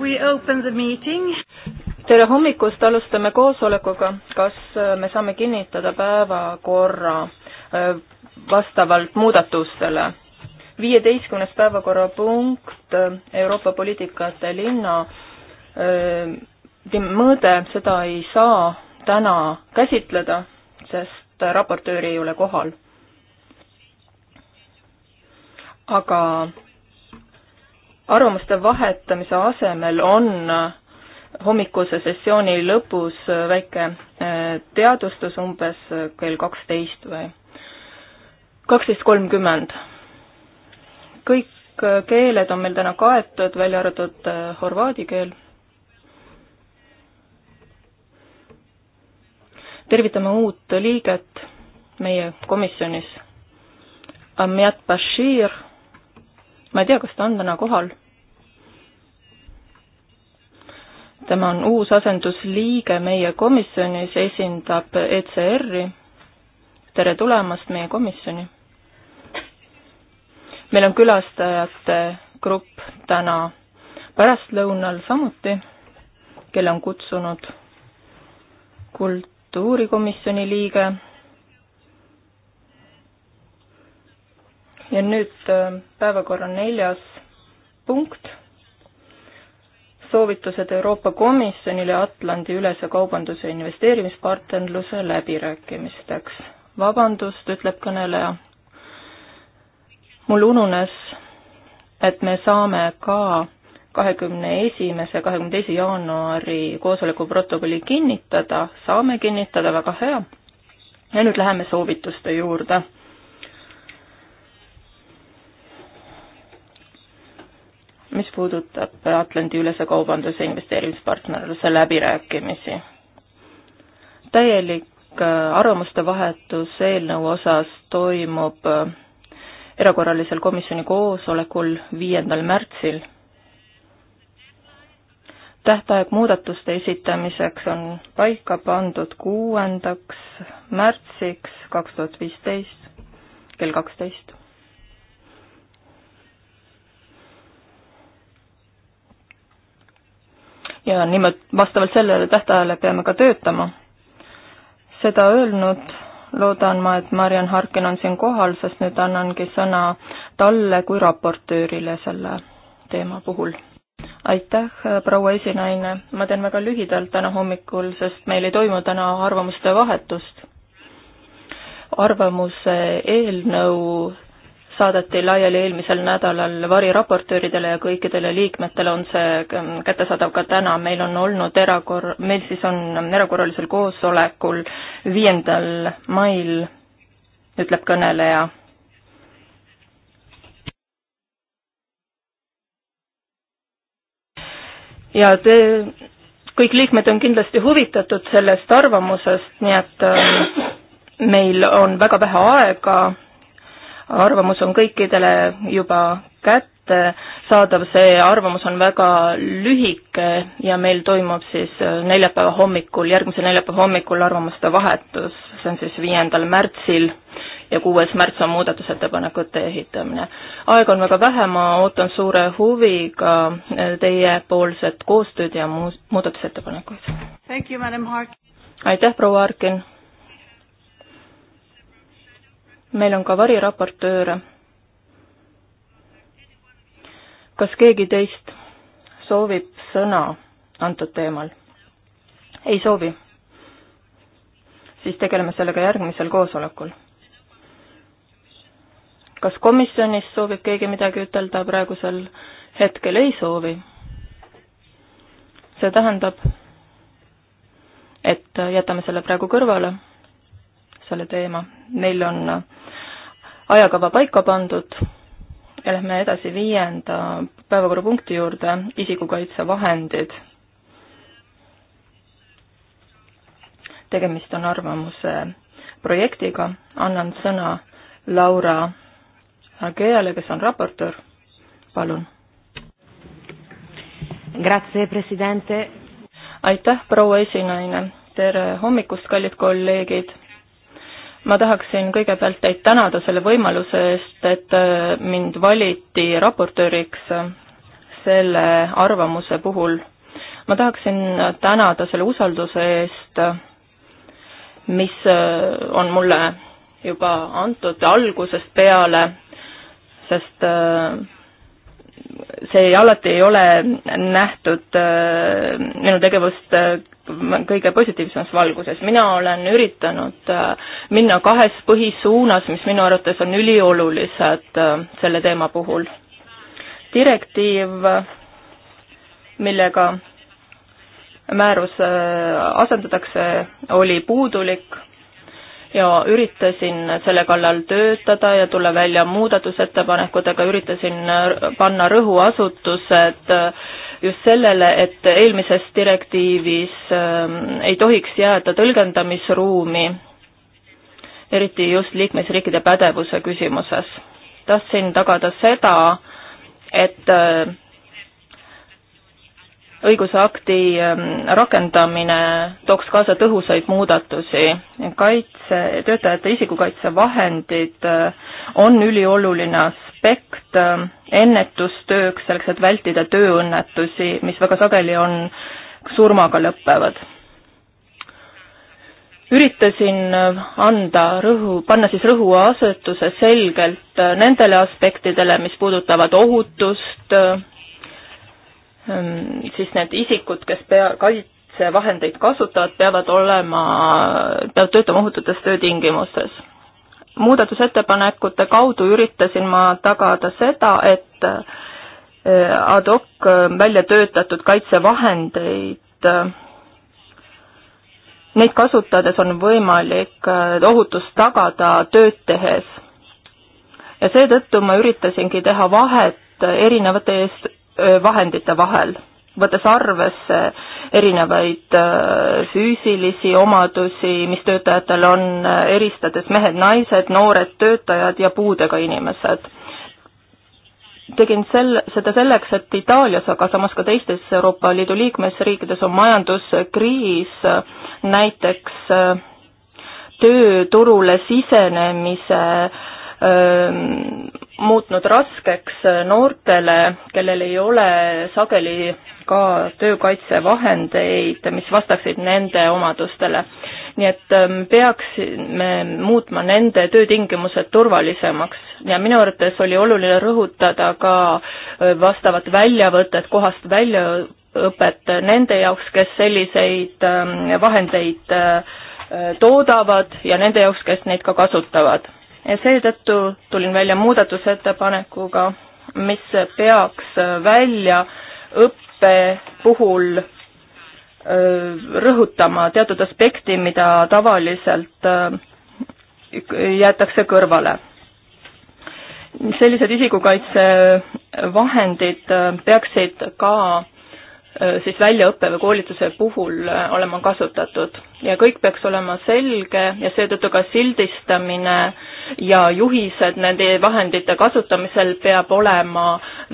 We open the meeting. tere hommikust, alustame koosolekuga. kas äh, me saame kinnitada päevakorra äh, vastavalt muudatustele? viieteistkümnes päevakorrapunkt äh, Euroopa poliitikate linna mõõde, seda ei saa täna käsitleda, sest raportööri ei ole kohal. aga arvamuste vahetamise asemel on hommikuse sessiooni lõpus väike eh, teadvustus umbes kell kaksteist või kaksteist kolmkümmend. kõik eh, keeled on meil täna kaetud, välja arvatud eh, horvaadi keel. tervitame uut liiget meie komisjonis, Amjad Bashir ma ei tea, kas ta on täna kohal. tema on uus asendusliige meie komisjonis, esindab ECR-i. tere tulemast meie komisjoni. meil on külastajate grupp täna pärastlõunal samuti, kelle on kutsunud kultuurikomisjoni liige ja nüüd äh, päevakorra neljas punkt, soovitused Euroopa Komisjonile Atlandi-ülese kaubanduse ja investeerimispartnerluse läbirääkimisteks. vabandust, ütleb kõneleja, mul ununes, et me saame ka kahekümne esimese, kahekümne teise jaanuari koosoleku protokolli kinnitada, saame kinnitada, väga hea. ja nüüd läheme soovituste juurde mis puudutab Atlandi-ülese kaubanduse investeerimispartnerluse läbirääkimisi. täielik äh, arvamuste vahetus eelnõu osas toimub äh, erakorralisel komisjoni koosolekul viiendal märtsil. tähtaeg muudatuste esitamiseks on paika pandud kuuendaks märtsiks kaks tuhat viisteist kell kaksteist ja nimelt vastavalt sellele tähtajale peame ka töötama. seda öelnud, loodan ma, et Mariann Harkin on siin kohal, sest nüüd annangi sõna talle kui raportöörile selle teema puhul aitäh, proua esinaine, ma teen väga lühidalt täna hommikul, sest meil ei toimu täna arvamuste vahetust. arvamuse eelnõu saadeti laiali eelmisel nädalal variraportööridele ja kõikidele liikmetele on see kättesaadav ka täna, meil on olnud erakor-, meil siis on erakorralisel koosolekul viiendal mail, ütleb kõneleja. ja te kõik liikmed on kindlasti huvitatud sellest arvamusest, nii et ähm, meil on väga vähe aega arvamus on kõikidele juba kättesaadav, see arvamus on väga lühike ja meil toimub siis neljapäeva hommikul, järgmise neljapäeva hommikul arvamuste vahetus, see on siis viiendal märtsil ja kuues märts on muudatusettepanekute esitamine. aega on väga vähe, ma ootan suure huviga teiepoolset koostööd ja muus, muudatusettepanekuid. aitäh, proua Arkin! meil on ka variraportööre. kas keegi teist soovib sõna antud teemal? ei soovi? siis tegeleme sellega järgmisel koosolekul. kas komisjonis soovib keegi midagi ütelda, praegusel hetkel ei soovi. see tähendab, et jätame selle praegu kõrvale selle teema. meil on ajakava paika pandud ja lähme edasi viienda päevakorrapunkti juurde, isikukaitsevahendid. tegemist on arvamuse projektiga, annan sõna Laura Ageale, kes on raportöör, palun. Grazie, presidente. aitäh, proua esinaine, tere hommikust, kallid kolleegid ma tahaksin kõigepealt teid tänada selle võimaluse eest, et äh, mind valiti raportööriks äh, selle arvamuse puhul. ma tahaksin tänada selle usalduse eest, äh, mis on mulle juba antud algusest peale, sest see ei, alati ei ole nähtud äh, minu tegevust äh, kõige positiivsemas valguses. mina olen üritanud äh, minna kahes põhisuunas, mis minu arvates on üliolulised selle teema puhul. direktiiv, millega määrus asendatakse, oli puudulik ja üritasin selle kallal töötada ja tulla välja muudatusettepanekutega, üritasin panna rõhuasutused just sellele, et eelmises direktiivis ähm, ei tohiks jääda tõlgendamisruumi, eriti just liikmesriikide pädevuse küsimuses. tahtsin tagada seda, et äh, õigusakti ähm, rakendamine tooks kaasa tõhusaid muudatusi. kaitse, töötajate isikukaitsevahendid äh, on ülioluline aspekt äh, ennetustööks, selleks et vältida tööõnnetusi, mis väga sageli on surmaga lõppevad. üritasin äh, anda rõhu, panna siis rõhuasetuse selgelt nendele aspektidele, mis puudutavad ohutust, Ehm, siis need isikud, kes pea-, kaitsevahendeid kasutavad, peavad olema, peavad töötama ohututes töötingimustes. muudatusettepanekute kaudu üritasin ma tagada seda, et eh, ad hoc eh, välja töötatud kaitsevahendeid eh, Neid kasutades on võimalik ohutus tagada tööd tehes. ja seetõttu ma üritasingi teha vahet erinevate eest Äh, vahendite vahel, võttes arvesse erinevaid äh, füüsilisi omadusi, mis töötajatel on, äh, eristades mehed-naised, noored töötajad ja puudega inimesed. tegin sel-, seda selleks, et Itaalias, aga samas ka teistes Euroopa Liidu liikmesriikides on majanduskriis, näiteks tööturule sisenemise öö, ähm, muutnud raskeks noortele, kellel ei ole sageli ka töökaitsevahendeid, mis vastaksid nende omadustele. nii et ähm, peaksime muutma nende töötingimused turvalisemaks ja minu arvates oli oluline rõhutada ka äh, vastavat väljavõtet kohast väljaõpet nende jaoks, kes selliseid ähm, vahendeid äh, toodavad ja nende jaoks, kes neid ka kasutavad seetõttu tulin välja muudatusettepanekuga, mis peaks välja õppe puhul rõhutama teatud aspekti, mida tavaliselt jäetakse kõrvale. sellised isikukaitsevahendid peaksid ka Äh, siis väljaõppe või koolituse puhul äh, olema kasutatud. ja kõik peaks olema selge ja seetõttu ka sildistamine ja juhised nende vahendite kasutamisel peab olema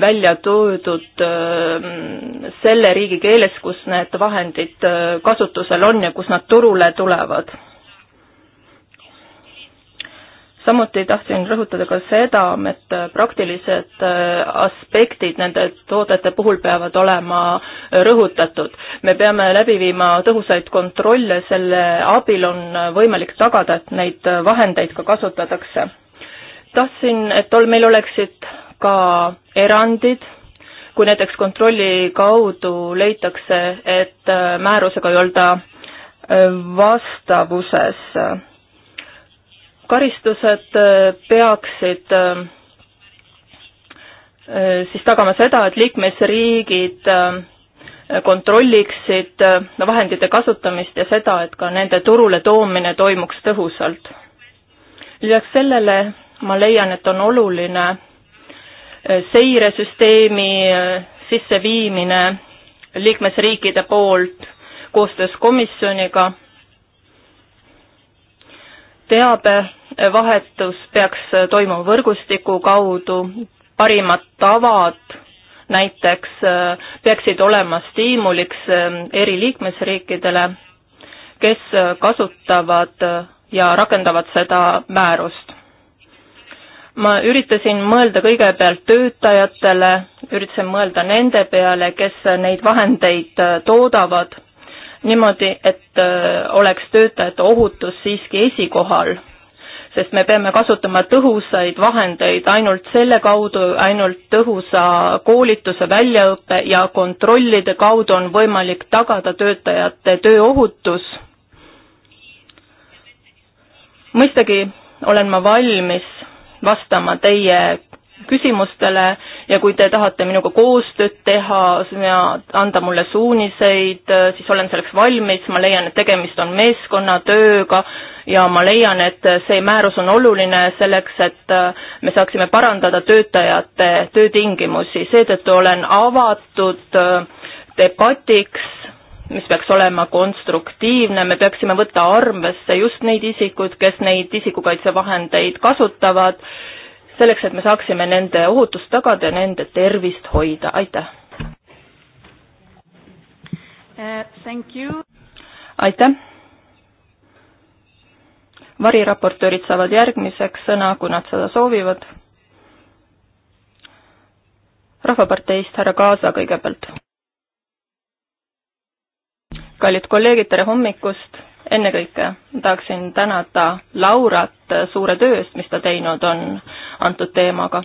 välja toodud äh, selle riigi keeles, kus need vahendid kasutusel on ja kus nad turule tulevad samuti tahtsin rõhutada ka seda, et praktilised äh, aspektid nende toodete puhul peavad olema rõhutatud. me peame läbi viima tõhusaid kontrolle, selle abil on võimalik tagada, et neid vahendeid ka kasutatakse. tahtsin, et ol-, meil oleksid ka erandid, kui näiteks kontrolli kaudu leitakse, et äh, määrusega ei olda äh, vastavuses karistused äh, peaksid äh, äh, siis tagama seda, et liikmesriigid kontrolliksid vahendite kasutamist ja seda, et ka nende turule toomine toimuks tõhusalt. lisaks sellele ma leian, et on oluline seiresüsteemi sisseviimine liikmesriikide poolt koostöös komisjoniga teabevahetus peaks toimuma võrgustiku kaudu, parimad tavad näiteks äh, peaksid olema stiimuliks äh, eri liikmesriikidele, kes kasutavad äh, ja rakendavad seda määrust. ma üritasin mõelda kõigepealt töötajatele, üritasin mõelda nende peale, kes neid vahendeid toodavad niimoodi, et äh, oleks töötajate ohutus siiski esikohal, sest me peame kasutama tõhusaid vahendeid ainult selle kaudu, ainult tõhusa koolituse, väljaõppe ja kontrollide kaudu on võimalik tagada töötajate tööohutus. mõistagi olen ma valmis vastama teie küsimustele ja kui te tahate minuga koostööd teha ja anda mulle suuniseid, siis olen selleks valmis, ma leian, et tegemist on meeskonnatööga ja ma leian, et see määrus on oluline selleks, et me saaksime parandada töötajate töötingimusi, seetõttu olen avatud debatiks, mis peaks olema konstruktiivne, me peaksime võtta arvesse just neid isikuid, kes neid isikukaitsevahendeid kasutavad selleks, et me saaksime nende ohutust tagada ja nende tervist hoida, aitäh uh,! aitäh! variraportöörid saavad järgmiseks sõna, kui nad seda soovivad. rahvaparteist härra Kaasa kõigepealt. kallid kolleegid, tere hommikust! ennekõike tahaksin tänada Laurat suure töö eest, mis ta teinud on antud teemaga.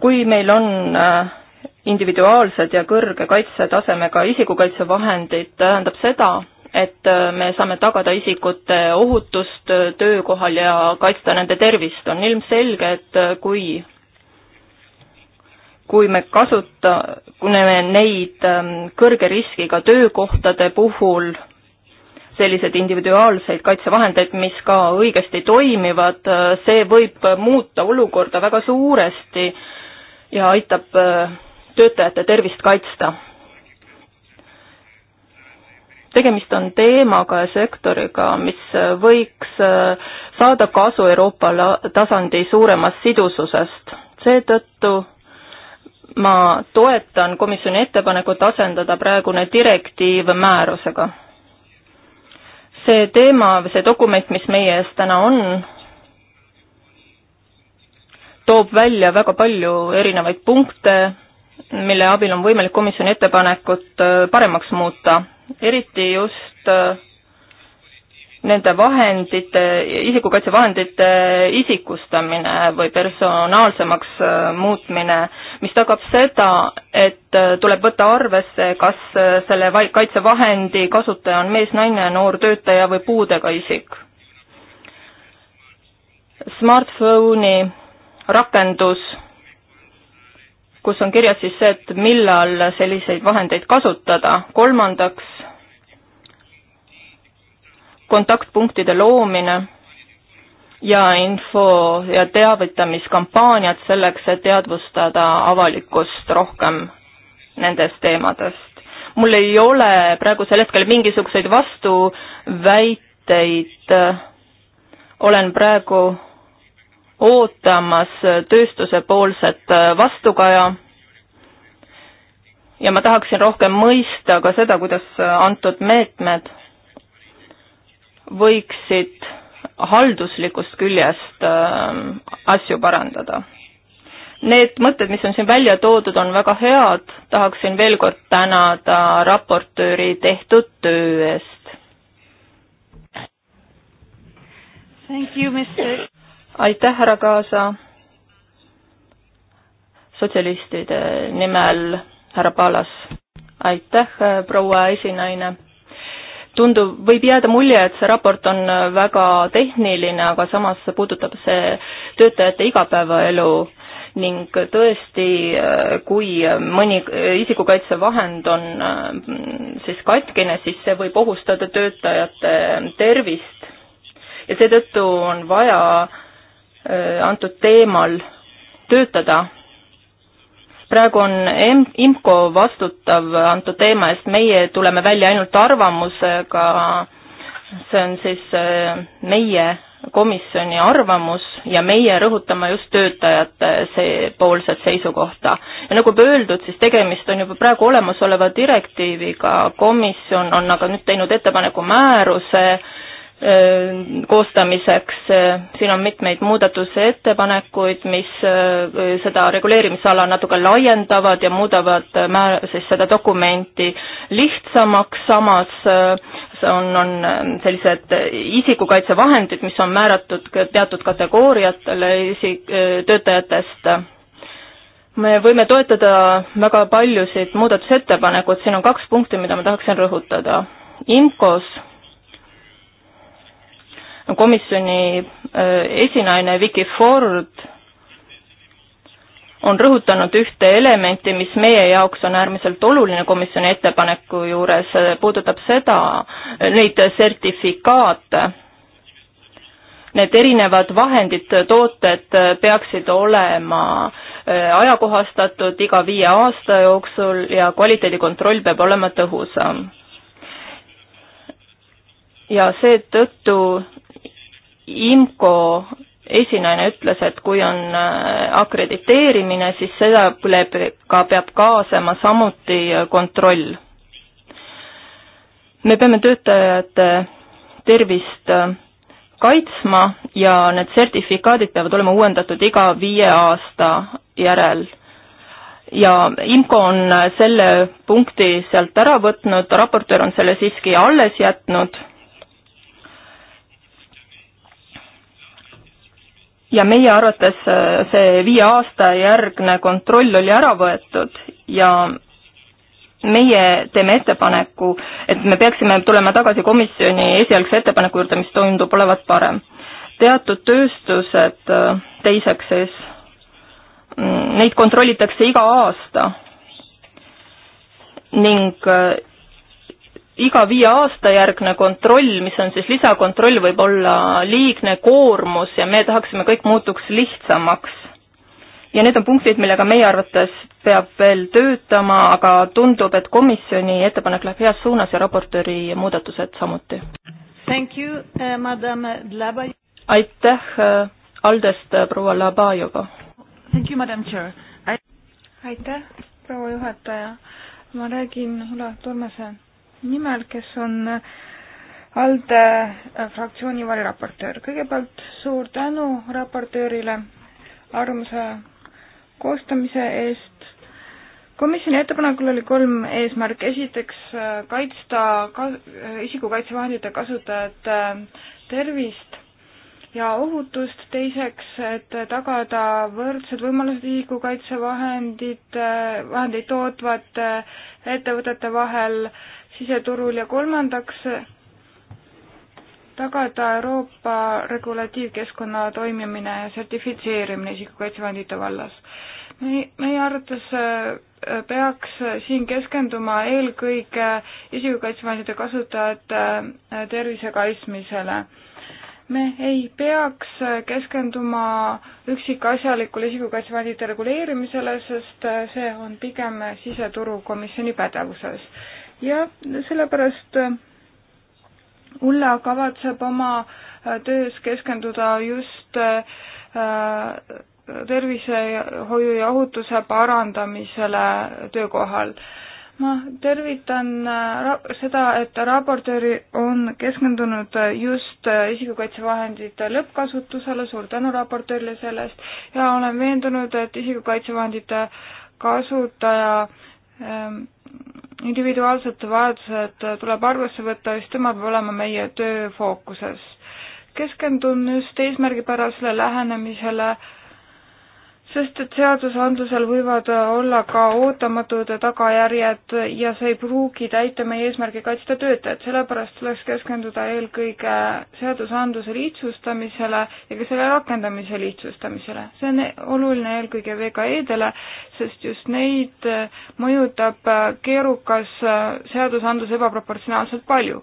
kui meil on äh, individuaalsed ja kõrge kaitsetasemega isikukaitsevahendid, tähendab seda, et äh, me saame tagada isikute ohutust äh, töökohal ja kaitsta nende tervist, on ilmselge, et kui kui me kasuta-, kui me neid ähm, kõrge riskiga töökohtade puhul selliseid individuaalseid kaitsevahendeid, mis ka õigesti toimivad, äh, see võib muuta olukorda väga suuresti ja aitab äh, töötajate tervist kaitsta. tegemist on teemaga ja sektoriga, mis võiks äh, saada kasu Euroopa tasandi suuremast sidususest. seetõttu ma toetan komisjoni ettepanekut asendada praegune direktiiv määrusega see teema, see dokument, mis meie ees täna on, toob välja väga palju erinevaid punkte, mille abil on võimalik komisjoni ettepanekut äh, paremaks muuta, eriti just äh, nende vahendite, isikukaitsevahendite isikustamine või personaalsemaks äh, muutmine, mis tagab seda, et äh, tuleb võtta arvesse, kas äh, selle kaitsevahendi kasutaja on mees, naine, noor töötaja või puudega isik. Smartphone'i rakendus, kus on kirjas siis see, et millal selliseid vahendeid kasutada, kolmandaks kontaktpunktide loomine ja info- ja teavitamiskampaaniad selleks, et teadvustada avalikkust rohkem nendest teemadest. mul ei ole praegusel hetkel mingisuguseid vastuväiteid, olen praegu ootamas tööstuse poolset vastukaja ja ma tahaksin rohkem mõista ka seda, kuidas antud meetmed võiksid halduslikust küljest äh, asju parandada. Need mõtted, mis on siin välja toodud, on väga head, tahaksin veel kord tänada raportööri tehtud töö eest. aitäh, härra Kaasa. sotsialistide nimel härra Palas. aitäh, proua esinaine tundub, võib jääda mulje, et see raport on äh, väga tehniline, aga samas puudutab see töötajate igapäevaelu ning tõesti, äh, kui äh, mõni isikukaitsevahend on siis katkine, siis see võib ohustada töötajate tervist. ja seetõttu on vaja antud teemal töötada praegu on IMCO vastutav antud teema eest, meie tuleme välja ainult arvamusega, see on siis äh, meie komisjoni arvamus ja meie rõhutame just töötajate see poolset seisukohta. ja nagu juba öeldud, siis tegemist on juba praegu olemasoleva direktiiviga, komisjon on aga nüüd teinud ettepaneku määruse äh, koostamiseks, siin on mitmeid muudatusettepanekuid, mis seda reguleerimisala natuke laiendavad ja muudavad määr-, siis seda dokumenti lihtsamaks, samas on, on sellised isikukaitsevahendid, mis on määratud teatud kategooriatele isi-, töötajatest, me võime toetada väga paljusid muudatusettepanekuid, siin on kaks punkti, mida ma tahaksin rõhutada. IMCO-s komisjoni äh, esinaine Vicky Ford on rõhutanud ühte elementi, mis meie jaoks on äärmiselt oluline komisjoni ettepaneku juures, äh, puudutab seda, äh, neid sertifikaate. Need erinevad vahendid, tooted peaksid olema ajakohastatud iga viie aasta jooksul ja kvaliteedikontroll peab olema tõhusam ja seetõttu IMCO esinaine ütles, et kui on äh, akrediteerimine, siis seda ka peab kaasama samuti äh, kontroll. me peame töötajate tervist äh, kaitsma ja need sertifikaadid peavad olema uuendatud iga viie aasta järel. ja IMCO on selle punkti sealt ära võtnud, raportöör on selle siiski alles jätnud ja meie arvates äh, see viie aasta järgne kontroll oli ära võetud ja meie teeme ettepaneku, et me peaksime tulema tagasi komisjoni esialgse ettepaneku juurde, mis tundub olevat parem. teatud tööstused äh, teiseks siis, mm, neid kontrollitakse iga aasta ning äh, iga viie aasta järgne kontroll, mis on siis lisakontroll, võib olla liigne koormus ja me tahaksime, kõik muutuks lihtsamaks. ja need on punktid, millega meie arvates peab veel töötama, aga tundub, et komisjoni ettepanek läheb heas suunas ja raportööri muudatused samuti. Thank you uh,, eh, madam Dlabaj-. aitäh uh,, Aldest uh, proua Labajova. Thank you, madam chair I.... aitäh, proua juhataja. ma räägin Ulla Turmase nimel, kes on ALDE fraktsiooni variraportöör. kõigepealt suur tänu raportöörile arvamuse koostamise eest. komisjoni ettepanekul oli kolm eesmärki. esiteks kaitsta ka, isikukaitsevahendite kasutajate tervist ja ohutust, teiseks, et tagada võrdsed võimalused isikukaitsevahendite, vahendeid tootvate ettevõtete vahel äh, siseturul ja kolmandaks tagada Euroopa regulatiivkeskkonna toimimine ja sertifitseerimine isikukaitsevahendite vallas. me, meie arvates äh, peaks siin keskenduma eelkõige isikukaitsevahendite kasutajate äh, tervise kaitsmisele. me ei peaks keskenduma üksikasjalikule isikukaitsevahendite reguleerimisele, sest äh, see on pigem siseturukomisjoni pädevuses ja sellepärast äh, Ulla kavatseb oma äh, töös keskenduda just äh, tervishoiu ja ohutuse parandamisele töökohal ma tervitan seda, et raportöör on keskendunud just isikukaitsevahendite lõppkasutusele, suur tänu raportöörile selle eest, ja olen veendunud, et isikukaitsevahendite kasutaja Ähm, individuaalsed vajadused tuleb arvesse võtta, just tema peab olema meie töö fookuses. keskendun just eesmärgipärasele lähenemisele äh, sest et seadusandlusel võivad olla ka ootamatud tagajärjed ja see ei pruugi täita meie eesmärgi kaitsta töötajat, sellepärast tuleks keskenduda eelkõige seadusandluse lihtsustamisele ja ka selle rakendamise lihtsustamisele. see on oluline eelkõige VKE-dele, sest just neid mõjutab keerukas seadusandlus ebaproportsionaalselt palju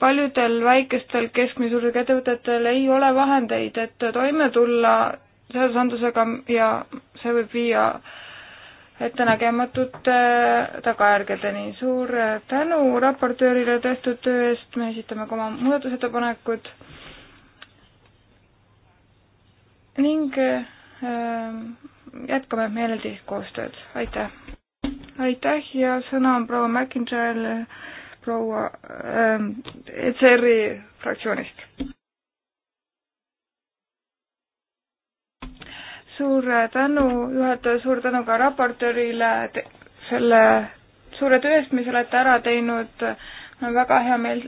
paljudel väikestel keskmise suurusega ettevõtetel ei ole vahendeid, et toime tulla seadusandlusega ja see võib viia ettenägematute tagajärgedeni. suur tänu raportöörile tehtud töö eest, me esitame ka oma muudatusettepanekud ning ähm, jätkame meeleldi koostööd, aitäh! aitäh ja sõna on proua McIntyre'le, proua ähm, ECR-i fraktsioonist. suur tänu juhataja, suur tänu ka raportöörile selle suure töö eest, mis olete ära teinud. mul on väga hea meel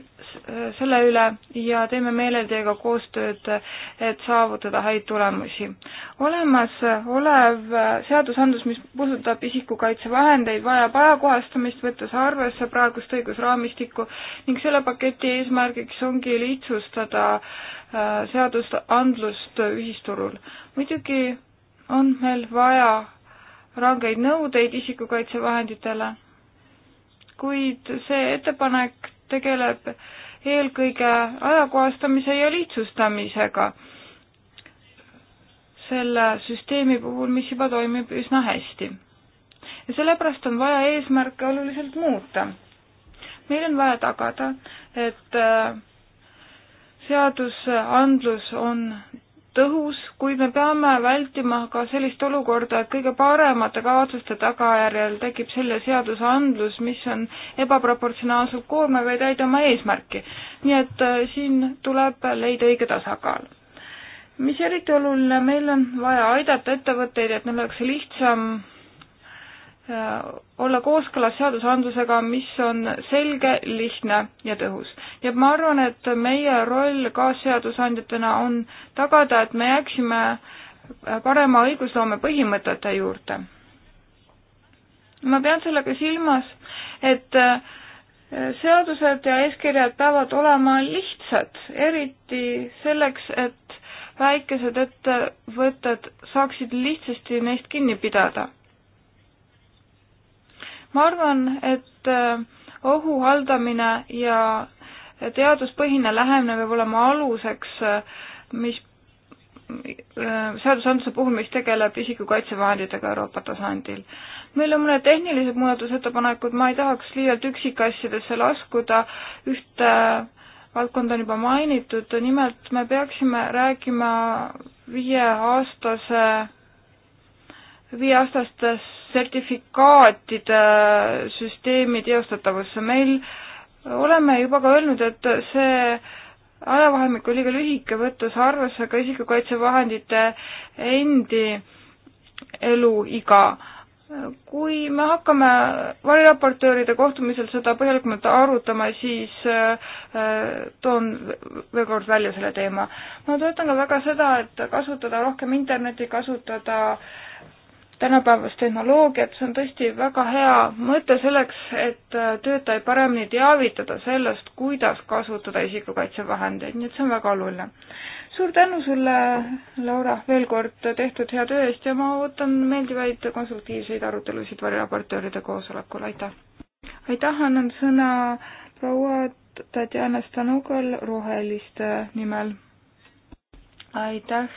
selle üle ja teeme meelel teiega koostööd, et saavutada häid tulemusi. olemasolev seadusandlus, mis puudutab isikukaitsevahendeid, vajab ajakohastamist, võttes arvesse praegust õigusraamistikku ning selle paketi eesmärgiks ongi lihtsustada äh, seadusandlust ühisturul. muidugi on meil vaja rangeid nõudeid isikukaitsevahenditele, kuid see ettepanek tegeleb eelkõige ajakohastamise ja lihtsustamisega selle süsteemi puhul, mis juba toimib üsna hästi. ja sellepärast on vaja eesmärke oluliselt muuta. meil on vaja tagada, et äh, seadusandlus on tõhus, kuid me peame vältima ka sellist olukorda, et kõige paremate kavatsuste tagajärjel tekib selline seadusandlus, mis on ebaproportsionaalselt koormav ja ei täida oma eesmärki. nii et äh, siin tuleb leida õige tasakaal. mis eriti oluline, meil on vaja aidata ettevõtteid, et neil oleks lihtsam Äh, olla kooskõlas seadusandlusega, mis on selge, lihtne ja tõhus. ja ma arvan, et meie roll kaasseadusandjatena on tagada, et me jääksime parema õigusloome põhimõtete juurde. ma pean sellega silmas, et äh, seadused ja eeskirjad peavad olema lihtsad, eriti selleks, et väikesed ettevõtted saaksid lihtsasti neist kinni pidada ma arvan, et äh, ohu haldamine ja teaduspõhine lähenemine peab olema aluseks, äh, mis äh, seadusandluse puhul, mis tegeleb isikukaitsevahenditega Euroopa tasandil. meil on mõned tehnilised muudatusettepanekud, ma ei tahaks liialt üksikasjadesse laskuda, ühte valdkonda on juba mainitud, nimelt me peaksime rääkima viieaastase viieaastaste sertifikaatide süsteemi teostatavusse. meil oleme juba ka öelnud, et see ajavahemik on liiga lühike, võttes arvesse ka isikukaitsevahendite endi eluiga. kui me hakkame variraportööride kohtumisel seda põhjalikumalt arutama, siis äh, toon veel kord välja selle teema. ma toetan ka väga seda, et kasutada rohkem Internetti, kasutada äh, tänapäevast tehnoloogiat, see on tõesti väga hea mõte selleks, et äh, töötajaid paremini teavitada sellest, kuidas kasutada isikukaitsevahendeid, nii et see on väga oluline. suur tänu sulle, Laura, veel kord tehtud hea töö eest ja ma ootan meeldivaid konstruktiivseid arutelusid variraportööride koosolekul, aitäh! aitäh, annan sõna proua Tatjana Stanukal Roheliste nimel aitäh,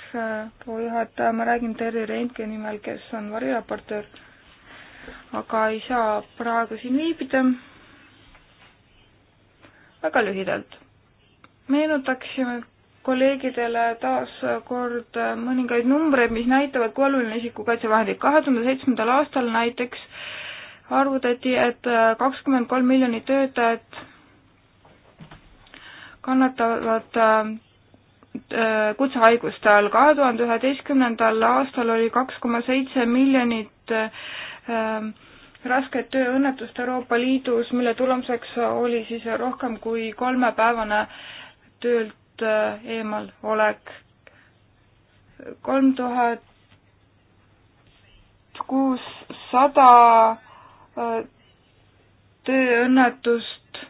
proua juhataja, ma räägin Terri Reintke nimel, kes on variraportöör, aga ei saa praegu siin viibida. väga lühidalt meenutaksime kolleegidele taas kord mõningaid numbreid, mis näitavad, kui oluline isikukaitsevahendid. kahe tuhande seitsmendal aastal näiteks arvutati, et kakskümmend kolm miljonit töötajat kannatavad äh, Äh, kutsehaiguste all. kahe tuhande üheteistkümnendal aastal oli kaks koma seitse miljonit ähm, rasket tööõnnetust Euroopa Liidus, mille tulemuseks oli siis rohkem kui kolmepäevane töölt äh, eemal olek. kolm tuhat kuussada äh, tööõnnetust,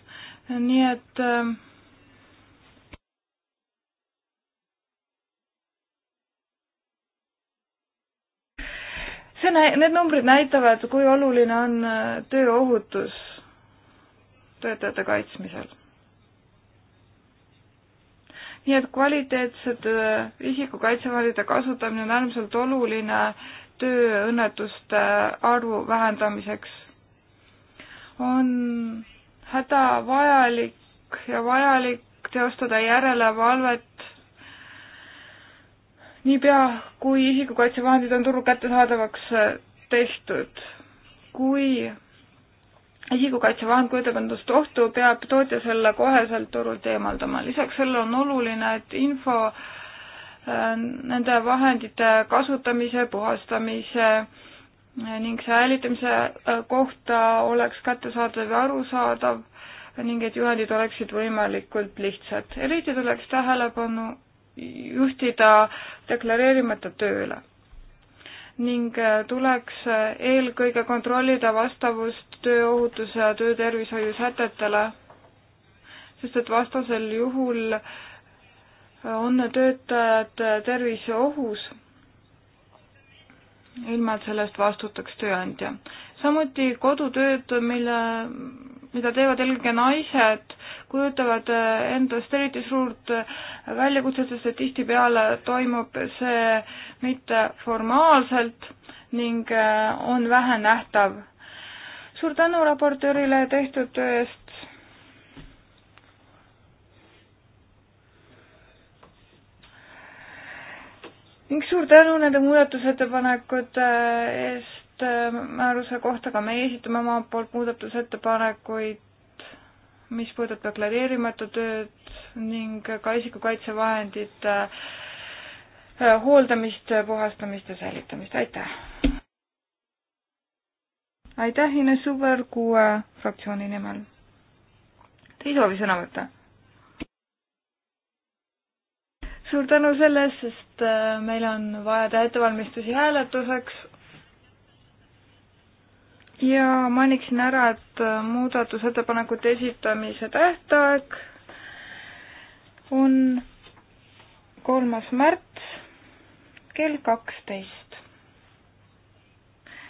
nii et äh, see nä-, need numbrid näitavad, kui oluline on äh, tööohutus töötajate kaitsmisel. nii et kvaliteetsete äh, isikukaitsevahendite kasutamine on äärmiselt oluline tööõnnetuste arvu vähendamiseks. on hädavajalik ja vajalik teostada järelevalvet niipea, kui isikukaitsevahendid on turul kättesaadavaks äh, tehtud. kui isikukaitsevahend kujutab endast ohtu, peab tootja selle koheselt turult eemaldama. lisaks sellele on oluline, et info äh, nende vahendite kasutamise, puhastamise äh, ning säilitamise kohta oleks kättesaadav ja arusaadav ning et juhendid oleksid võimalikult lihtsad. eriti tuleks tähelepanu juhtida deklareerimata tööle ning äh, tuleks äh, eelkõige kontrollida vastavust tööohutuse ja töötervishoiu sätetele, sest et vastasel juhul äh, on töötajad terviseohus, ilma et selle eest vastutaks tööandja. samuti kodutööd, mille mida teevad eelkõige naised, kujutavad eh, endast eriti suurt eh, väljakutset, sest et tihtipeale toimub see mitte formaalselt ning eh, on vähe nähtav. suur tänu raportöörile tehtud töö eest. ning suur tänu nende muudatusettepanekute eest Äh, määruse kohta, aga meie esitame oma poolt muudatusettepanekuid, mis puudutab deklareerimata tööd ning ka isikukaitsevahendite äh, hooldamist, puhastamist ja säilitamist, aitäh! aitäh, Ines Suver, kuue fraktsiooni nimel. Te ei soovi sõna võtta? suur tänu selle eest, sest äh, meil on vaja teha ettevalmistusi hääletuseks, ja mainiksin ära, et äh, muudatusettepanekute esitamise tähtaeg on kolmas märts kell kaksteist.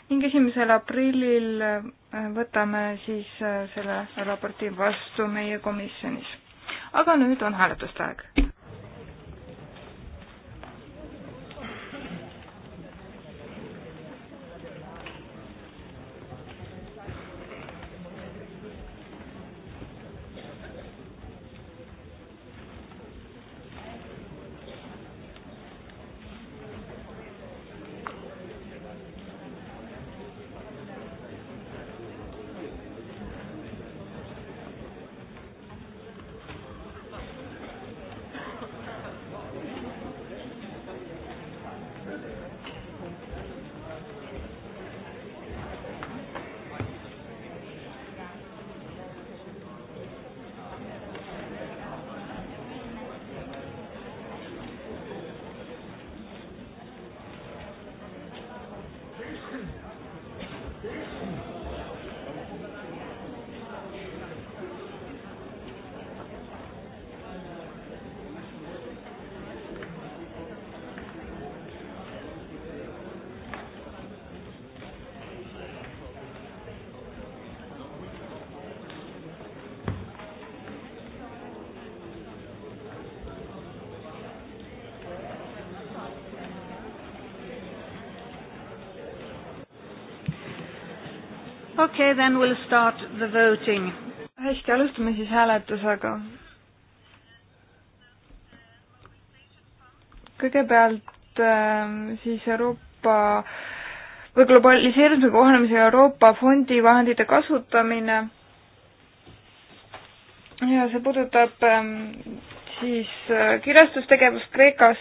ning esimesel aprillil äh, võtame siis äh, selle raporti vastu meie komisjonis. aga nüüd on hääletuste aeg. Okay, then we'll start the voting. hästi, alustame siis hääletusega. kõigepealt ähm, siis Euroopa või globaliseerimisega kohanemise Euroopa Fondi vahendite kasutamine. ja see puudutab ähm, siis äh, kirjastustegevust Kreekas.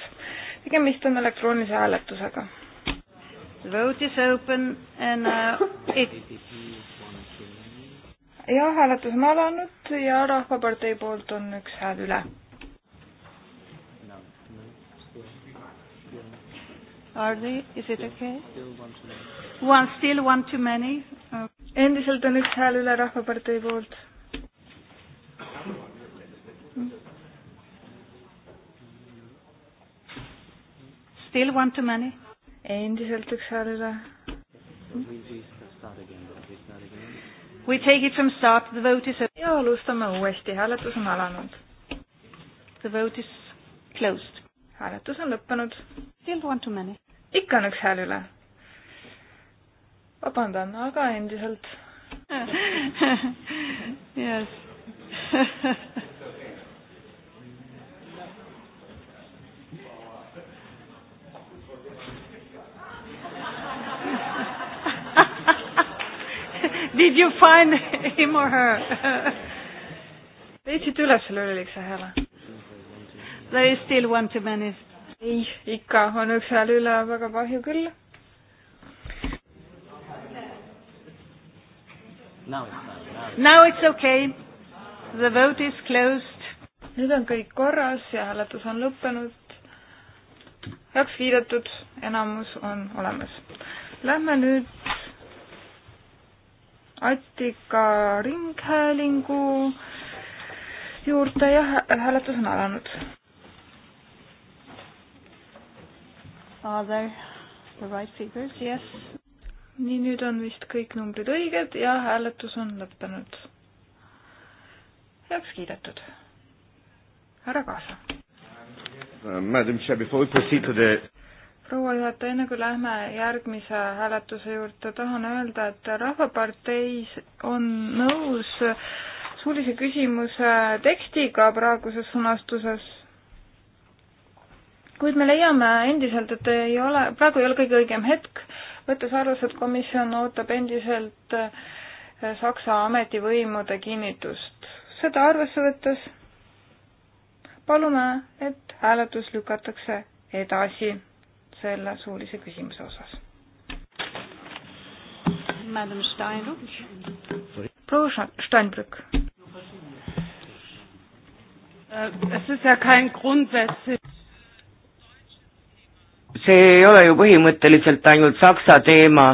tegemist on elektroonilise hääletusega Vote is open and uh, it jah, hääletus on alanud ja Rahvapartei poolt on üks hääl üle. Are they, is it okay? One still one too many okay.. endiselt on üks hääl üle Rahvapartei poolt. Still one too many endiselt üks hääl üle. We take it from start, the vote is. ja alustame uuesti, hääletus on alanud. The vote is closed. hääletus on lõppenud. Still one too many. ikka on üks hääl üle. vabandan, aga endiselt yes Did you find him or her? leidsid üles selle üleliigse hääle? There is still one too many. ei, ikka on üks hääl üle, väga kahju küll. Now it's okay. The vote is closed. nüüd on kõik korras ja hääletus on lõppenud. heaks kiidetud, enamus on olemas. Lähme nüüd Attika Ringhäälingu juurde ja hääletus on alanud. Are there the right figures? Yes. nii, nüüd on vist kõik numbrid õiged ja hääletus on lõppenud. heaks kiidetud. härra Kaasa. Uh, Madam Chair, before we proceed to the proua juhataja, enne kui lähme järgmise hääletuse juurde, tahan öelda, et Rahvaparteis on nõus suulise küsimuse tekstiga praeguses sõnastuses, kuid me leiame endiselt, et ei ole, praegu ei ole kõige õigem hetk, võttes arvesse, et komisjon ootab endiselt eh, Saksa ametivõimude kinnitust. seda arvesse võttes palume, et hääletus lükatakse edasi selle suulise küsimuse osas. Madam Steinbrück. proua Steinbrück. Äh, see ei ole ju põhimõtteliselt ainult Saksa teema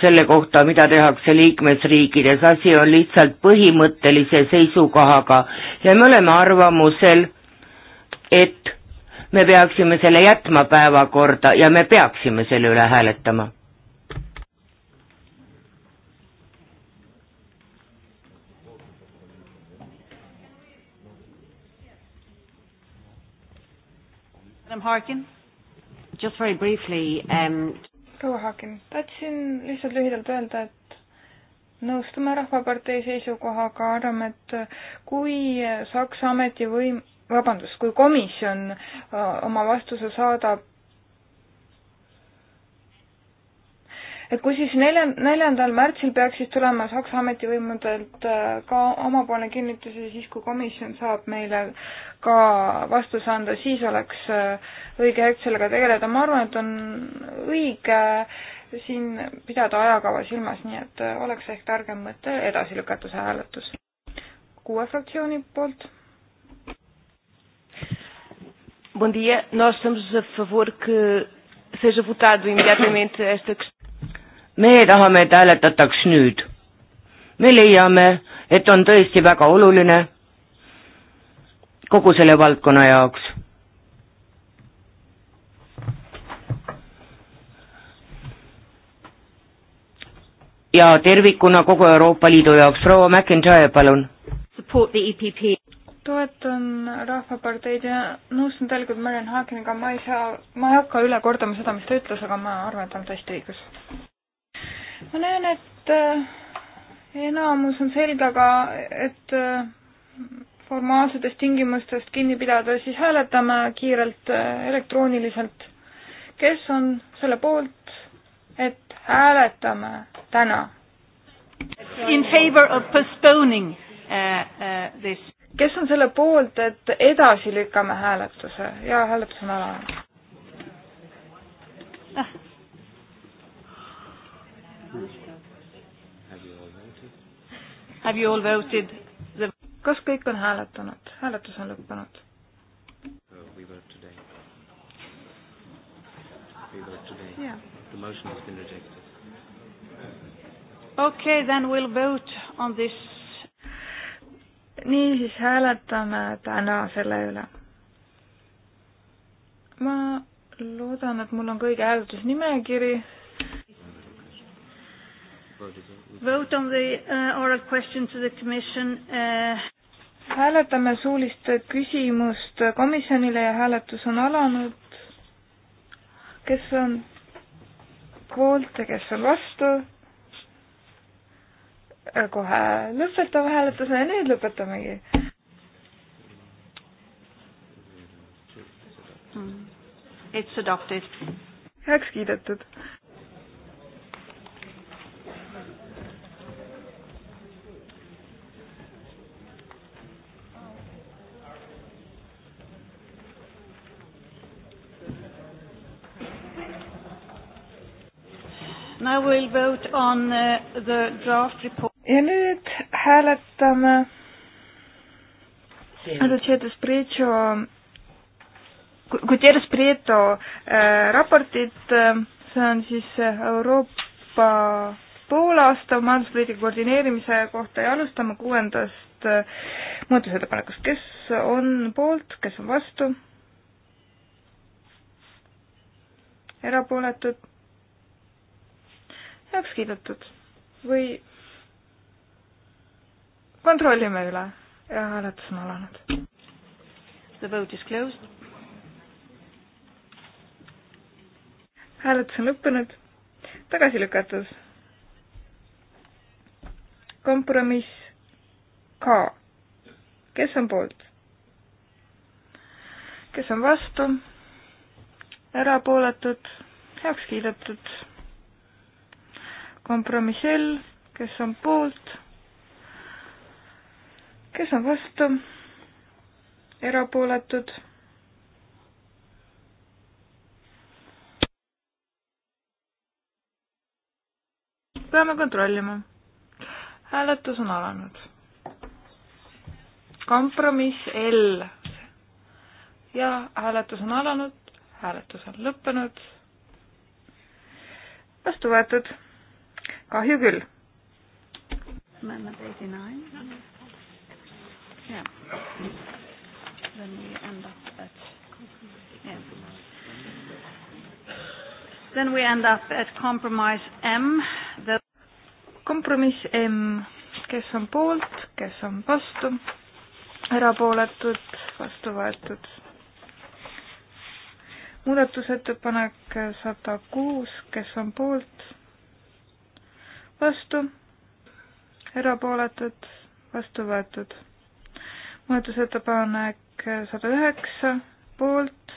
selle kohta, mida tehakse liikmesriikides, asi on lihtsalt põhimõttelise seisukohaga ja me oleme arvamusel, et me peaksime selle jätma päevakorda ja me peaksime selle üle hääletama. Harkin, just very briefly um.... proua Harkin, tahtsin lihtsalt lühidalt öelda, et nõustume Rahvapartei seisukohaga, arvame, et kui Saksa ametivõim vabandust, kui komisjon äh, oma vastuse saadab, et kui siis nelja, neljandal märtsil peaks siis tulema Saksa ametivõimudelt äh, ka omapoolne kinnitus ja siis, kui komisjon saab meile ka vastuse anda, siis oleks äh, õige hetk sellega tegeleda. ma arvan, et on õige siin pidada ajakava silmas, nii et oleks ehk targem mõte edasi lükata see hääletus. kuue fraktsiooni poolt Bom dia. Nós estamos a favor que seja votado imediatamente esta questão. me tahame, et hääletataks nüüd. me leiame, et on tõesti väga oluline kogu selle valdkonna jaoks. ja tervikuna kogu Euroopa Liidu jaoks. proua McIntyre, palun. Support the EPP toetan Rahvaparteid ja nõustun tegelikult Marian Haakiniga, ma ei saa, ma ei hakka üle kordama seda, mis ta ütles, aga ma arvan, et tal on täiesti õigus. ma näen, et äh, enamus on selge, aga et äh, formaalsetest tingimustest kinni pidada, siis hääletame kiirelt äh, elektrooniliselt. kes on selle poolt, et hääletame täna? In favor of postponing uh, uh, this kes on selle poolt, et edasi lükkame hääletuse ja hääletus on alanud ah.? Have you all voted the... kas kõik on hääletanud? hääletus on lõppenud. Uh, we vote today. We vote today yeah.. The motion has been rejected. Okay, then we'll vote on this niisiis hääletame täna selle üle. ma loodan, et mul on kõige hääletusnimekiri. Vote on the uh, oral question to the commission uh.... hääletame suulist küsimust komisjonile ja hääletus on alanud. kes on poolt ja kes on vastu? kohe lõpetame hääletuse ja nüüd lõpetamegi. Hmm. It's adopted. heaks kiidetud. Now we'll vote on uh, the draft report ja nüüd hääletame Luciatas Prieto, Gutierrez Prieto äh, raportit äh,, see on siis Euroopa poolaasta majanduspoliitika koordineerimise kohta ja alustame kuuendast äh, muudatusettepanekust, kes on poolt, kes on vastu? erapooletud? heaks kiidetud või kontrollime üle ja hääletus on alanud. The vote is closed. hääletus on lõppenud, tagasi lükatud. kompromiss K. kes on poolt? kes on vastu? erapooletud, heaks kiidetud. kompromiss L, kes on poolt kes on vastu? erapooletud? peame kontrollima. hääletus on alanud. kompromiss L ja hääletus on alanud, hääletus on lõppenud. vastu võetud. kahju küll. Amendment 89. Yeah. Then we end up at. Yeah. Then we end up at compromise M the.... kompromiss M, kes on poolt, kes on vastu, erapooletud, vastu võetud. muudatusettepanek sada kuus, kes on poolt, vastu, erapooletud, vastu võetud muudatusettepanek sada üheksa poolt,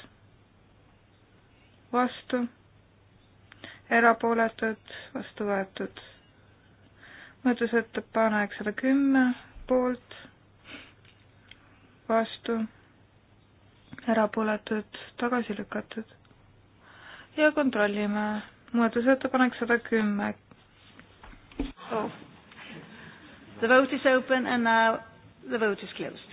vastu, erapooletud, vastu võetud. muudatusettepanek sada kümme poolt, vastu, erapooletud, tagasi lükatud. ja kontrollime muudatusettepanek sada kümme. Oh. The vote is open and now the vote is closed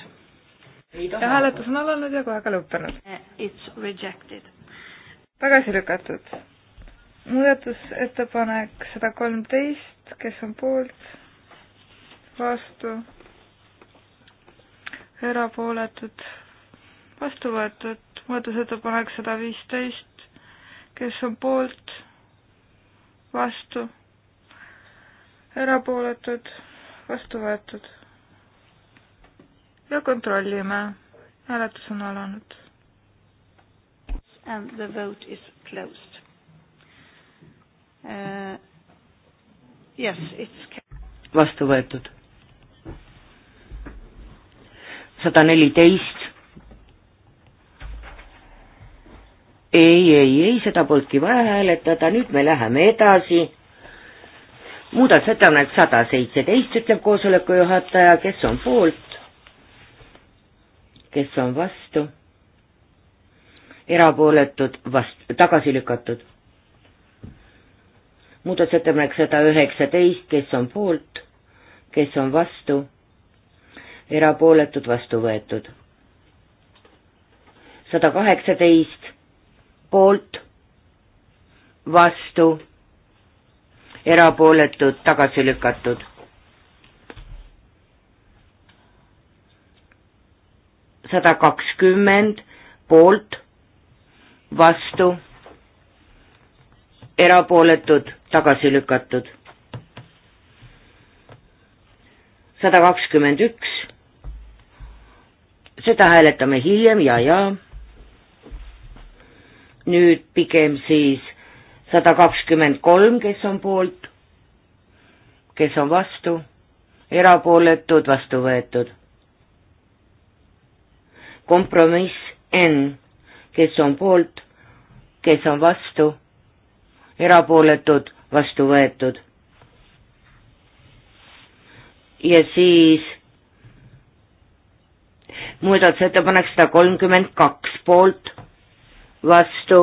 ja hääletus on alanud ja kohe ka lõppenud. Eh, it's rejected. tagasi lükatud. muudatusettepanek sada kolmteist, kes on poolt, vastu, erapooletud, vastu võetud, muudatusettepanek sada viisteist, kes on poolt, vastu, erapooletud, vastu võetud ja kontrollime. hääletus on alanud. And the vote is closed uh,. Yes, it's. vastu võetud. sada neliteist. ei, ei, ei, seda polnudki vaja hääletada, nüüd me läheme edasi muudatusettepanek sada seitseteist, ütleb koosoleku juhataja, kes on poolt, kes on vastu, erapooletud, vast-, tagasi lükatud. muudatusettepanek sada üheksateist, kes on poolt, kes on vastu, erapooletud, vastu võetud. sada kaheksateist, poolt, vastu, erapooletud, tagasi lükatud sada kakskümmend poolt, vastu, erapooletud, tagasi lükatud. sada kakskümmend üks, seda hääletame hiljem ja, ja nüüd pigem siis sada kakskümmend kolm, kes on poolt, kes on vastu, erapooletud, vastu võetud kompromiss N, kes on poolt, kes on vastu, erapooletud, vastu võetud. ja siis muudatusettepanek sada kolmkümmend kaks poolt, vastu,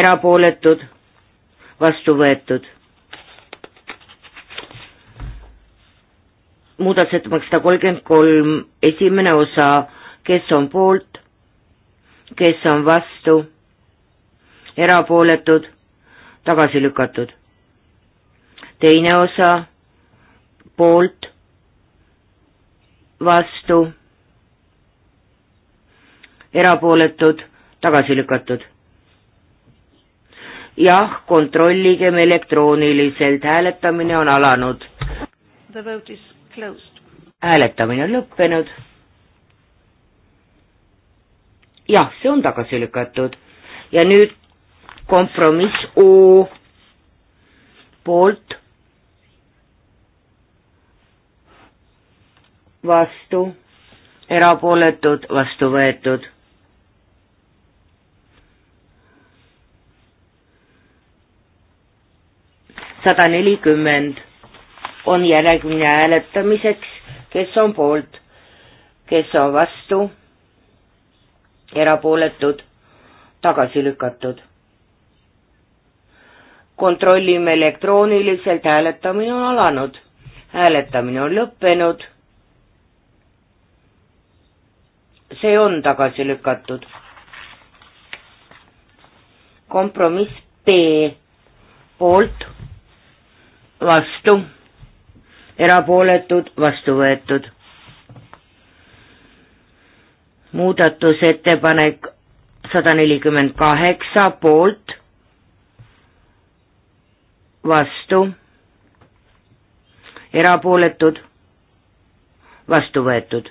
erapooletud, vastu võetud muudatusettepanek sada kolmkümmend kolm, esimene osa, kes on poolt, kes on vastu, erapooletud, tagasi lükatud. teine osa, poolt, vastu, erapooletud, tagasi lükatud. jah, kontrolligem elektrooniliselt, hääletamine on alanud. The vote is hääletamine on lõppenud. jah, see on tagasi lükatud ja nüüd kompromiss O poolt vastu, erapooletud vastu võetud. sada nelikümmend on järgmine hääletamiseks, kes on poolt, kes on vastu, erapooletud, tagasi lükatud. kontrollime elektrooniliselt, hääletamine on alanud, hääletamine on lõppenud. see on tagasi lükatud. kompromiss B poolt, vastu erapooletud, vastu võetud. muudatusettepanek sada nelikümmend kaheksa poolt, vastu, erapooletud, vastu võetud.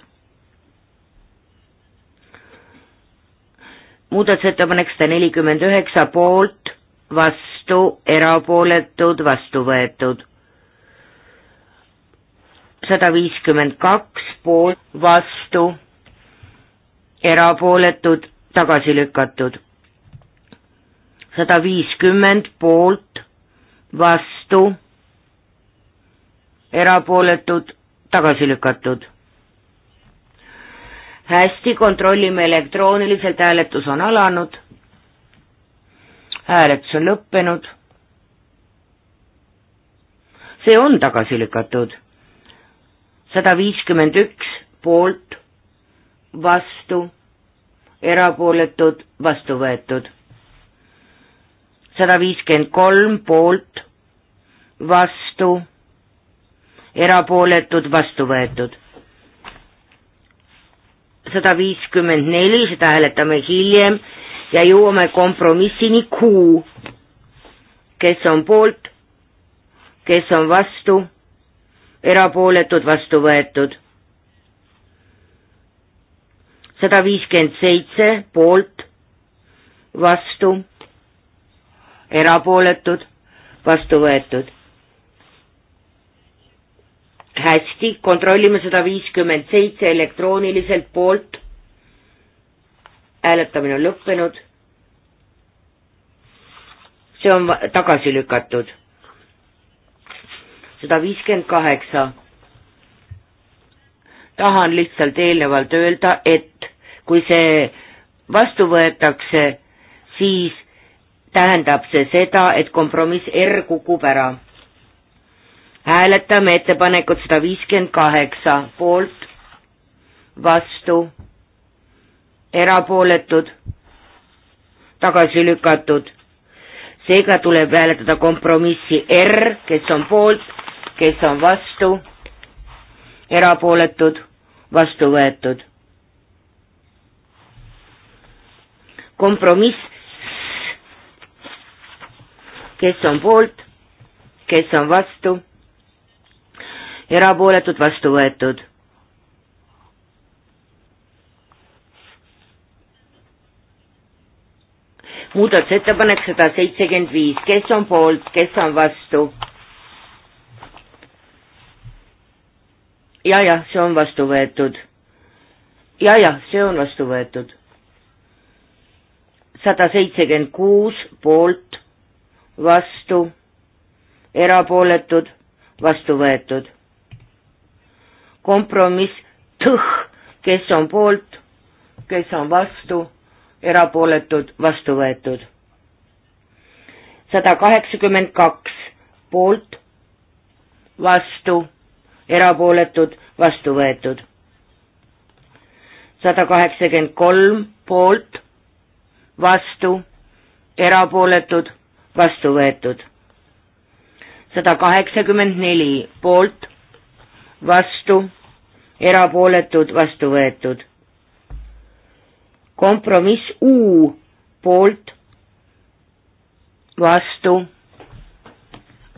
muudatusettepanek sada nelikümmend üheksa poolt, vastu, erapooletud, vastu võetud sada viiskümmend kaks poolt, vastu, erapooletud, tagasi lükatud. sada viiskümmend poolt, vastu, erapooletud, tagasi lükatud. hästi, kontrollime elektrooniliselt, hääletus on alanud, hääletus on lõppenud, see on tagasi lükatud sada viiskümmend üks poolt, vastu, erapooletud, vastu võetud. sada viiskümmend kolm poolt, vastu, erapooletud, vastu võetud. sada viiskümmend neli, seda hääletame hiljem ja jõuame kompromissini Q, kes on poolt, kes on vastu erapooletud, vastu võetud. sada viiskümmend seitse poolt, vastu, erapooletud, vastu võetud. hästi, kontrollime sada viiskümmend seitse elektrooniliselt poolt. hääletamine on lõppenud. see on tagasi lükatud sada viiskümmend kaheksa. tahan lihtsalt eelnevalt öelda, et kui see vastu võetakse, siis tähendab see seda, et kompromiss R kukub ära. hääletame ettepanekut sada viiskümmend kaheksa poolt, vastu, erapooletud, tagasi lükatud. seega tuleb hääletada kompromissi R, kes on poolt, kes on vastu, erapooletud, vastu võetud. kompromiss, kes on poolt, kes on vastu, erapooletud, vastu võetud muudatusettepanek sada seitsekümmend viis, kes on poolt, kes on vastu, ja, jah, see on vastu võetud. ja, jah, see on vastu võetud. sada seitsekümmend kuus poolt, vastu, erapooletud, vastu võetud. kompromiss tõh, kes on poolt, kes on vastu, erapooletud, vastu võetud. sada kaheksakümmend kaks poolt, vastu erapooletud, vastu võetud. sada kaheksakümmend kolm poolt, vastu, erapooletud, vastu võetud. sada kaheksakümmend neli poolt, vastu, erapooletud, vastu võetud. kompromiss U poolt, vastu,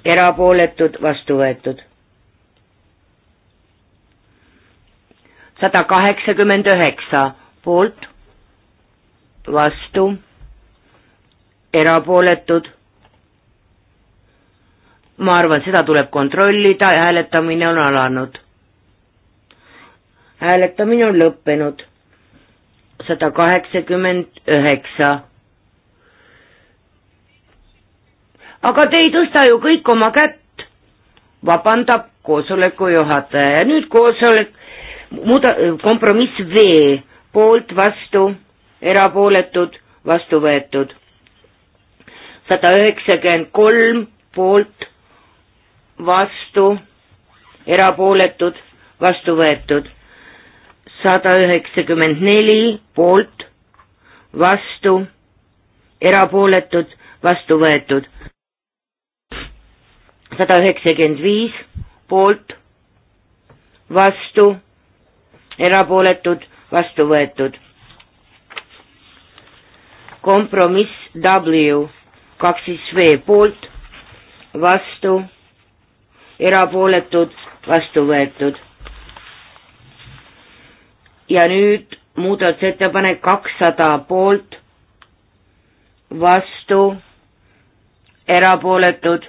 erapooletud, vastu võetud sada kaheksakümmend üheksa poolt, vastu, erapooletud. ma arvan, seda tuleb kontrollida, hääletamine on alanud. hääletamine on lõppenud. sada kaheksakümmend üheksa. aga te ei tõsta ju kõik oma kätt, vabandab koosoleku juhataja ja nüüd koosolek muuda-, kompromiss V poolt, vastu, erapooletud, vastu võetud. sada üheksakümmend kolm poolt, vastu, erapooletud, vastu võetud. sada üheksakümmend neli poolt, vastu, erapooletud, vastu võetud. sada üheksakümmend viis poolt, vastu erapooletud, vastu võetud. kompromiss W, kaks siis V poolt, vastu, erapooletud, vastu võetud. ja nüüd muudatusettepanek kakssada poolt, vastu, erapooletud.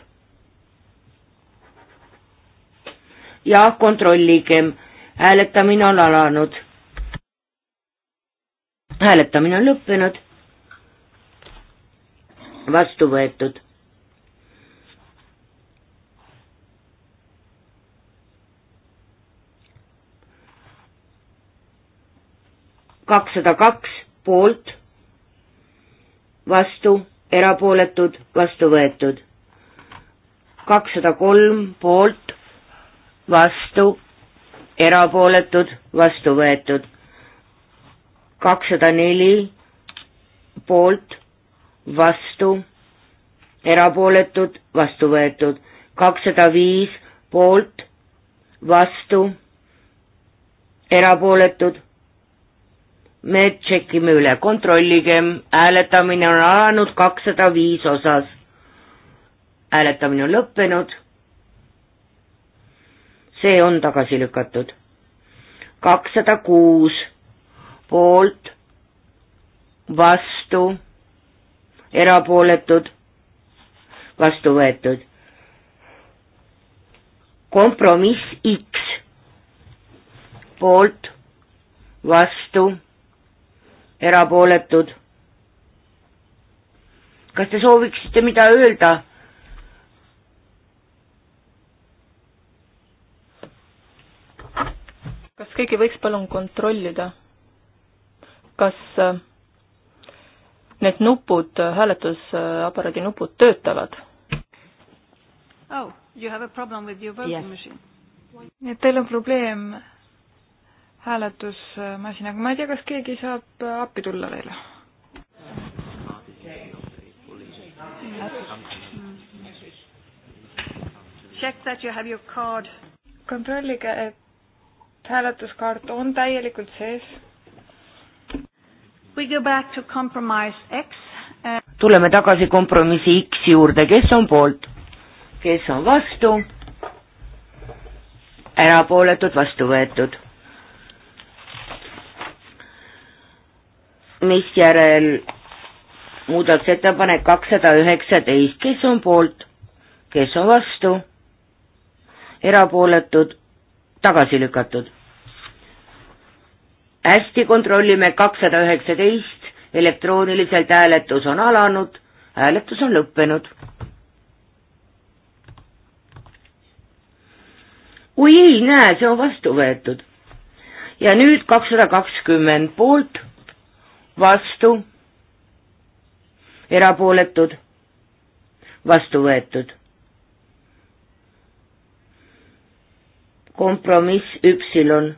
jah, kontrolligem hääletamine on alanud. hääletamine on lõppenud. vastu võetud. kakssada kaks poolt, vastu, erapooletud, vastu võetud. kakssada kolm poolt, vastu, erapooletud, vastu võetud. kakssada neli poolt, vastu, erapooletud, vastu võetud. kakssada viis poolt, vastu, erapooletud. me tšekime üle, kontrollige, hääletamine on alanud kakssada viis osas. hääletamine on lõppenud see on tagasi lükatud. kakssada kuus poolt, vastu, erapooletud, vastu võetud. kompromiss X poolt, vastu, erapooletud. kas te sooviksite mida öelda? keegi võiks palun kontrollida, kas äh, need nupud, äh, hääletusaparaadi nupud töötavad? Oh, you have a problem with your voting yes. machine? nii et teil on probleem hääletusmasinaga, ma ei tea, kas keegi saab äh, appi tulla teile? Check that you have your card. kontrollige, et hääletuskaart on täielikult sees. We go back to compromise X uh.... tuleme tagasi kompromissi X juurde, kes on poolt, kes on vastu, erapooletud, vastu võetud. misjärel muudatusettepanek kakssada üheksateist, kes on poolt, kes on vastu, erapooletud, tagasi lükatud hästi, kontrollime kakssada üheksateist, elektrooniliselt hääletus on alanud, hääletus on lõppenud. oi ei, näe, see on vastu võetud. ja nüüd kakssada kakskümmend poolt, vastu, erapooletud, vastu võetud. kompromiss üpsilon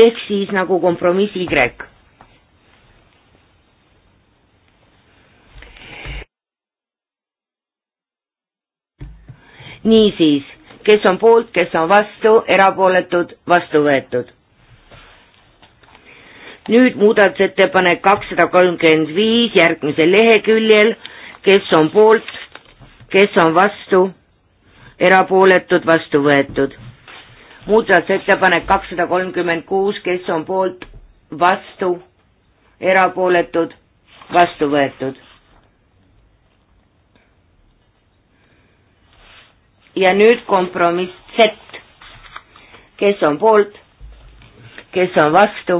ehk siis nagu kompromiss Y. niisiis, kes on poolt, kes on vastu, erapooletud, vastu võetud. nüüd muudatusettepanek kakssada kolmkümmend viis järgmisel leheküljel, kes on poolt, kes on vastu, erapooletud, vastu võetud muudatusettepanek kakssada kolmkümmend kuus, kes on poolt, vastu, erapooletud, vastu võetud. ja nüüd kompromiss Z, kes on poolt, kes on vastu,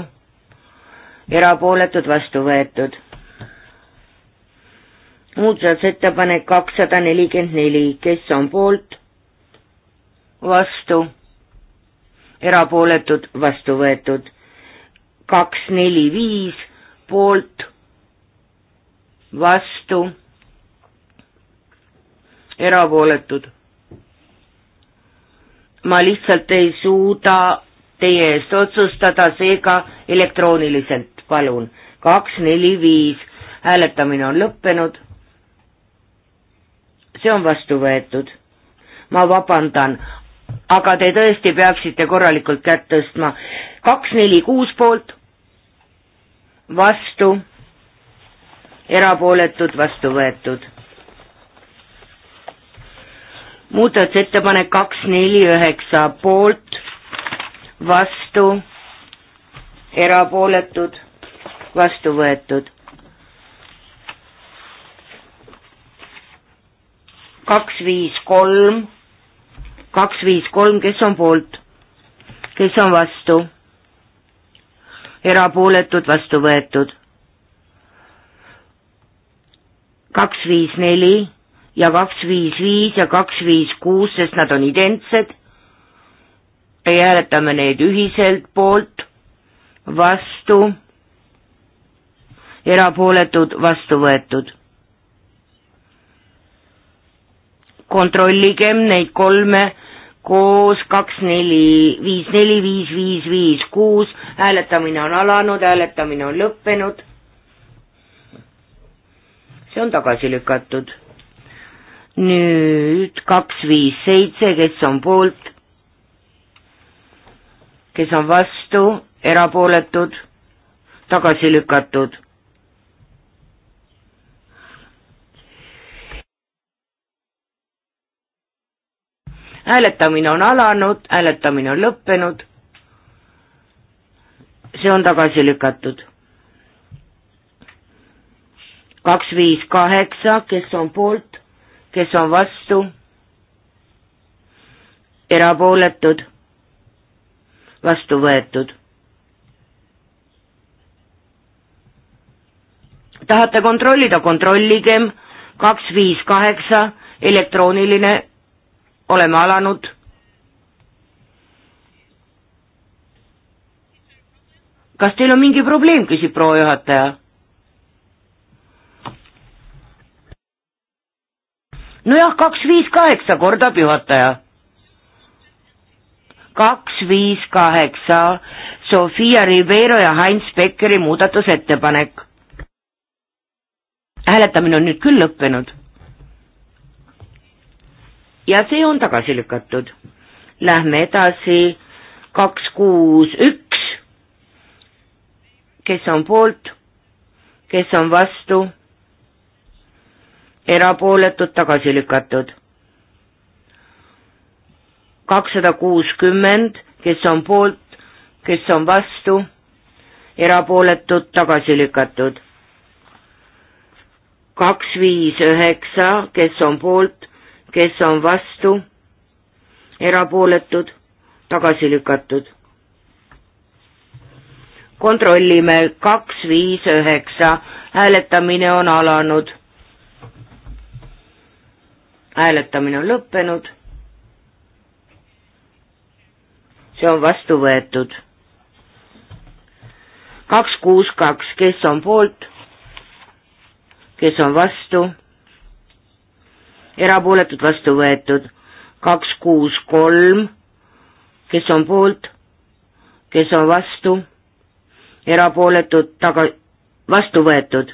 erapooletud, vastu võetud. muudatusettepanek kakssada nelikümmend neli, kes on poolt, vastu erapooletud, vastu võetud. kaks, neli, viis poolt, vastu, erapooletud. ma lihtsalt ei suuda teie eest otsustada, seega elektrooniliselt palun. kaks, neli, viis, hääletamine on lõppenud. see on vastu võetud ma vabandan, aga te tõesti peaksite korralikult kätt tõstma. kaks, neli, kuus poolt, vastu, erapooletud, vastu võetud. muudatusettepanek kaks, neli, üheksa poolt, vastu, erapooletud, vastu võetud. kaks, viis, kolm kaks, viis, kolm, kes on poolt, kes on vastu, erapooletud, vastu võetud. kaks, viis, neli ja kaks, viis, viis ja kaks, viis, kuus, sest nad on identsed. hääletame neid ühiselt poolt, vastu, erapooletud, vastu võetud kontrolligem neid kolme koos kaks, neli, viis, neli, viis, viis, viis, kuus, hääletamine on alanud, hääletamine on lõppenud. see on tagasi lükatud. nüüd kaks, viis, seitse, kes on poolt, kes on vastu, erapooletud, tagasi lükatud hääletamine on alanud, hääletamine on lõppenud, see on tagasi lükatud. kaks, viis, kaheksa, kes on poolt, kes on vastu, erapooletud, vastu võetud. tahate kontrollida, kontrollige, kaks, viis, kaheksa, elektrooniline oleme alanud. kas teil on mingi probleem, küsib proua juhataja. nojah, kaks, viis, kaheksa, kordab juhataja. kaks, viis, kaheksa, Sofia Ribeiro ja Heinz Beckeri muudatusettepanek. hääletamine on nüüd küll lõppenud ja see on tagasi lükatud. Lähme edasi, kaks, kuus, üks, kes on poolt, kes on vastu, erapooletud, tagasi lükatud. kakssada kuuskümmend, kes on poolt, kes on vastu, erapooletud, tagasi lükatud. kaks, viis, üheksa, kes on poolt kes on vastu, erapooletud, tagasi lükatud. kontrollime kaks, viis, üheksa, hääletamine on alanud. hääletamine on lõppenud. see on vastu võetud. kaks, kuus, kaks, kes on poolt, kes on vastu erapooletud, vastu võetud. kaks, kuus, kolm, kes on poolt, kes on vastu, erapooletud, taga, vastu võetud.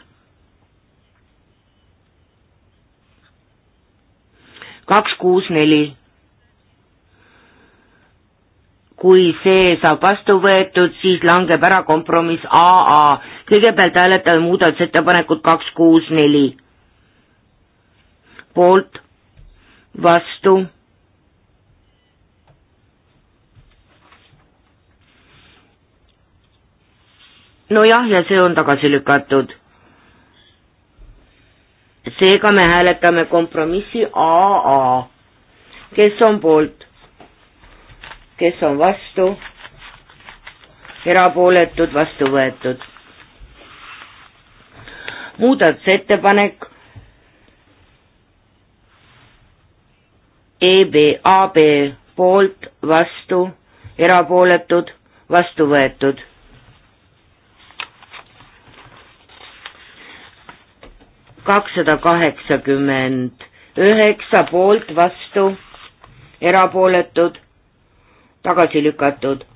kaks, kuus, neli kui see saab vastu võetud, siis langeb ära kompromiss AA. kõigepealt hääletame muudatusettepanekut kaks, kuus, neli poolt, vastu. nojah, ja see on tagasi lükatud. seega me hääletame kompromissi AA. kes on poolt? kes on vastu? erapooletud, vastu võetud. muudatusettepanek EBAB poolt, vastu, erapooletud, vastu võetud. kakssada kaheksakümmend üheksa poolt, vastu, erapooletud, tagasi lükatud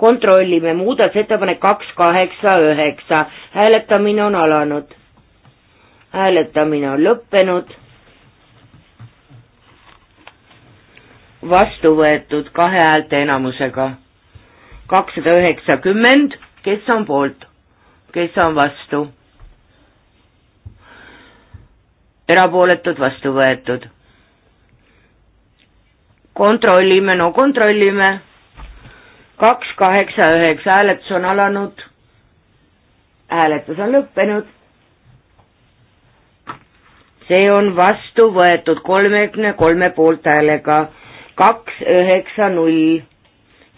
kontrollime muudatusettepanek kaks kaheksa üheksa, hääletamine on alanud. hääletamine on lõppenud vastu võetud kahe häälte enamusega. kakssada üheksakümmend, kes on poolt, kes on vastu? erapooletud vastu võetud. kontrollime, no kontrollime. kaks, kaheksa, üheksa hääletus on alanud. hääletus on lõppenud see on vastu võetud kolmekümne kolme poolthäälega kaks üheksa null,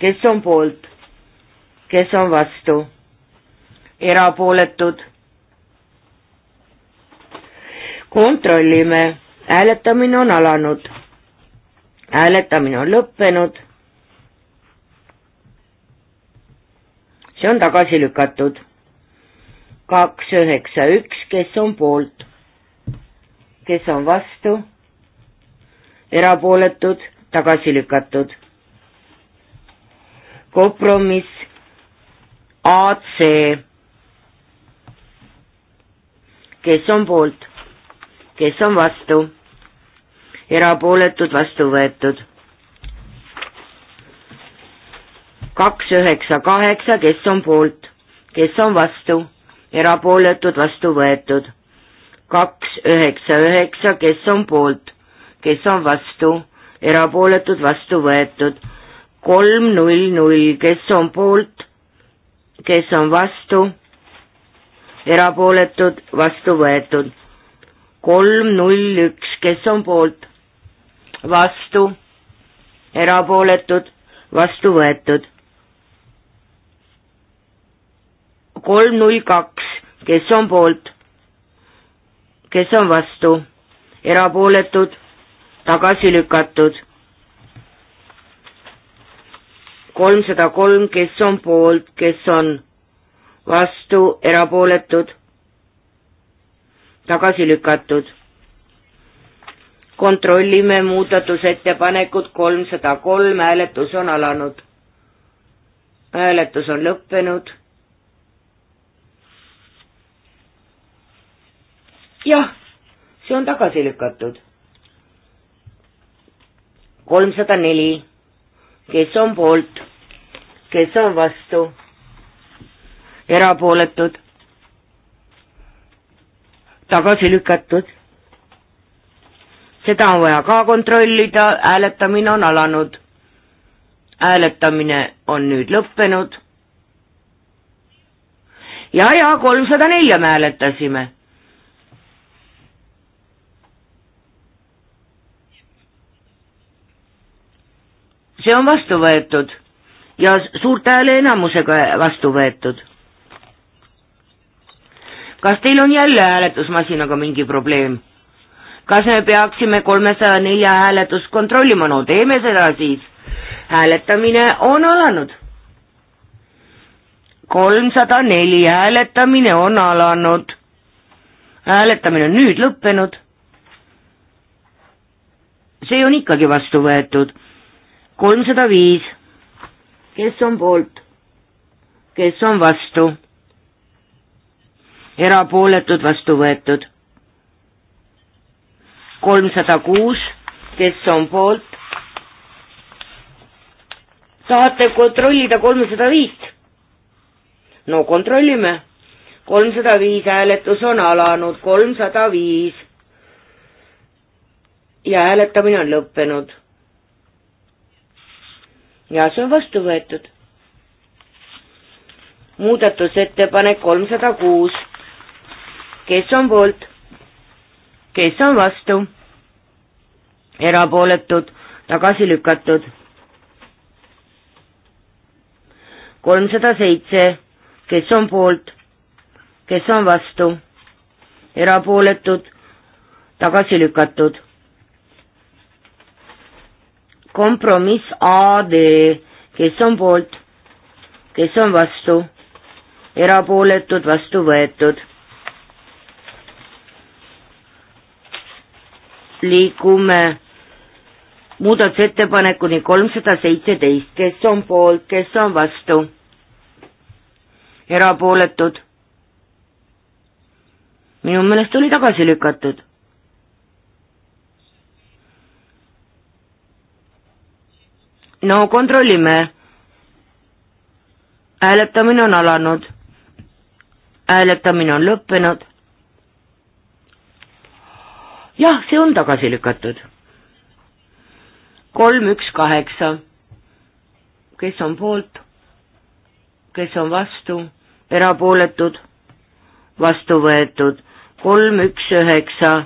kes on poolt, kes on vastu, erapooletud. kontrollime, hääletamine on alanud, hääletamine on lõppenud. see on tagasi lükatud. kaks üheksa üks, kes on poolt, kes on vastu, erapooletud tagasi lükatud. kompromiss AC, kes on poolt, kes on vastu, erapooletud, vastu võetud. kaks üheksa kaheksa, kes on poolt, kes on vastu, erapooletud, vastu võetud. kaks üheksa üheksa, kes on poolt, kes on vastu erapooletud, vastu võetud. kolm, null, null, kes on poolt, kes on vastu, erapooletud, vastu võetud. kolm, null, üks, kes on poolt, vastu, erapooletud, vastu võetud. kolm, null, kaks, kes on poolt, kes on vastu, erapooletud, tagasi lükatud. kolmsada kolm, kes on poolt, kes on vastu, erapooletud, tagasi lükatud. kontrollime muudatusettepanekut kolmsada kolm, hääletus on alanud. hääletus on lõppenud jah, see on tagasi lükatud kolmsada neli, kes on poolt, kes on vastu, erapooletud, tagasi lükatud. seda on vaja ka kontrollida, hääletamine on alanud. hääletamine on nüüd lõppenud ja, ja kolmsada nelja me hääletasime see on vastu võetud ja suurte hääle enamusega vastu võetud. kas teil on jälle hääletusmasinaga mingi probleem? kas me peaksime kolmesaja nelja hääletust kontrollima, no teeme seda siis. hääletamine on alanud. kolmsada neli hääletamine on alanud. hääletamine on nüüd lõppenud. see on ikkagi vastu võetud kolmsada viis, kes on poolt, kes on vastu, erapooletud, vastu võetud. kolmsada kuus, kes on poolt, tahate kontrollida kolmsada viit? no kontrollime, kolmsada viis hääletus on alanud, kolmsada viis ja hääletamine on lõppenud ja see on vastu võetud. muudatusettepanek kolmsada kuus, kes on poolt, kes on vastu, erapooletud, tagasi lükatud. kolmsada seitse, kes on poolt, kes on vastu, erapooletud, tagasi lükatud kompromiss AD, kes on poolt, kes on vastu, erapooletud, vastu võetud. liigume muudatusettepanekuni kolmsada seitseteist, kes on poolt, kes on vastu, erapooletud. minu meelest oli tagasi lükatud no kontrollime. hääletamine on alanud. hääletamine on lõppenud. jah, see on tagasi lükatud. kolm, üks, kaheksa. kes on poolt? kes on vastu? erapooletud? vastu võetud. kolm, üks, üheksa.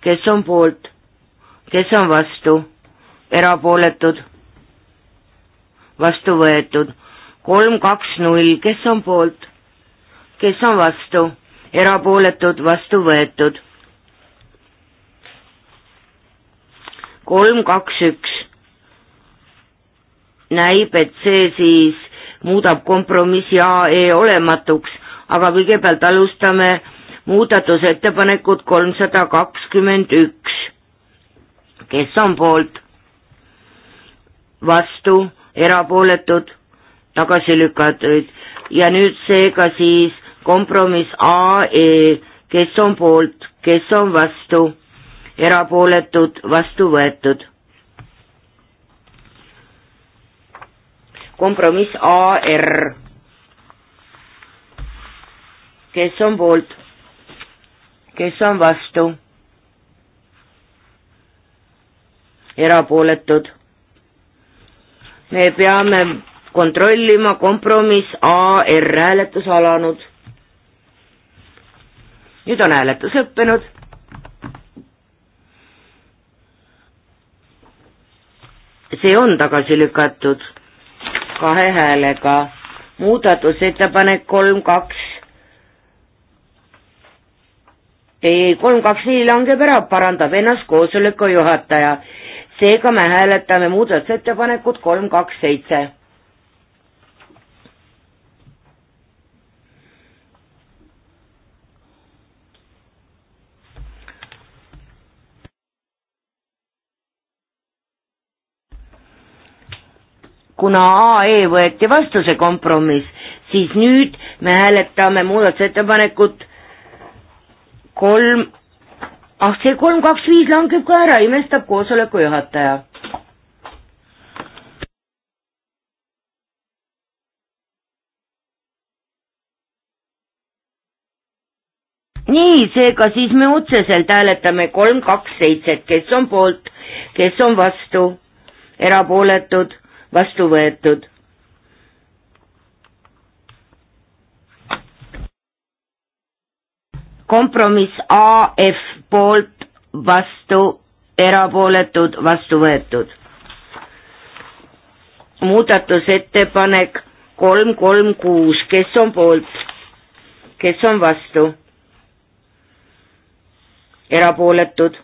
kes on poolt? kes on vastu? erapooletud vastu võetud. kolm, kaks, null, kes on poolt, kes on vastu, erapooletud, vastu võetud. kolm, kaks, üks. näib, et see siis muudab kompromissi AE olematuks, aga kõigepealt alustame muudatusettepanekut kolmsada kakskümmend üks. kes on poolt? vastu, erapooletud, tagasi lükatud ja nüüd seega siis kompromiss AE, kes on poolt, kes on vastu, erapooletud, vastu võetud. kompromiss AR, kes on poolt, kes on vastu erapooletud, me peame kontrollima kompromiss AR hääletus alanud. nüüd on hääletus lõppenud. see on tagasi lükatud kahe häälega. muudatusettepanek kolm, kaks. ei, kolm, kaks, neli langeb ära, parandab ennast koosoleku juhataja seega me hääletame muudatusettepanekut kolm, kaks, seitse. kuna AE võeti vastu, see kompromiss, siis nüüd me hääletame muudatusettepanekut kolm, ah, see kolm, kaks, viis langeb ka ära, imestab koosoleku juhataja. nii, seega siis me otseselt hääletame kolm, kaks, seitset, kes on poolt, kes on vastu, erapooletud, vastu võetud kompromiss AF poolt, vastu, erapooletud, vastu võetud. muudatusettepanek kolm, kolm, kuus, kes on poolt, kes on vastu? erapooletud.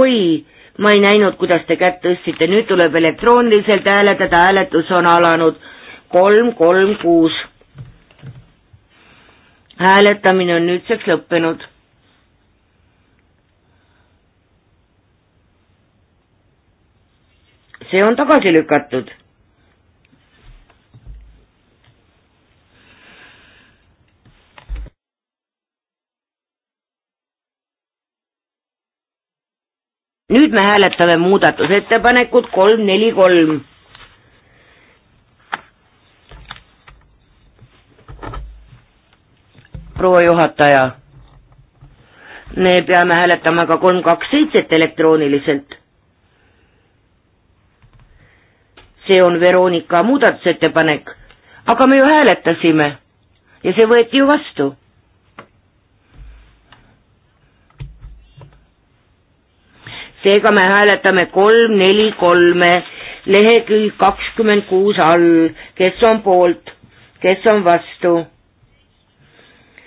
oi, ma ei näinud, kuidas te kätt tõstsite, nüüd tuleb elektrooniliselt hääletada, hääletus on alanud kolm, kolm, kuus hääletamine on nüüdseks lõppenud. see on tagasi lükatud. nüüd me hääletame muudatusettepanekut kolm, neli, kolm proua juhataja. me peame hääletama ka kolm, kaks, seitset elektrooniliselt. see on Veronika muudatusettepanek, aga me ju hääletasime ja see võeti ju vastu. seega me hääletame kolm, neli, kolme, lehekülg kakskümmend kuus all, kes on poolt, kes on vastu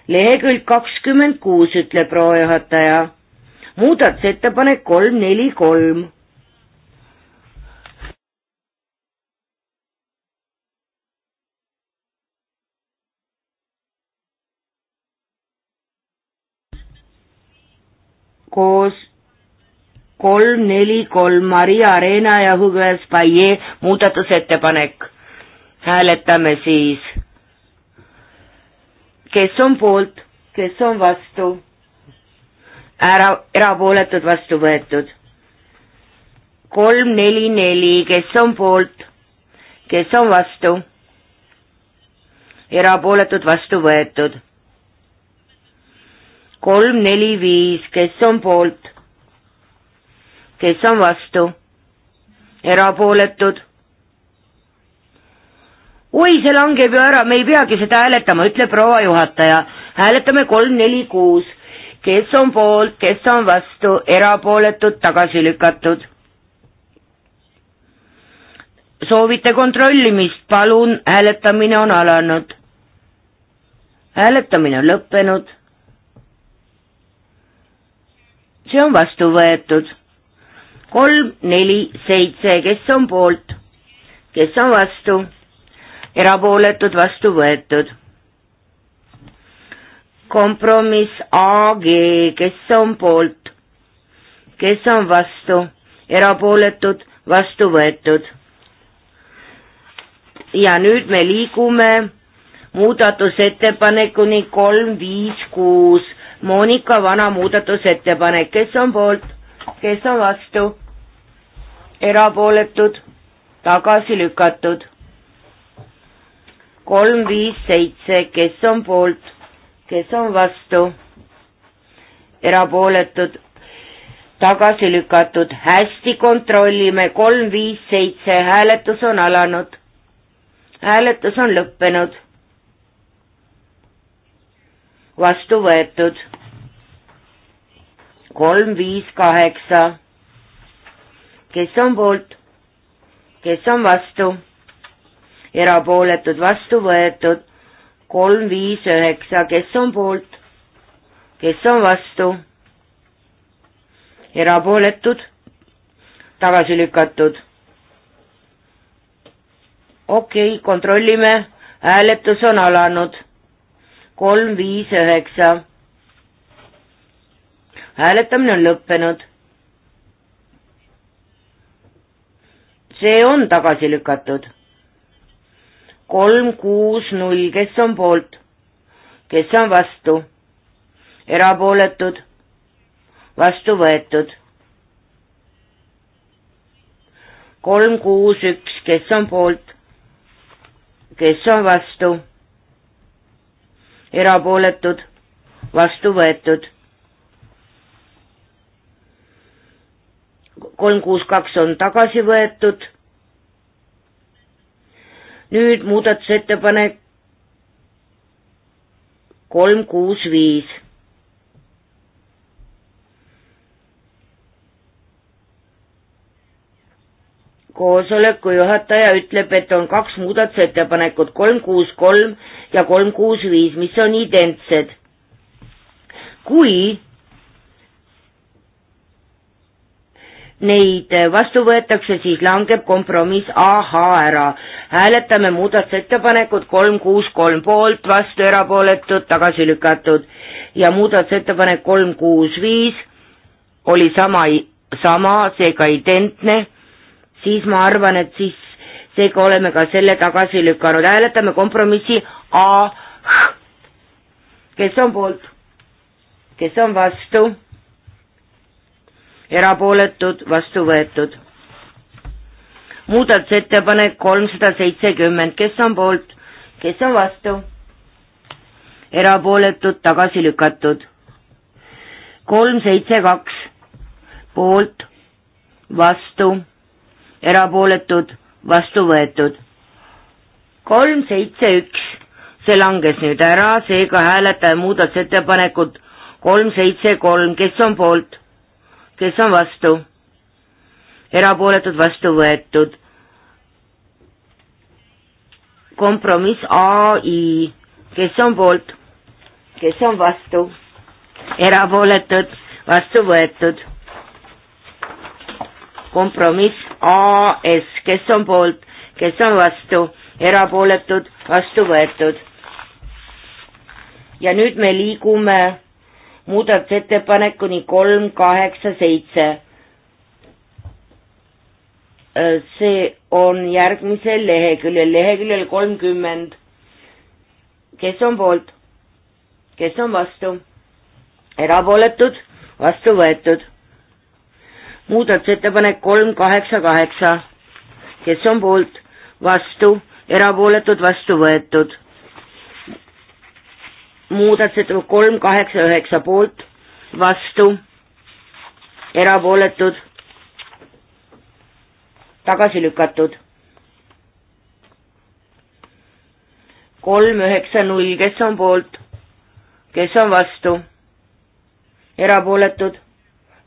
lehekülg kakskümmend kuus, ütleb proua juhataja. muudatusettepanek kolm, neli, kolm. koos kolm, neli, kolm, Maria Arena ja Hugues Paie muudatusettepanek. hääletame siis kes on poolt, kes on vastu, ära, erapooletud, vastu võetud. kolm, neli, neli, kes on poolt, kes on vastu, erapooletud, vastu võetud. kolm, neli, viis, kes on poolt, kes on vastu, erapooletud oi, see langeb ju ära, me ei peagi seda hääletama, ütleb proua juhataja. hääletame kolm, neli, kuus. kes on poolt, kes on vastu, erapooletud, tagasi lükatud. soovite kontrollimist, palun, hääletamine on alanud. hääletamine on lõppenud. see on vastu võetud. kolm, neli, seitse, kes on poolt, kes on vastu erapooletud, vastu võetud. kompromiss AG, kes on poolt, kes on vastu, erapooletud, vastu võetud. ja nüüd me liigume muudatusettepanekuni kolm, viis, kuus. Monika Vana muudatusettepanek, kes on poolt, kes on vastu, erapooletud, tagasi lükatud kolm, viis, seitse, kes on poolt, kes on vastu, erapooletud, tagasi lükatud, hästi kontrollime, kolm, viis, seitse, hääletus on alanud, hääletus on lõppenud, vastu võetud, kolm, viis, kaheksa, kes on poolt, kes on vastu erapooletud, vastu võetud, kolm, viis, üheksa, kes on poolt, kes on vastu, erapooletud, tagasi lükatud. okei okay,, kontrollime, hääletus on alanud, kolm, viis, üheksa. hääletamine on lõppenud see on tagasi lükatud kolm, kuus, null, kes on poolt, kes on vastu, erapooletud, vastu võetud. kolm, kuus, üks, kes on poolt, kes on vastu, erapooletud, vastu võetud. kolm, kuus, kaks on tagasi võetud nüüd muudatusettepanek kolm, kuus, viis. koosoleku juhataja ütleb, et on kaks muudatusettepanekut, kolm, kuus, kolm ja kolm, kuus, viis, mis on identsed. kui neid eh, vastu võetakse, siis langeb kompromiss AH ära. hääletame muudatusettepanekut kolm, kuus, kolm poolt, vastu erapooletud, tagasi lükatud ja muudatusettepanek kolm, kuus, viis oli sama, sama, seega identne, siis ma arvan, et siis seega oleme ka selle tagasi lükanud, hääletame kompromissi AH. kes on poolt? kes on vastu? erapooletud, vastu võetud. muudatusettepanek kolmsada seitsekümmend, kes on poolt, kes on vastu? erapooletud, tagasi lükatud. kolm, seitse, kaks, poolt, vastu, erapooletud, vastu võetud. kolm, seitse, üks, see langes nüüd ära, seega hääletame muudatusettepanekut kolm, seitse, kolm, kes on poolt kes on vastu? erapooletud, vastu võetud. kompromiss ai, kes on poolt? kes on vastu? erapooletud, vastu võetud. kompromiss AS, kes on poolt, kes on vastu, erapooletud, vastu võetud. ja nüüd me liigume muudatusettepanekuni kolm, kaheksa, seitse. Äh, see on järgmisel leheküljel, leheküljel kolmkümmend. kes on poolt? kes on vastu? erapooletud, vastu võetud. muudatusettepanek kolm, kaheksa, kaheksa. kes on poolt? vastu, erapooletud, vastu võetud muudatusettepanek kolm, kaheksa, üheksa poolt, vastu, erapooletud, tagasi lükatud. kolm, üheksa, null, kes on poolt, kes on vastu, erapooletud,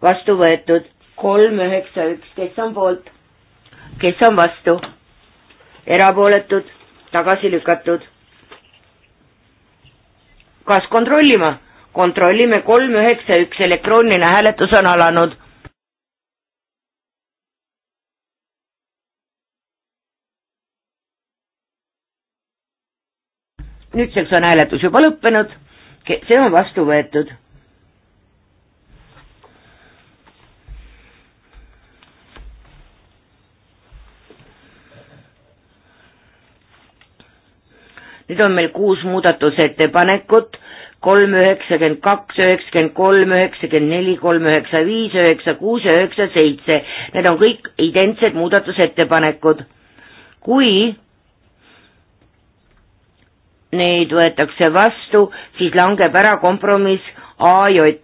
vastu võetud, kolm, üheksa, üks, kes on poolt, kes on vastu, erapooletud, tagasi lükatud kas kontrollima? kontrollime kolm üheksa üks, elektrooniline hääletus on alanud. nüüdseks on hääletus juba lõppenud, see on vastu võetud nüüd on meil kuus muudatusettepanekut, kolm üheksakümmend kaks, üheksakümmend kolm, üheksakümmend neli, kolm üheksa viis, üheksa kuus ja üheksa seitse. Need on kõik identsed muudatusettepanekud. kui neid võetakse vastu, siis langeb ära kompromiss AJ.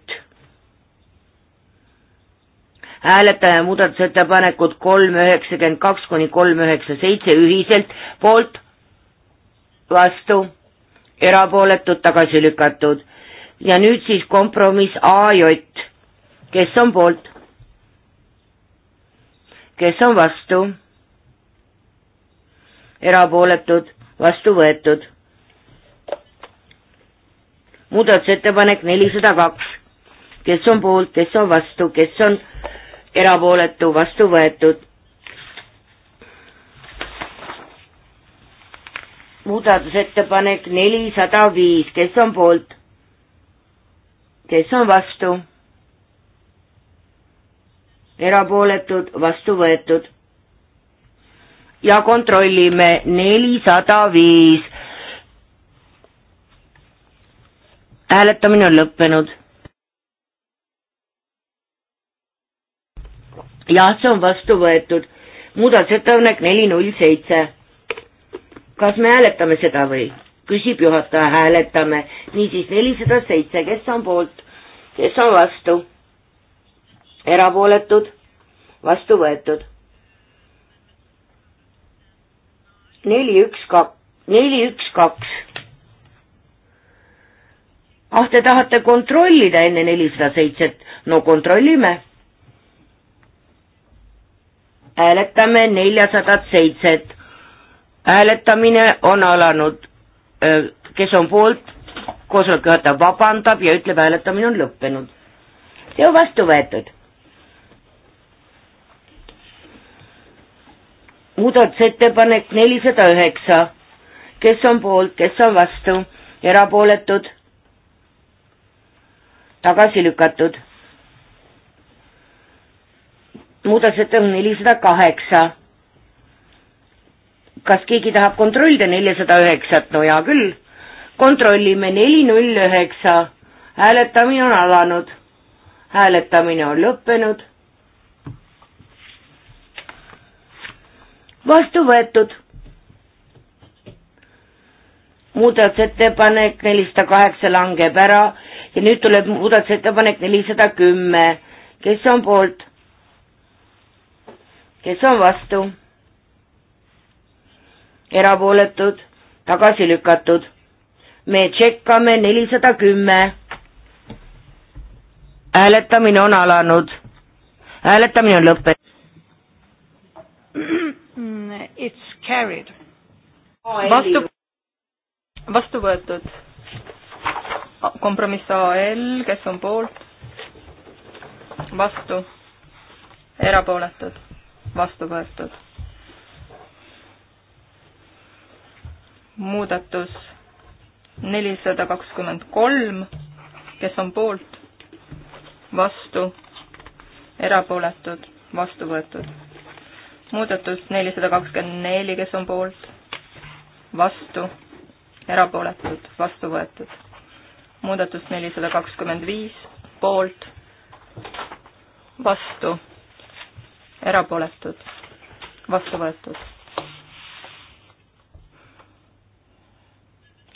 hääletame muudatusettepanekud kolm üheksakümmend kaks kuni kolm üheksa seitse ühiselt poolt, vastu, erapooletud, tagasi lükatud. ja nüüd siis kompromiss AJ, kes on poolt, kes on vastu, erapooletud, vastu võetud. muudatusettepanek nelisada kaks, kes on poolt, kes on vastu, kes on erapooletu, vastu võetud muudatusettepanek nelisada viis, kes on poolt? kes on vastu? erapooletud, vastu võetud. ja kontrollime nelisada viis. hääletamine on lõppenud. jah, see on vastu võetud. muudatusettepanek neli null seitse kas me hääletame seda või? küsib juhataja, hääletame. niisiis nelisada seitse, kes on poolt, kes on vastu? erapooletud, vastu võetud. neli, üks, kak-, neli, üks, kaks. ah, te tahate kontrollida enne nelisada seitset? no kontrollime. hääletame neljasadat seitset hääletamine on alanud, äh, kes on poolt, koosolek juhataja vabandab ja ütleb, hääletamine on lõppenud. see on vastu võetud. muudatusettepanek nelisada üheksa, kes on poolt, kes on vastu, erapooletud, tagasi lükatud. muudatusettepanek nelisada kaheksa kas keegi tahab kontrollida neljasada üheksat, no hea küll, kontrollime neli null üheksa, hääletamine on alanud, hääletamine on lõppenud. vastu võetud. muudatusettepanek nelisada kaheksa langeb ära ja nüüd tuleb muudatusettepanek nelisada kümme, kes on poolt, kes on vastu erapooletud, tagasi lükatud. me tšekkame nelisada kümme. hääletamine on alanud. hääletamine on lõppenud. It's carried. vastu, vastu võetud. kompromiss AL, kes on poolt? vastu, erapooletud, vastu võetud muudatus nelisada kakskümmend kolm, kes on poolt, vastu, erapooletud, vastu võetud. muudatus nelisada kakskümmend neli, kes on poolt, vastu, erapooletud, vastu võetud. muudatus nelisada kakskümmend viis, poolt, vastu, erapooletud, vastu võetud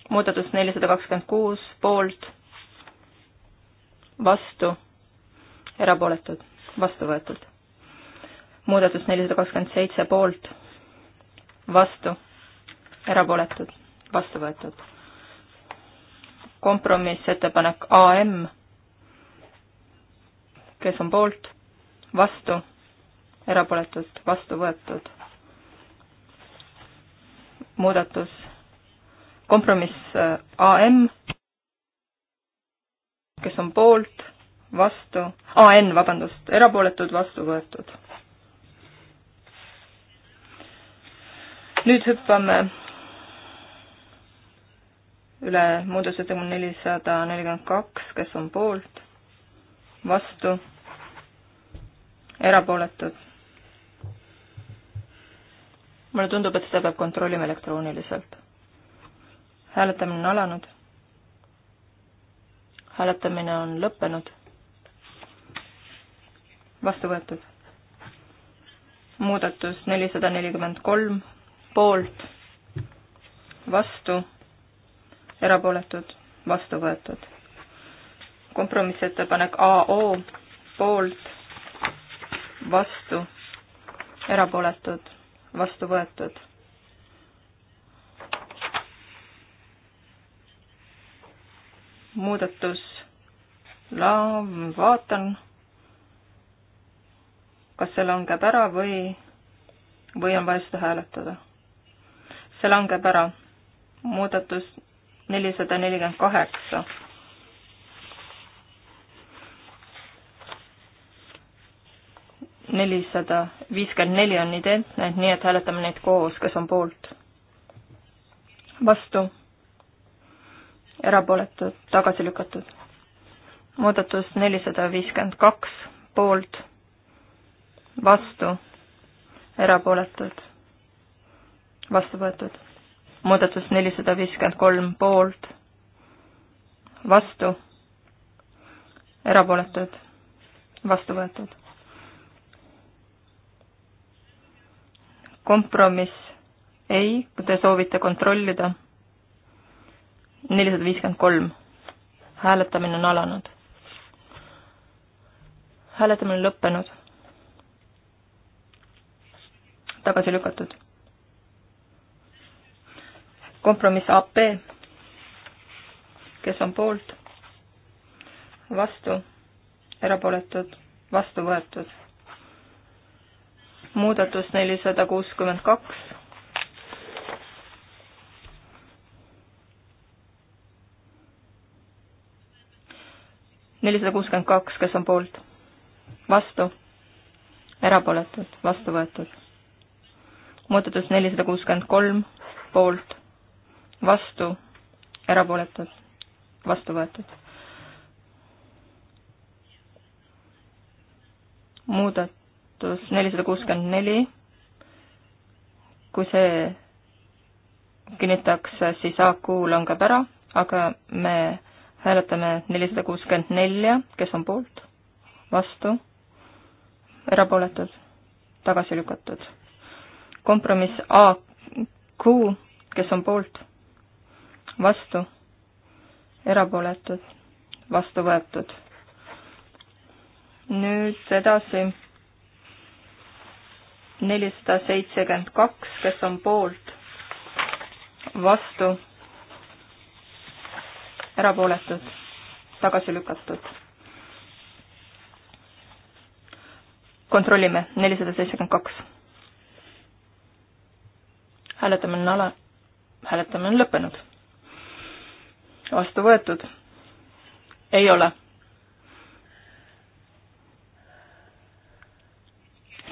muudatus nelisada kakskümmend kuus poolt, vastu, erapooletud, vastu võetud. muudatus nelisada kakskümmend seitse poolt, vastu, erapooletud, vastu võetud. kompromissettepanek AM, kes on poolt, vastu, erapooletud, vastu võetud. muudatus kompromiss äh, AM, kes on poolt, vastu, AN, vabandust, erapooletud, vastu võetud. nüüd hüppame üle muudatusettepaneku nelisada nelikümmend kaks, kes on poolt, vastu, erapooletud. mulle tundub, et seda peab kontrollima elektrooniliselt hääletamine on alanud. hääletamine on lõppenud. vastu võetud. muudatus nelisada nelikümmend kolm, poolt, vastu, erapooletud, vastu võetud. kompromissettepanek AO, poolt, vastu, erapooletud, vastu võetud muudatus, vaatan, kas see langeb ära või, või on vaja seda hääletada. see langeb ära, muudatus nelisada nelikümmend kaheksa. nelisada viiskümmend neli on identne, nii et hääletame neid koos, kes on poolt. vastu erapooletud, tagasi lükatud. muudatus nelisada viiskümmend kaks, poolt, vastu, erapooletud, vastu võetud. muudatus nelisada viiskümmend kolm, poolt, vastu, erapooletud, vastu võetud. kompromiss ei, kui te soovite kontrollida nelisada viiskümmend kolm. hääletamine on alanud. hääletamine on lõppenud. tagasi lükatud. kompromiss AP. kes on poolt? vastu? erapooletud? vastu võetud? muudatus nelisada kuuskümmend kaks nelisada kuuskümmend kaks, kes on poolt? vastu? erapooletud, vastu võetud. muudatus nelisada kuuskümmend kolm, poolt, vastu, erapooletud, vastu võetud. muudatus nelisada kuuskümmend neli, kui see kinnitaks, siis AQ langeb ära, aga me hääletame nelisada kuuskümmend nelja, kes on poolt, vastu, erapooletud, tagasi lükatud. kompromiss AQ, kes on poolt, vastu, erapooletud, vastu võetud. nüüd edasi nelisada seitsekümmend kaks, kes on poolt, vastu erapooletud, tagasi lükatud. kontrollime, nelisada seitsekümmend kaks. hääletamine on ala, hääletamine on lõppenud. vastu võetud? ei ole.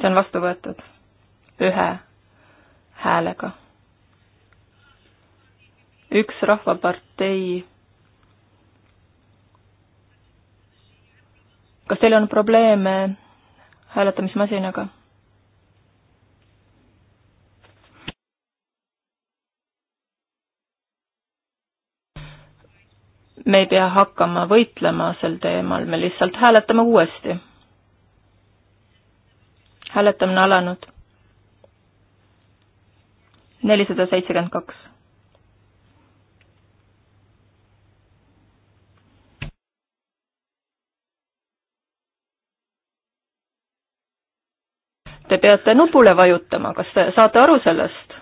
see on vastu võetud ühe häälega üks rahvapartei kas teil on probleeme hääletamismasinaga? me ei pea hakkama võitlema sel teemal, me lihtsalt hääletame uuesti. hääletamine alanud. nelisada seitsekümmend kaks te peate nupule vajutama, kas te saate aru sellest?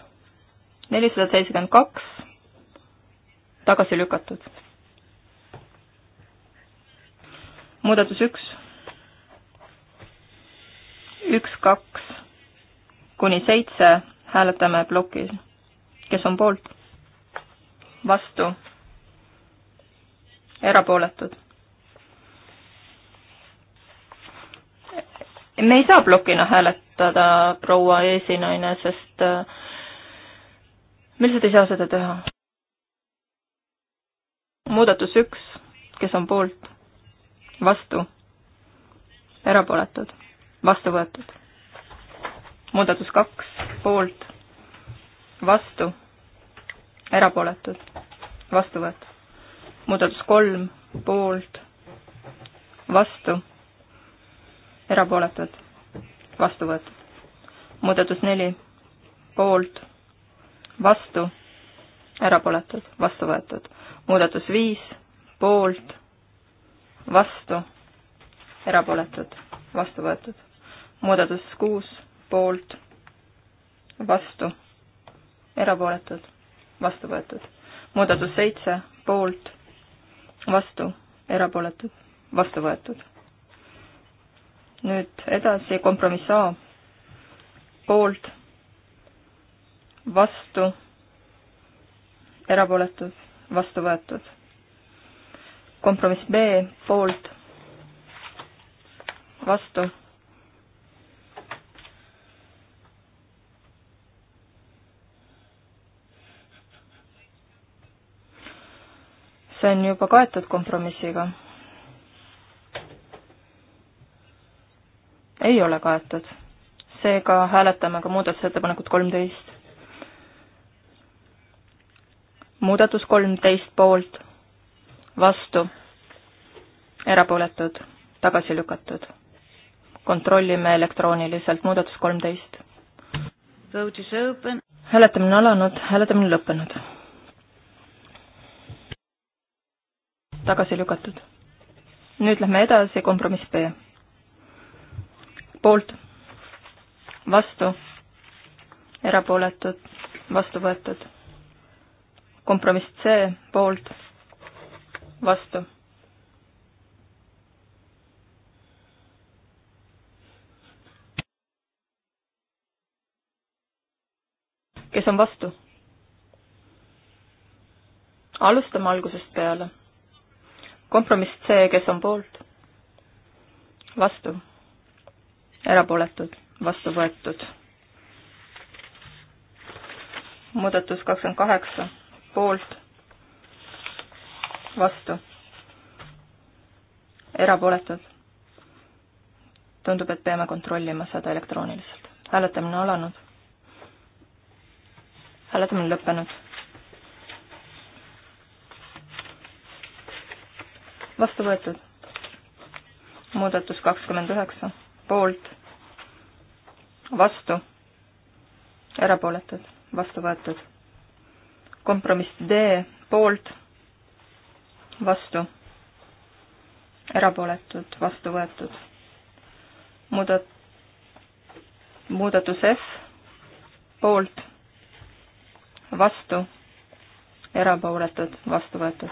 nelisada seitsekümmend kaks, tagasi lükatud. muudatus üks, üks, kaks kuni seitse hääletame plokil, kes on poolt, vastu, erapooletud, me ei saa plokina hääletada, proua esinaine, sest äh, me lihtsalt ei saa seda teha. muudatus üks, kes on poolt, vastu, erapooletud, vastu võetud. muudatus kaks, poolt, vastu, erapooletud, vastu võetud. muudatus kolm, poolt, vastu erapooletud, vastu võetud. muudatus neli, poolt, vastu, erapooletud, vastu võetud. muudatus viis, poolt, vastu, erapooletud, vastu võetud. muudatus kuus, poolt, vastu, erapooletud, vastu võetud. muudatus seitse, poolt, vastu, erapooletud, vastu võetud nüüd edasi kompromiss A, poolt, vastu, erapooletud, vastu võetud. kompromiss B, poolt, vastu see on juba kaetud kompromissiga. ei ole kaetud. seega hääletame ka muudatusettepanekut kolmteist. muudatus kolmteist poolt, vastu, erapooletud, tagasi lükatud. kontrollime elektrooniliselt muudatus kolmteist. hääletamine on alanud, hääletamine lõppenud. tagasi lükatud. nüüd lähme edasi, kompromiss B poolt, vastu, erapooletud, vastu võetud. kompromiss C poolt, vastu. kes on vastu? alustame algusest peale. kompromiss C, kes on poolt? vastu erapooletud, vastu võetud. muudatus kakskümmend kaheksa, poolt, vastu, erapooletud. tundub, et peame kontrollima seda elektrooniliselt. hääletamine alanud. hääletamine lõppenud. vastu võetud. muudatus kakskümmend üheksa poolt, vastu, erapooletud, vastu võetud. kompromiss D poolt, vastu, erapooletud, vastu võetud. muudat-, muudatus F poolt, vastu, erapooletud, vastu võetud.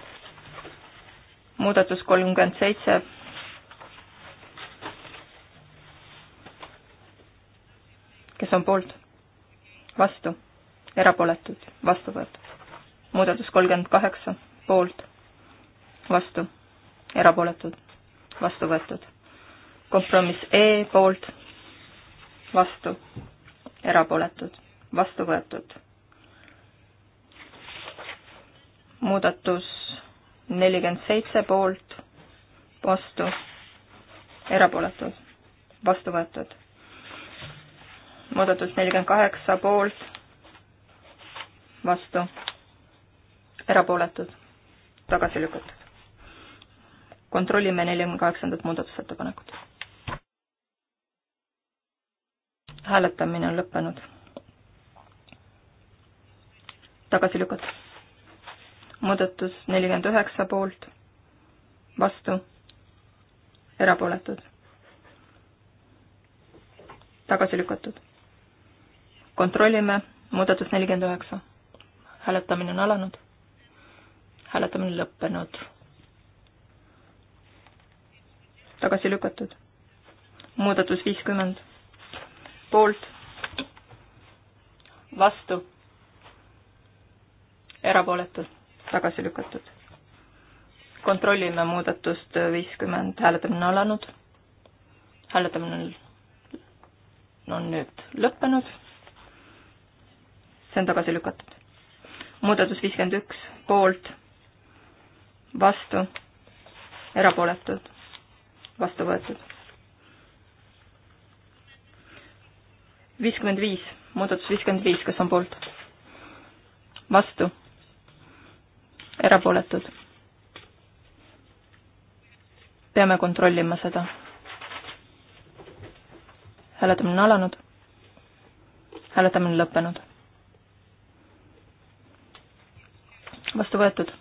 muudatus kolmkümmend seitse kes on poolt? vastu. erapooletud, vastu võetud. muudatus kolmkümmend kaheksa, poolt, vastu, erapooletud, vastu võetud. kompromiss E poolt, vastu, erapooletud, vastu võetud. muudatus nelikümmend seitse poolt, vastu, erapooletud, vastu võetud muudatus nelikümmend kaheksa poolt, vastu, erapooletud, tagasi lükatud. kontrollime neljakümne kaheksandat muudatusettepanekut. hääletamine on lõppenud. tagasi lükatud. muudatus nelikümmend üheksa poolt, vastu, erapooletud tagasi lükatud kontrollime, muudatus nelikümmend üheksa. hääletamine on alanud. hääletamine lõppenud. tagasi lükatud. muudatus viiskümmend. poolt. vastu. erapooletud. tagasi lükatud. kontrollime muudatust viiskümmend, hääletamine on alanud. hääletamine on, on nüüd lõppenud see on tagasi lükatud. muudatus viiskümmend üks, poolt, vastu, erapooletud, vastu võetud. viiskümmend viis, muudatus viiskümmend viis, kes on poolt? vastu, erapooletud. peame kontrollima seda. hääletamine on alanud, hääletamine lõppenud vastu võetud.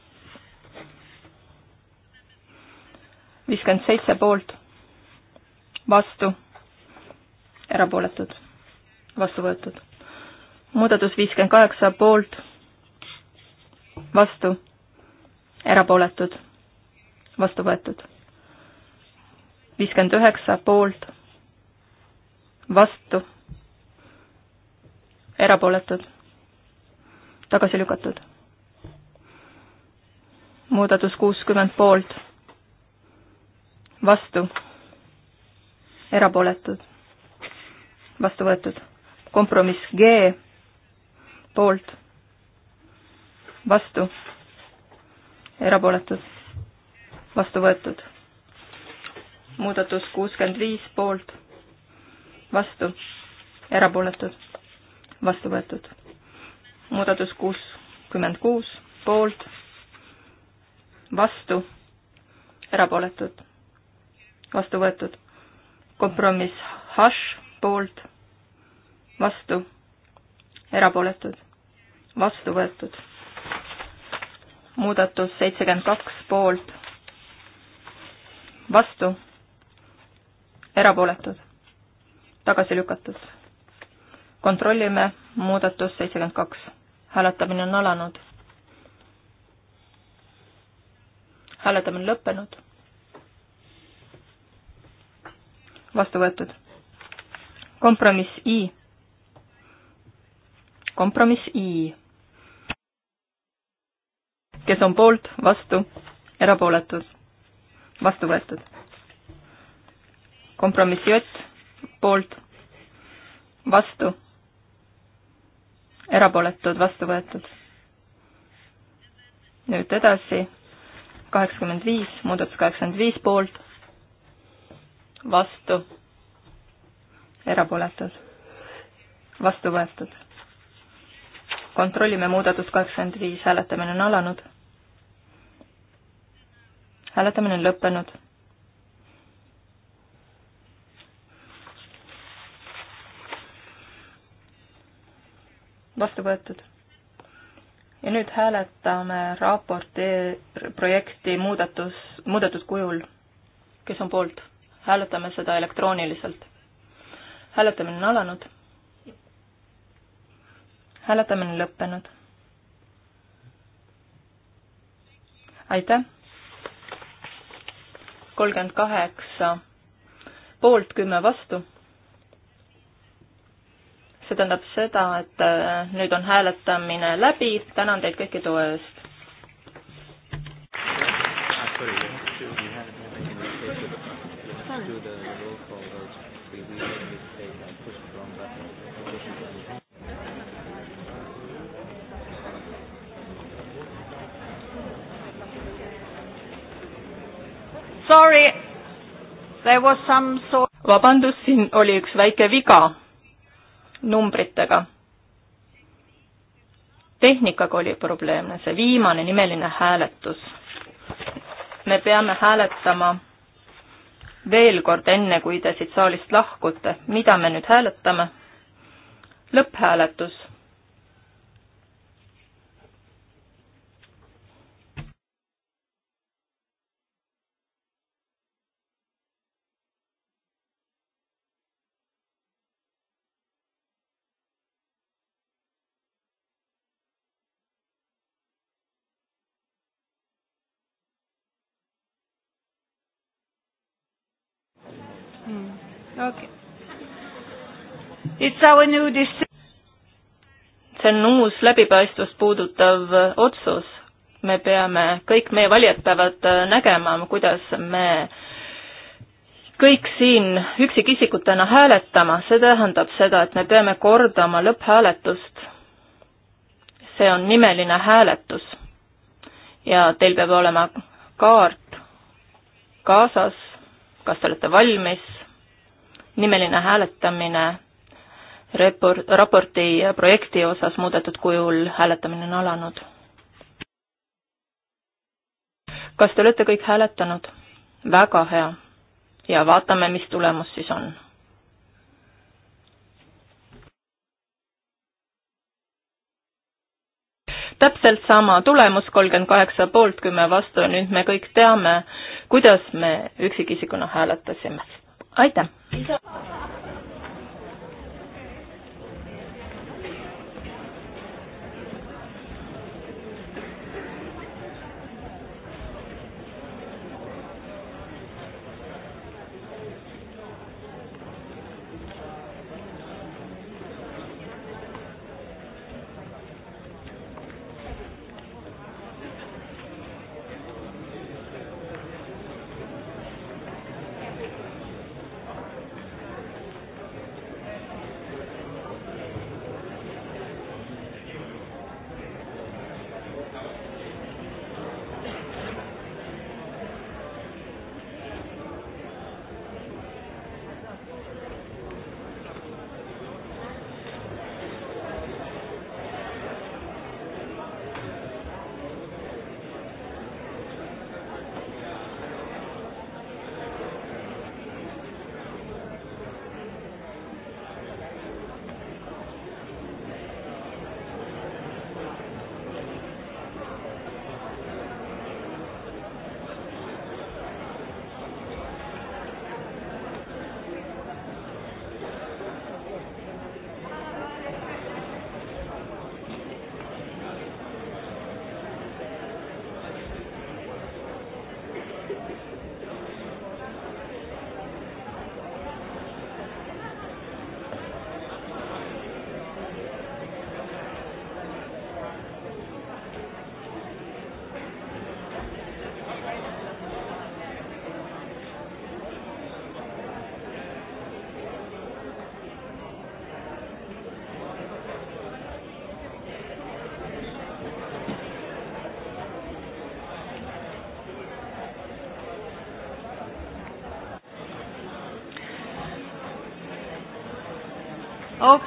viiskümmend seitse poolt, vastu, erapooletud, vastu võetud. muudatus viiskümmend kaheksa poolt, vastu, erapooletud, vastu võetud. viiskümmend üheksa poolt, vastu, erapooletud, tagasi lükatud muudatus kuuskümmend poolt, vastu, erapooletud, vastu võetud. kompromiss G poolt, vastu, erapooletud, vastu võetud. muudatus kuuskümmend viis poolt, vastu, erapooletud, vastu võetud. muudatus kuuskümmend kuus poolt vastu, erapooletud, vastu võetud. kompromiss hash poolt, vastu, erapooletud, vastu võetud. muudatus seitsekümmend kaks poolt, vastu, erapooletud, tagasi lükatud. kontrollime muudatus seitsekümmend kaks. hääletamine on alanud hääletamine on lõppenud. vastu võetud. kompromiss I. kompromiss I. kes on poolt, vastu, erapooletud, vastu võetud. kompromiss J, poolt, vastu, erapooletud, vastu võetud. nüüd edasi kaheksakümmend viis, muudatus kaheksakümmend viis poolt, vastu, erapooletud, vastu võetud. kontrollime muudatus kaheksakümmend viis, hääletamine on alanud. hääletamine on lõppenud. vastu võetud ja nüüd hääletame raporti projekti muudatus, muudetud kujul. kes on poolt? hääletame seda elektrooniliselt. hääletamine on alanud. hääletamine on lõppenud. aitäh. kolmkümmend kaheksa poolt, kümme vastu see tähendab seda, et äh, nüüd on hääletamine läbi, tänan teid kõiki toe eest. Sorry, there was some sort vabandust, siin oli üks väike viga numbritega. tehnikaga oli probleemne see viimane nimeline hääletus. me peame hääletama veel kord, enne kui te siit saalist lahkute, mida me nüüd hääletame? lõpphääletus on ju dis-. see on uus läbipaistvust puudutav otsus. me peame, kõik meie valijad peavad äh, nägema, kuidas me kõik siin üksikisikutena hääletama, see tähendab seda, et me peame kordama lõpphääletust. see on nimeline hääletus. ja teil peab olema kaart kaasas, kas te olete valmis nimeline hääletamine repor-, raporti projekti osas muudetud kujul hääletamine on alanud. kas te olete kõik hääletanud? väga hea. ja vaatame, mis tulemus siis on. täpselt sama tulemus, kolmkümmend kaheksa poolt, kümme vastu, nüüd me kõik teame, kuidas me üksikisikuna hääletasime. aitäh!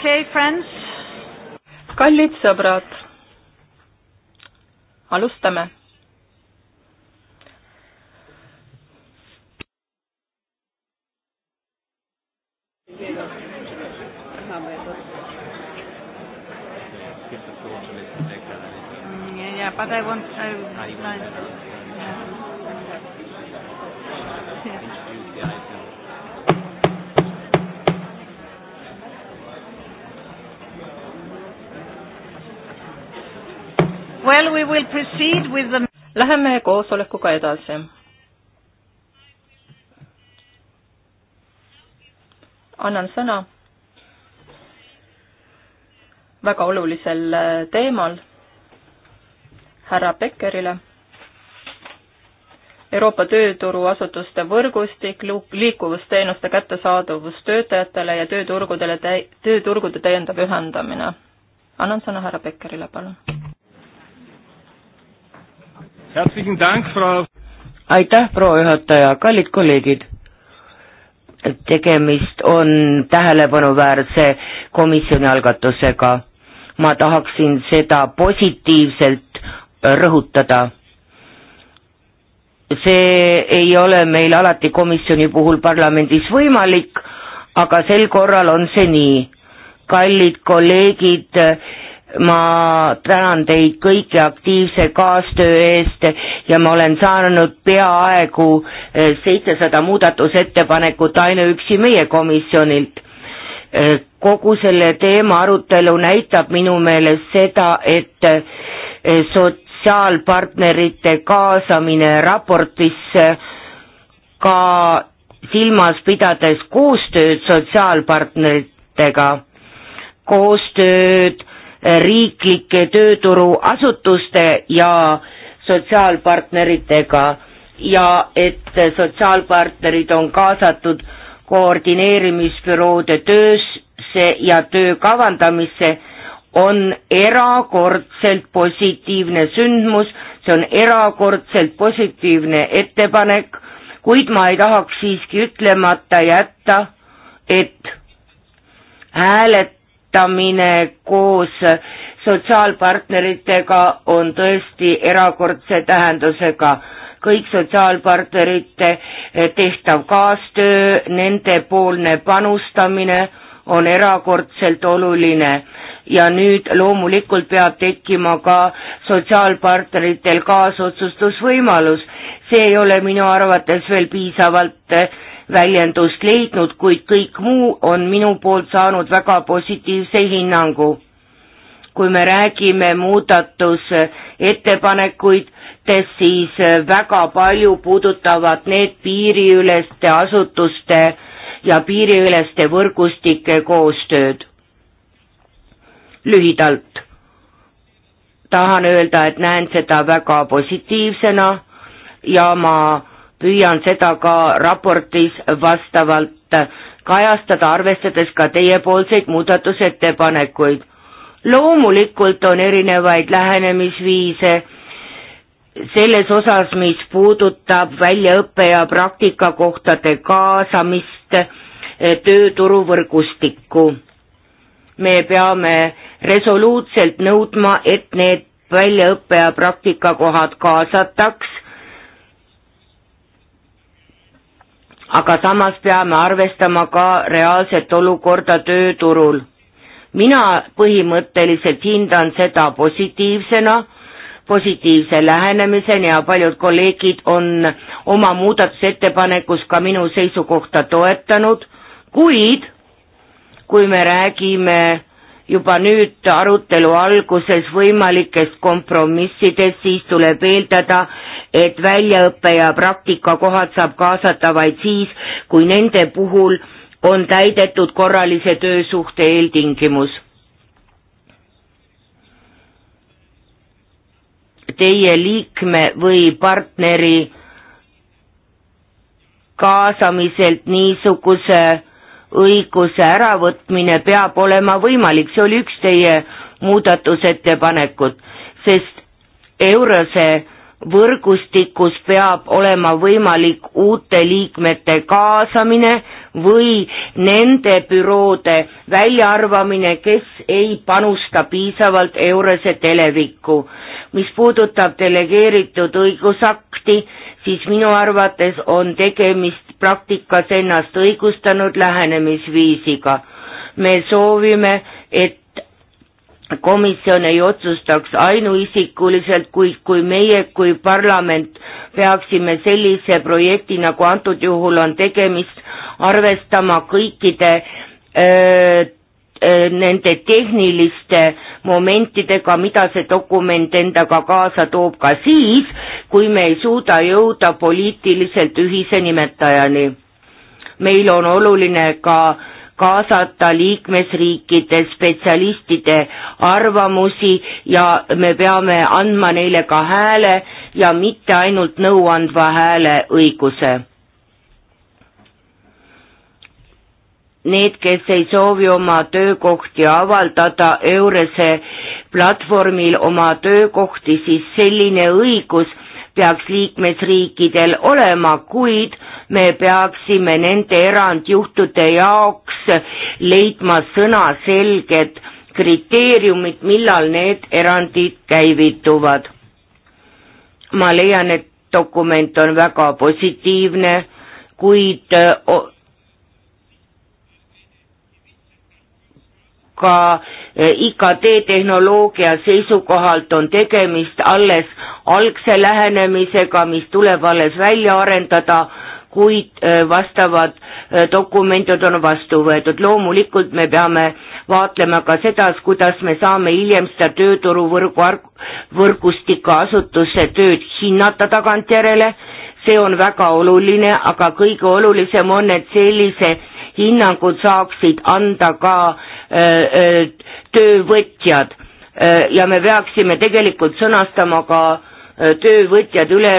okay, friends. kallid sõbrad, alustame Läheme koosolekuga edasi. annan sõna väga olulisel äh, teemal härra Beckerile. Euroopa tööturuasutuste võrgustik, liikuvusteenuste kättesaadavus töötajatele ja tööturgudele, tööturgude täiendav ühendamine. annan sõna härra Beckerile, palun aitäh, proua juhataja, kallid kolleegid tegemist on tähelepanuväärse komisjoni algatusega. ma tahaksin seda positiivselt rõhutada. see ei ole meil alati komisjoni puhul parlamendis võimalik, aga sel korral on see nii. kallid kolleegid, ma tänan teid kõiki aktiivse kaastöö eest ja ma olen saanud peaaegu eh, seitsesada muudatusettepanekut ainuüksi meie komisjonilt. Eh, kogu selle teema arutelu näitab minu meelest seda, et eh, sotsiaalpartnerite kaasamine raportisse ka silmas pidades koostööd sotsiaalpartneritega, koostööd Eh, riiklike tööturuasutuste ja sotsiaalpartneritega ja et sotsiaalpartnerid on kaasatud koordineerimisbüroode töösse ja töö kavandamisse, on erakordselt positiivne sündmus, see on erakordselt positiivne ettepanek, kuid ma ei tahaks siiski ütlemata jätta, et hääled toetamine koos sotsiaalpartneritega on tõesti erakordse tähendusega. kõik sotsiaalpartnerite tehtav kaastöö, nendepoolne panustamine on erakordselt oluline ja nüüd loomulikult peab tekkima ka sotsiaalpartneritel kaasotsustusvõimalus. see ei ole minu arvates veel piisavalt väljendust leidnud, kuid kõik muu on minu poolt saanud väga positiivse hinnangu. kui me räägime muudatusettepanekuitest, siis väga palju puudutavad need piiriüleste asutuste ja piiriüleste võrgustike koostööd. lühidalt tahan öelda, et näen seda väga positiivsena ja ma püüan seda ka raportis vastavalt kajastada, arvestades ka teiepoolseid muudatusettepanekuid. loomulikult on erinevaid lähenemisviise selles osas, mis puudutab väljaõppe ja praktikakohtade kaasamist eh, tööturuvõrgustikku. me peame resoluutselt nõudma, et need väljaõppe ja praktikakohad kaasataks aga samas peame arvestama ka reaalset olukorda tööturul. mina põhimõtteliselt hindan seda positiivsena, positiivse lähenemiseni ja paljud kolleegid on oma muudatusettepanekus ka minu seisukohta toetanud, kuid kui me räägime juba nüüd arutelu alguses võimalikest kompromissidest, siis tuleb eeldada, et väljaõppe ja praktikakohad saab kaasata vaid siis, kui nende puhul on täidetud korralise töösuhte eeltingimus. Teie liikme või partneri kaasamiselt niisuguse õiguse äravõtmine peab olema võimalik, see oli üks teie muudatusettepanekud, sest Eurose võrgustikus peab olema võimalik uute liikmete kaasamine või nende büroode väljaarvamine, kes ei panusta piisavalt Eurose televikku. mis puudutab delegeeritud õigusakti, siis minu arvates on tegemist praktikas ennast õigustanud lähenemisviisiga. me soovime, et komisjon ei otsustaks ainuisikuliselt, kuid kui meie kui parlament peaksime sellise projekti, nagu antud juhul on tegemist, arvestama kõikide öö, öö, nende tehniliste öö, momentidega, mida see dokument endaga kaasa toob ka siis, kui me ei suuda jõuda poliitiliselt ühise nimetajani. meil on oluline ka kaasata liikmesriikide spetsialistide arvamusi ja me peame andma neile ka hääle ja mitte ainult nõuandva hääle õiguse need, kes ei soovi oma töökohti avaldada Eurese platvormil oma töökohti, siis selline õigus peaks liikmesriikidel olema, kuid me peaksime nende erandjuhtude jaoks leidma sõnaselged kriteeriumid, millal need erandid käivituvad. ma leian, et dokument on väga positiivne, kuid ka eh, IKT tehnoloogia seisukohalt on tegemist alles algse lähenemisega, mis tuleb alles välja arendada, kuid eh, vastavad eh, dokumendid on vastu võetud. loomulikult me peame vaatlema ka seda, kuidas me saame hiljem seda tööturuvõrgu, võrgustike asutuse tööd hinnata tagantjärele, see on väga oluline, aga kõige olulisem on, et sellise hinnangud saaksid anda ka öö, äh, äh, töövõtjad äh, ja me peaksime tegelikult sõnastama ka töövõtjad üle,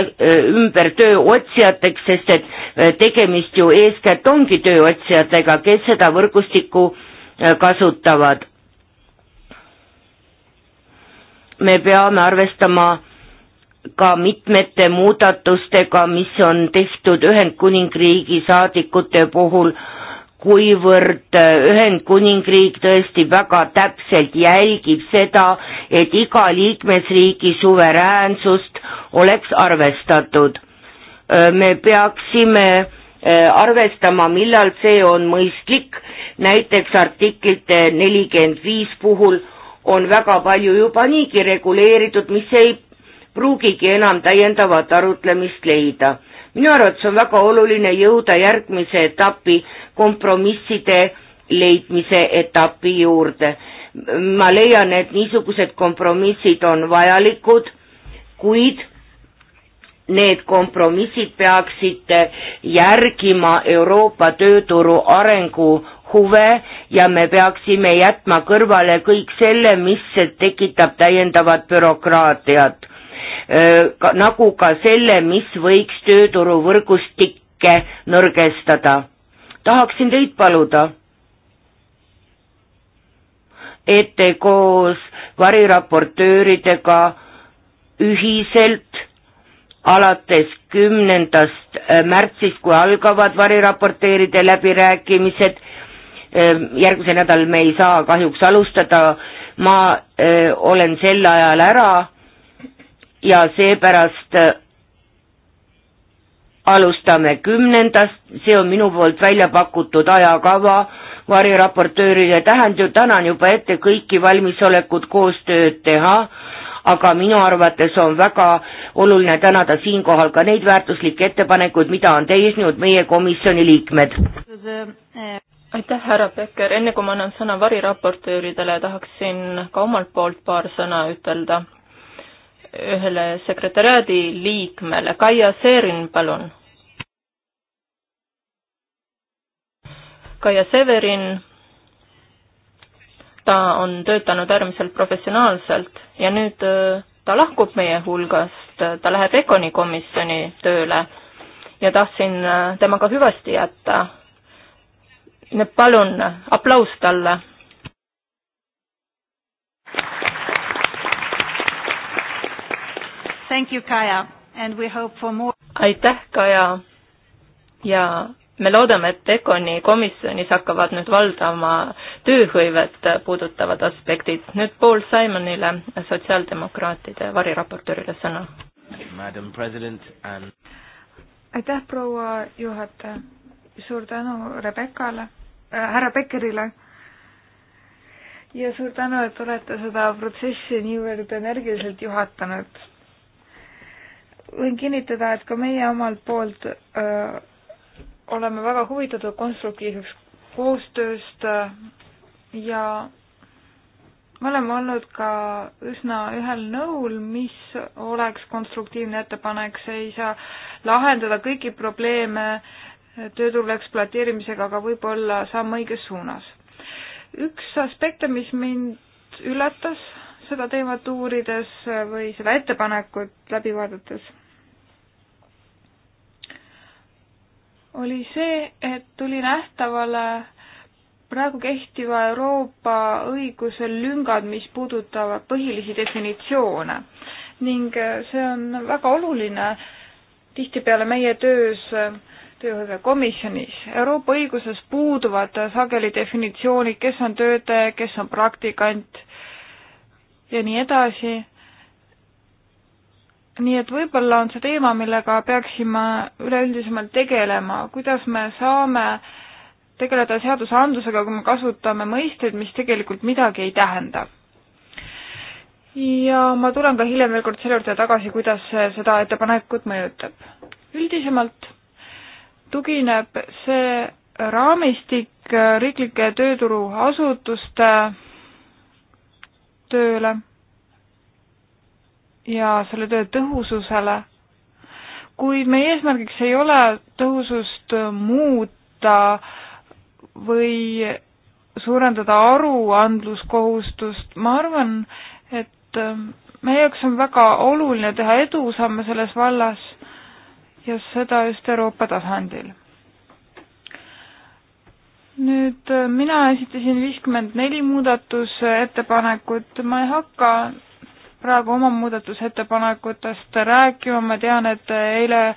ümber tööotsijateks, sest et tegemist ju eeskätt ongi tööotsijatega, kes seda võrgustikku kasutavad. me peame arvestama ka mitmete muudatustega, mis on tehtud Ühendkuningriigi saadikute puhul kuivõrd äh, Ühendkuningriik tõesti väga täpselt jälgib seda, et iga liikmesriigi suveräänsust oleks arvestatud. Äh, me peaksime äh, arvestama, millal see on mõistlik, näiteks artiklite nelikümmend viis puhul on väga palju juba niigi reguleeritud, mis ei pruugigi enam täiendavat arutlemist leida. minu arvates on väga oluline jõuda järgmise etapi kompromisside leidmise etapi juurde. ma leian, et niisugused kompromissid on vajalikud, kuid need kompromissid peaksid järgima Euroopa tööturu arengu huve ja me peaksime jätma kõrvale kõik selle, mis tekitab täiendavat bürokraatiat. nagu ka selle, mis võiks tööturu võrgustikke nõrgestada tahaksin teid paluda, et te koos variraportööridega ühiselt alates kümnendast äh, märtsist, kui algavad variraporteeride läbirääkimised, äh, järgmisel nädalal me ei saa kahjuks alustada, ma äh, olen sel ajal ära ja seepärast alustame kümnendast, see on minu poolt välja pakutud ajakava variraportöörile, tähendab, tänan juba ette kõiki valmisolekut koostööd teha, aga minu arvates on väga oluline tänada siinkohal ka neid väärtuslikke ettepanekuid, mida on teinud meie komisjoni liikmed. aitäh, härra Pekker, enne kui ma annan sõna variraportööridele, tahaksin ka omalt poolt paar sõna ütelda ühele sekretäriaadi liikmele, Kaia Seerin, palun. Kaia Severin, ta on töötanud äärmiselt professionaalselt ja nüüd äh, ta lahkub meie hulgast, ta läheb Econi komisjoni tööle ja tahtsin äh, temaga hüvasti jätta. palun aplaus talle Thank you, Kaja, and we hope for more. aitäh, Kaja ja me loodame, et ECONi komisjonis hakkavad nüüd valdama tööhõivet puudutavad aspektid. nüüd Paul Simonile, sotsiaaldemokraatide variraportöörile sõna. And... aitäh, proua juhataja. suur tänu Rebekale äh,, härra Beckerile. ja suur tänu, et olete seda protsessi niivõrd energiliselt juhatanud võin kinnitada, et ka meie omalt poolt öö, äh, oleme väga huvitatud konstruktiivseks koostööst äh, ja me oleme olnud ka üsna ühel nõul, mis oleks konstruktiivne ettepanek, see ei saa lahendada kõiki probleeme tööturul ekspluateerimisega, aga võib-olla samm õiges suunas. üks aspekte, mis mind üllatas, seda teemat uurides või seda ettepanekut läbi vaadates, oli see, et tuli nähtavale praegu kehtiva Euroopa õiguse lüngad, mis puudutavad põhilisi definitsioone ning see on väga oluline tihtipeale meie töös tööhõive komisjonis. Euroopa õiguses puuduvad sageli definitsioonid, kes on töötaja, kes on praktikant ja nii edasi. nii et võib-olla on see teema, millega peaksime üleüldisemalt tegelema, kuidas me saame tegeleda seadusandlusega, kui me kasutame mõisteid, mis tegelikult midagi ei tähenda. ja ma tulen ka hiljem veel kord selle juurde tagasi, kuidas see seda ettepanekut mõjutab. üldisemalt tugineb see raamistik riiklike tööturuasutuste tööle ja selle töö tõhususele, kuid meie eesmärgiks ei ole tõhusust muuta või suurendada aruandluskohustust, ma arvan, et ähm, meie jaoks on väga oluline teha edusamme selles vallas ja seda just Euroopa tasandil nüüd äh, mina esitasin viiskümmend neli muudatusettepanekut, ma ei hakka praegu oma muudatusettepanekutest rääkima, ma tean, et eile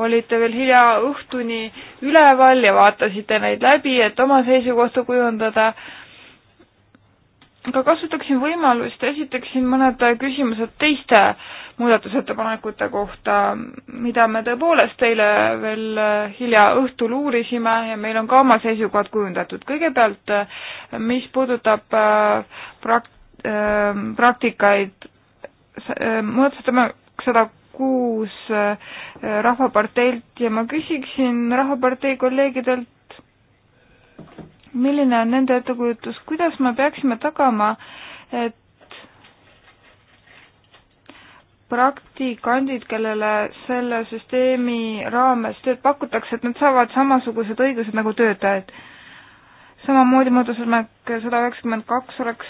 olite veel hilja õhtuni üleval ja vaatasite neid läbi, et oma seisukohta kujundada. aga kasutaksin võimalust, esitaksin mõned küsimused teiste muudatusettepanekute kohta, mida me tõepoolest eile veel hilja õhtul uurisime ja meil on ka oma seisukohad kujundatud. kõigepealt, mis puudutab äh, prak-, äh, praktikaid, äh, muudatusettepanek sada kuus Rahvaparteilt ja ma küsiksin Rahvapartei kolleegidelt, milline on nende ettekujutus, kuidas me peaksime tagama, et praktikandid, kellele selle süsteemi raames tööd pakutakse, et nad saavad samasugused õigused nagu töötajad. samamoodi muudatusettepanek sada üheksakümmend kaks oleks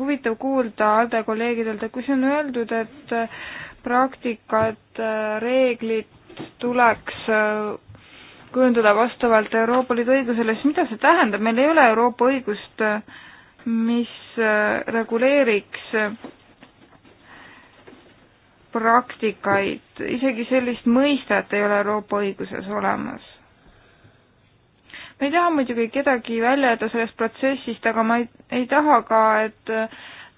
huvitav kuulda ALDE kolleegidelt, et kui siin on öeldud, et praktikad, reeglid tuleks kujundada vastavalt Euroopa Liidu õigusele, siis mida see tähendab, meil ei ole Euroopa õigust, mis reguleeriks praktikaid, isegi sellist mõistet ei ole Euroopa õiguses olemas. ma ei taha muidugi kedagi välja jätta sellest protsessist, aga ma ei, ei taha ka, et äh,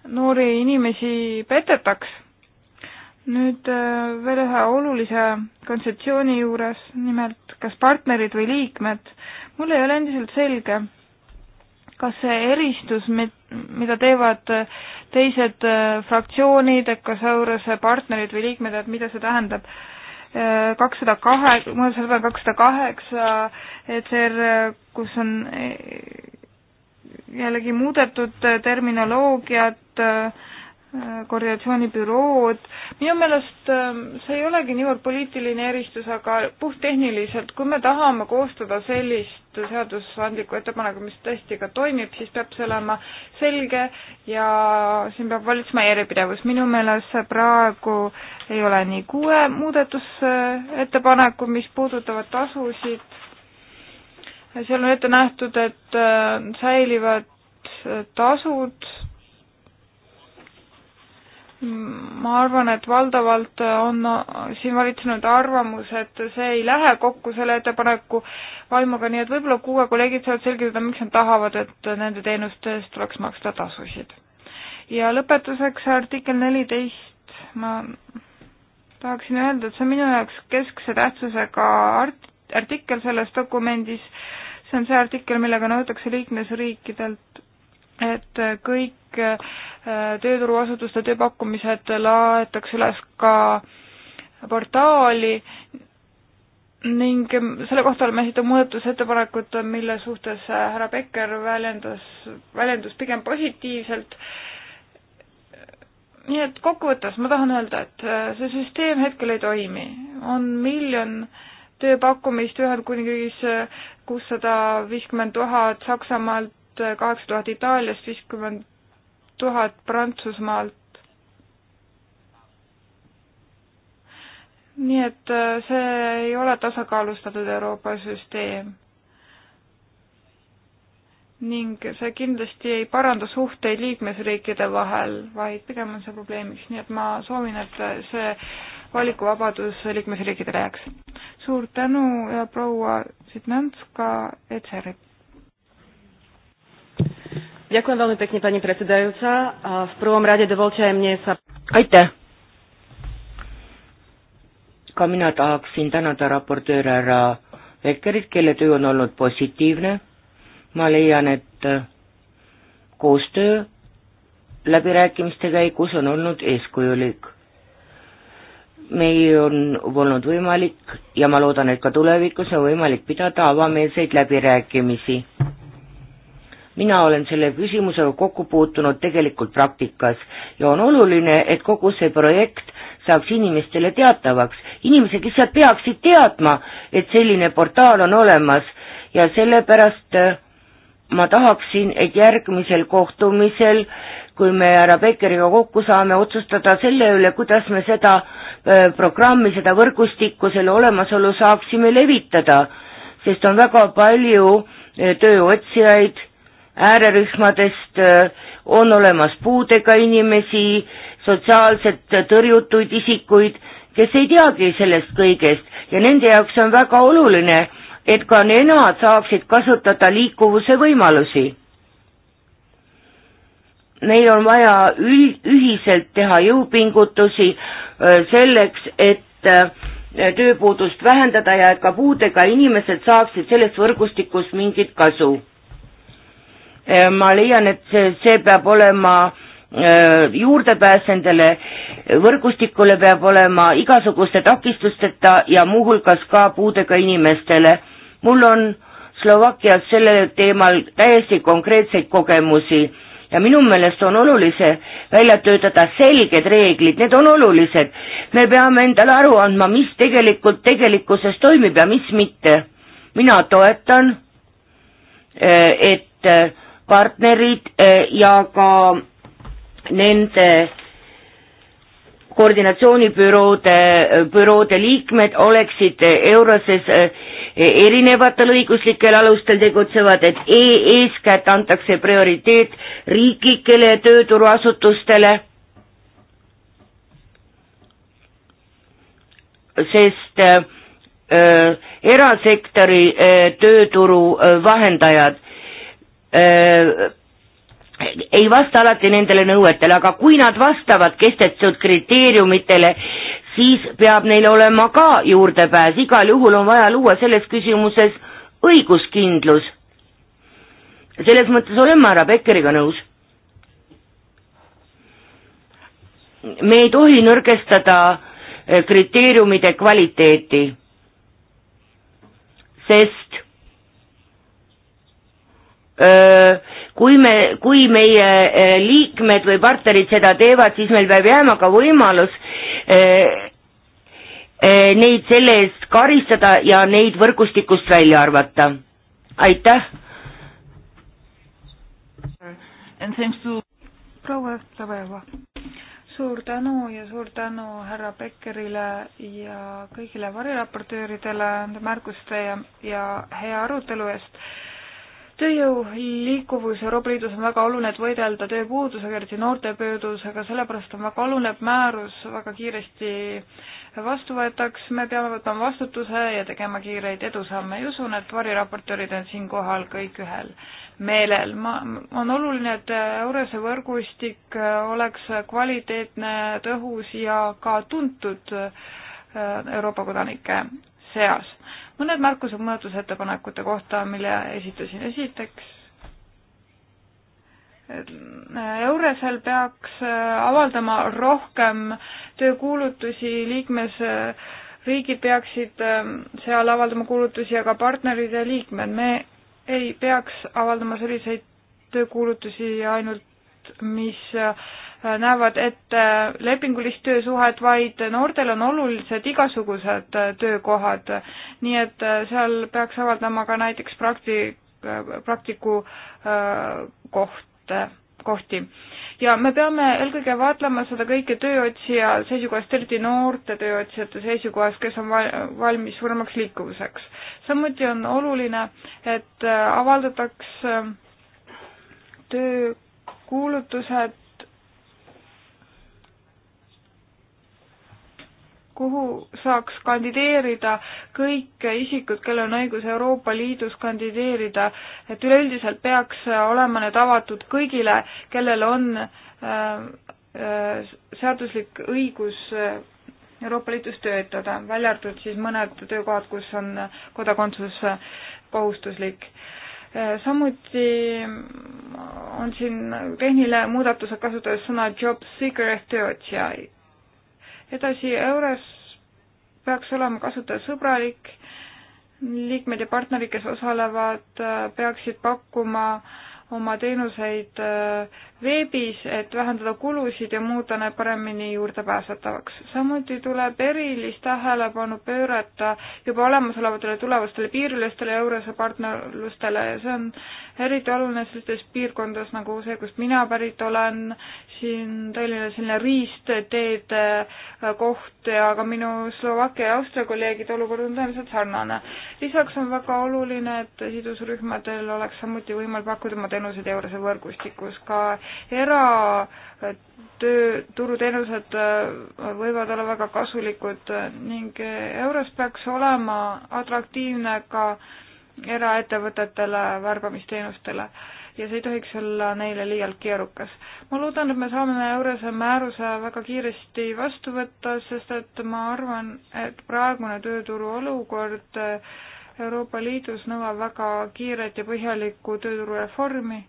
noori inimesi petetaks. nüüd äh, veel ühe olulise kontseptsiooni juures, nimelt kas partnerid või liikmed, mul ei ole endiselt selge, kas see eristus, mida teevad teised äh, fraktsioonid, EKOSauruse partnerid või liikmed, et mida see tähendab. Äh, kakssada kahe, muudatusettepanek kakssada kaheksa, ECR, kus on äh, jällegi muudetud terminoloogiat, koordinatsioonibürood, minu meelest ähm, see ei olegi niivõrd poliitiline eristus, aga puhttehniliselt, kui me tahame koostada sellist seadusandlikku ettepanekut, mis tõesti ka toimib, siis peab see olema selge ja siin peab valitsema järjepidevus. minu meelest praegu ei ole nii kuue muudatusettepaneku, mis puudutavad tasusid, seal on ette nähtud, et äh, säilivad tasud ma arvan, et valdavalt on siin valitsenud arvamus, et see ei lähe kokku selle ettepaneku vaimuga, nii et võib-olla kuue kolleegid saavad selgitada, miks nad tahavad, et nende teenuste eest tuleks maksta tasusid. ja lõpetuseks artikkel neliteist, ma tahaksin öelda, et see on minu jaoks keskse tähtsusega art-, artikkel selles dokumendis, see on see artikkel, millega nõutakse liikmesriikidelt et kõik äh, tööturuasutuste tööpakkumised laetakse üles ka portaali ning ähm, selle kohta oleme esitanud muudatusettepanekud, mille suhtes äh, härra Becker väljendas, väljendus pigem positiivselt. nii et kokkuvõttes ma tahan öelda, et äh, see süsteem hetkel ei toimi, on miljon tööpakkumist Ühendkuningriigis kuussada viiskümmend tuhat, Saksamaalt kakskümmend kaheksa tuhat Itaaliast, viiskümmend tuhat Prantsusmaalt. nii et äh, see ei ole tasakaalustatud Euroopa süsteem. ning see kindlasti ei paranda suhteid liikmesriikide vahel, vaid pigem on see probleemiks, nii et ma soovin, et see valikuvabadus liikmesriikidele jääks. suur tänu ja proua Sidnanska, et see räägib. Ďakujem veľmi pekne, pani predsedajúca. A v prvom rade dovolte aj mne sa... Aitäh! ka mina tahaksin tänada raportöör härra Vekkerit, kelle töö on olnud positiivne. ma leian, et äh, koostöö läbirääkimiste käigus on olnud eeskujulik. meil on olnud võimalik ja ma loodan, et ka tulevikus on võimalik pidada avameelseid läbirääkimisi mina olen selle küsimusega kokku puutunud tegelikult praktikas ja on oluline, et kogu see projekt saaks inimestele teatavaks. inimesed lihtsalt peaksid teadma, et selline portaal on olemas ja sellepärast äh, ma tahaksin, et järgmisel kohtumisel, kui me härra Beckeriga kokku saame, otsustada selle üle, kuidas me seda äh, programmi, seda võrgustikku, selle olemasolu saaksime levitada, sest on väga palju äh, tööotsijaid äärerühmadest äh, on olemas puudega inimesi, sotsiaalselt tõrjutuid isikuid, kes ei teagi sellest kõigest ja nende jaoks on väga oluline, et ka nemad saaksid kasutada liikuvuse võimalusi. Neil on vaja üld, ühiselt teha jõupingutusi äh, selleks, et äh, tööpuudust vähendada ja et ka puudega inimesed saaksid sellest võrgustikust mingit kasu Äh, ma leian, et see, see peab olema äh, juurdepääs nendele võrgustikule peab olema igasuguste takistusteta ja muuhulgas ka puudega inimestele. mul on Slovakkias sellel teemal täiesti konkreetseid kogemusi ja minu meelest on olulise välja töötada selged reeglid, need on olulised. me peame endale aru andma, mis tegelikult tegelikkuses toimib ja mis mitte. mina toetan, äh, et partnerid eh, ja ka nende koordinatsioonibüroode, eh, büroode liikmed oleksid eh, Euroses erinevatel õiguslikel alustel tegutsevad, et e eeskätt antakse prioriteet riiklikele tööturuasutustele, sest äh, erasektori äh, tööturu äh, vahendajad äh, ei vasta alati nendele nõuetele, aga kui nad vastavad kestetud kriteeriumitele, siis peab neil olema ka juurdepääs, igal juhul on vaja luua selles küsimuses õiguskindlus. selles mõttes olen ma härra Pekkeriga nõus. me ei tohi nõrgestada eh, kriteeriumide kvaliteeti, sest kui me, kui meie liikmed või partnerid seda teevad, siis meil peab jääma ka võimalus neid selle eest karistada ja neid võrgustikust välja arvata. aitäh! proua Õhtlaveva, suur tänu ja suur tänu härra Beckerile ja kõigile variraportööridele nende märkuste ja, ja hea arutelu eest tööjõu liikuvus Euroopa Liidus on väga oluline, et võidelda tööpuudusega, eriti noorte pöördusega, sellepärast on väga oluline, et määrus väga kiiresti vastu võetaks, me peame võtma vastutuse ja tegema kiireid edusamme ja usun, et variraportöörid on siinkohal kõik ühel meelel. ma, on oluline, et Eurese võrgustik oleks kvaliteetne, tõhus ja ka tuntud Euroopa kodanike seas mõned märkused mõjutusettepanekute kohta, mille esitasin. esiteks, Euresel peaks äh, avaldama rohkem töökuulutusi, liikmesriigid peaksid äh, seal avaldama kuulutusi, aga partnerid ja liikmed, me ei peaks avaldama selliseid töökuulutusi ainult, mis äh, näevad ette lepingulist töösuhet, vaid noortel on olulised igasugused äh, töökohad. nii et äh, seal peaks avaldama ka näiteks prakti-, äh, praktiku koht, kohti. ja me peame eelkõige vaatlema seda kõike tööotsija seisukohast, eriti noorte tööotsijate seisukohast, kes on valmis suuremaks liikuvuseks. samuti on oluline, et avaldataks töökuulutused kuhu saaks kandideerida kõik isikud, kellel on õigus Euroopa Liidus kandideerida, et üleüldiselt peaks olema need avatud kõigile, kellel on äh, äh, seaduslik õigus äh, Euroopa Liidus töötada, välja arvatud siis mõned töökohad, kus on kodakondsus kohustuslik äh, samuti on siin tehniline muudatus, kasutades sõna job seeker ehk tööotsija edasi, EURES peaks olema kasutajasõbralik, liikmed ja partnerid, kes osalevad, peaksid pakkuma oma teenuseid äh, veebis, et vähendada kulusid ja muuta need paremini juurdepääsetavaks. samuti tuleb erilist tähelepanu pöörata juba olemasolevatele tulevastele piirilistele Eurose partnerlustele ja see on eriti oluline sellistes piirkondades nagu see, kust mina pärit olen, siin Tallinna selline riistteede äh, koht ja ka minu Slovakkia ja Austria kolleegide olukord on tõenäoliselt sarnane. lisaks on väga oluline, et sidusrühmadel oleks samuti võimalik pakkuda oma teenuseid Eurose võrgustikus ka eratööturuteenused äh, võivad olla väga kasulikud ning EURES peaks olema atraktiivne ka eraettevõtetele värbamisteenustele ja see ei tohiks olla neile liialt keerukas. ma loodan, et me saame EURES-e määruse väga kiiresti vastu võtta, sest et ma arvan, et praegune tööturu olukord Euroopa Liidus nõuab väga kiiret ja põhjalikku tööturureformi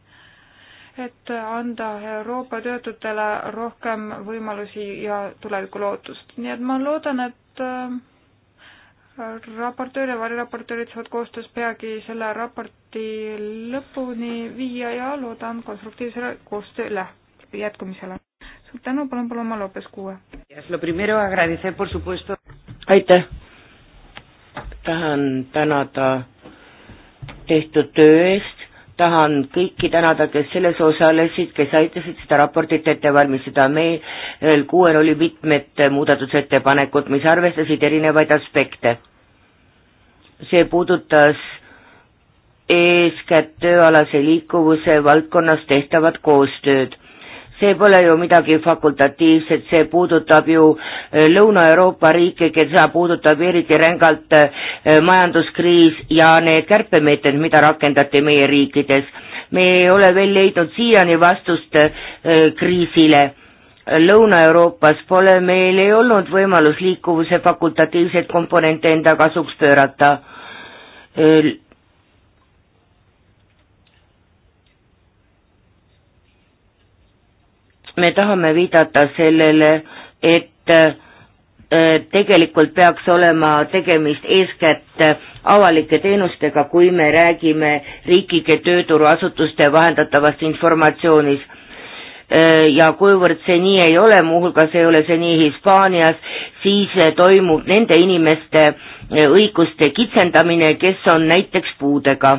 et anda Euroopa töötutele rohkem võimalusi ja tulevikulootust. nii et ma loodan, et äh, raportöör ja variraportöörid saavad koostöös peagi selle raporti lõpuni viia ja loodan konstruktiivsele koostööle jätkumisele. suur tänu, palun, palun, ma lõpes kuue. aitäh! tahan tänada tehtud töö eest, tahan kõiki tänada, kes selles osalesid, kes aitasid seda raportit ette valmistada, meil kuuel oli mitmed muudatusettepanekud, mis arvestasid erinevaid aspekte. see puudutas eeskätt tööalase liikuvuse valdkonnas tehtavat koostööd see pole ju midagi fakultatiivset, see puudutab ju eh, Lõuna-Euroopa riike, keda puudutab eriti rängalt eh, majanduskriis ja need kärpemeetmed, mida rakendati meie riikides. me ei ole veel leidnud siiani vastust eh, kriisile Lõuna-Euroopas pole meil ei olnud võimalus liikuvuse fakultatiivseid komponente enda kasuks pöörata me tahame viidata sellele, et äh, tegelikult peaks olema tegemist eeskätt avalike teenustega, kui me räägime riiklike tööturuasutuste vahendatavast informatsioonist. Äh, ja kuivõrd see nii ei ole, muuhulgas ei ole see nii Hispaanias, siis äh, toimub nende inimeste õiguste kitsendamine, kes on näiteks puudega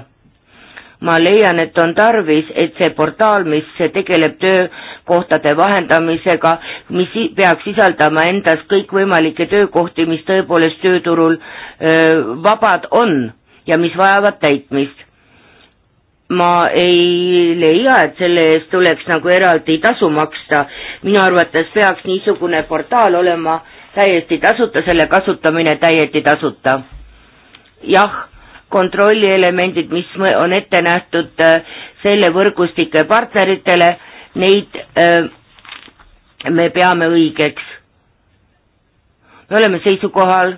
ma leian, et on tarvis, et see portaal, mis tegeleb töökohtade vahendamisega, mis peaks sisaldama endas kõikvõimalikke töökohti, mis tõepoolest tööturul öö, vabad on ja mis vajavad täitmist. ma ei leia, et selle eest tuleks nagu eraldi tasu maksta, minu arvates peaks niisugune portaal olema täiesti tasuta, selle kasutamine täiesti tasuta. jah kontrollielemendid, mis on ette nähtud äh, selle võrgustike partneritele, neid äh, me peame õigeks. me oleme seisukohal,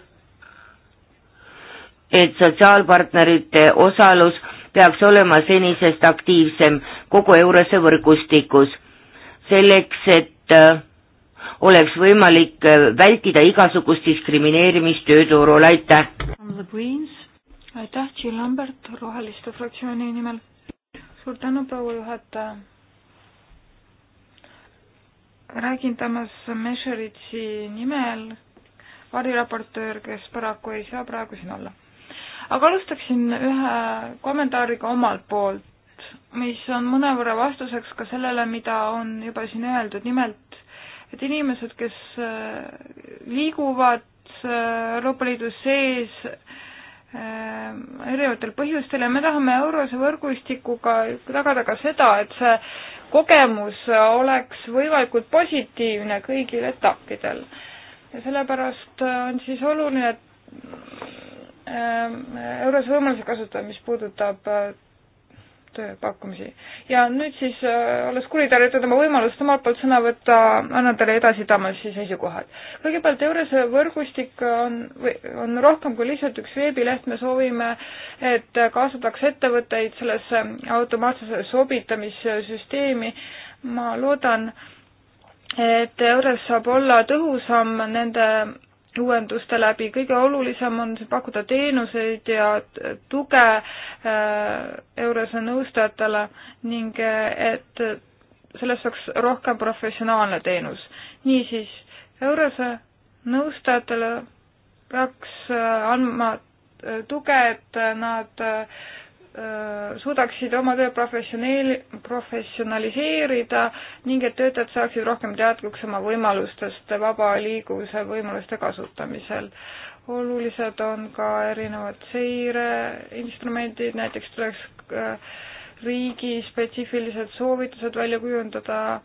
et sotsiaalpartnerite osalus peaks olema senisest aktiivsem kogu Eurose võrgustikus, selleks et äh, oleks võimalik vältida igasugust diskrimineerimist tööturul, aitäh! aitäh, Jill Lambert Roheliste fraktsiooni nimel. suur tänu, proua juhataja. räägin Tamas Mešeritsi nimel, variraportöör, kes paraku ei saa praegu siin olla. aga alustaksin ühe kommentaariga omalt poolt, mis on mõnevõrra vastuseks ka sellele, mida on juba siin öeldud, nimelt et inimesed, kes äh, liiguvad äh, Euroopa Liidu sees, Ähm, erinevatel põhjustel ja me tahame Eurose võrgustikuga tagada ka seda, et see kogemus oleks võimalikult positiivne kõigil etappidel. ja sellepärast äh, on siis oluline ähm, Eurose võimaluse kasutamine, mis puudutab äh, tööpakkumisi. ja nüüd siis, olles äh, kuritarvitanud oma võimalust omalt poolt sõna võtta, annan teile edasi Tammasi seisukohad. kõigepealt Eurose võrgustik on, on rohkem kui lihtsalt üks veebileht, me soovime, et kaasataks ettevõtteid sellesse automaatsesse sobitamissüsteemi. ma loodan, et EURES saab olla tõhusam nende uuenduste läbi, kõige olulisem on pakkuda teenuseid ja tuge äh, Eurose nõustajatele ning äh, et sellest saaks rohkem professionaalne teenus. niisiis, Eurose nõustajatele peaks äh, andma tuge, et nad Äh, suudaksid oma töö professionaali, professionaliseerida ning et töötajad saaksid rohkem teadlikuks oma võimalustest vaba liiguvuse võimaluste kasutamisel. olulised on ka erinevad seireinstrumendid, näiteks tuleks äh, riigispetsiifilised soovitused välja kujundada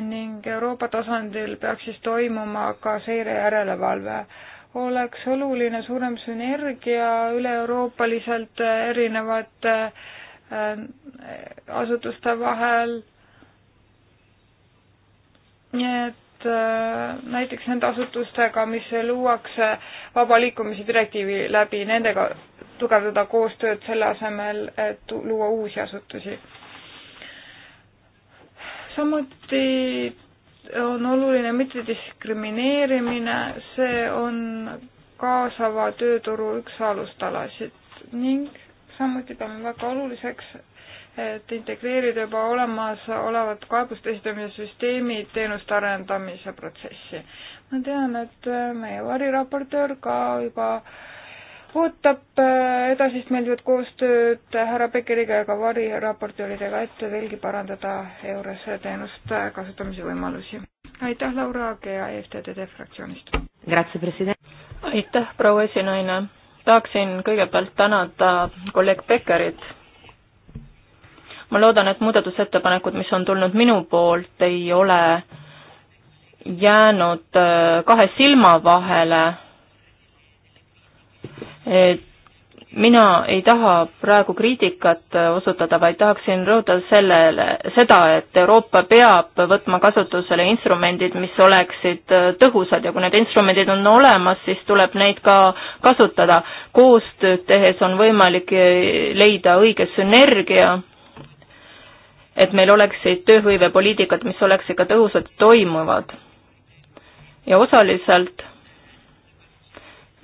ning Euroopa tasandil peaks siis toimuma ka seire järelevalve äh, oleks oluline suurem sünergia üle-euroopaliselt erinevate äh, asutuste vahel. nii et äh, näiteks nende asutustega, mis luuakse vaba liikumise direktiivi läbi, nendega tugevdada koostööd selle asemel, et luua uusi asutusi. samuti on oluline mittediskrimineerimine, see on kaasava tööturu üks alustalasid ning samuti peame väga oluliseks, et integreerida juba olemasolevad kaebuste esitamise süsteemid teenuste arendamise protsessi. ma tean, et meie variraportöör ka juba äh, ootab äh, edasist meeldivat koostööd härra Pekeriga ja ka variraportööridega, et veelgi parandada EURES-e teenuste kasutamise võimalusi. aitäh, Laura Aage ja EFTTD fraktsioonist! aitäh, proua esinaine! tahaksin kõigepealt tänada kolleeg Pekkerit. ma loodan, et muudatusettepanekud, mis on tulnud minu poolt, ei ole jäänud äh, kahe silma vahele mina ei taha praegu kriitikat osutada, vaid tahaksin rõhutada sellele, seda, et Euroopa peab võtma kasutusele instrumendid, mis oleksid tõhusad ja kui need instrumendid on olemas, siis tuleb neid ka kasutada. koostööd tehes on võimalik leida õige sünergia, et meil oleksid tööhõivepoliitikad, mis oleksid ka tõhusad, toimuvad. ja osaliselt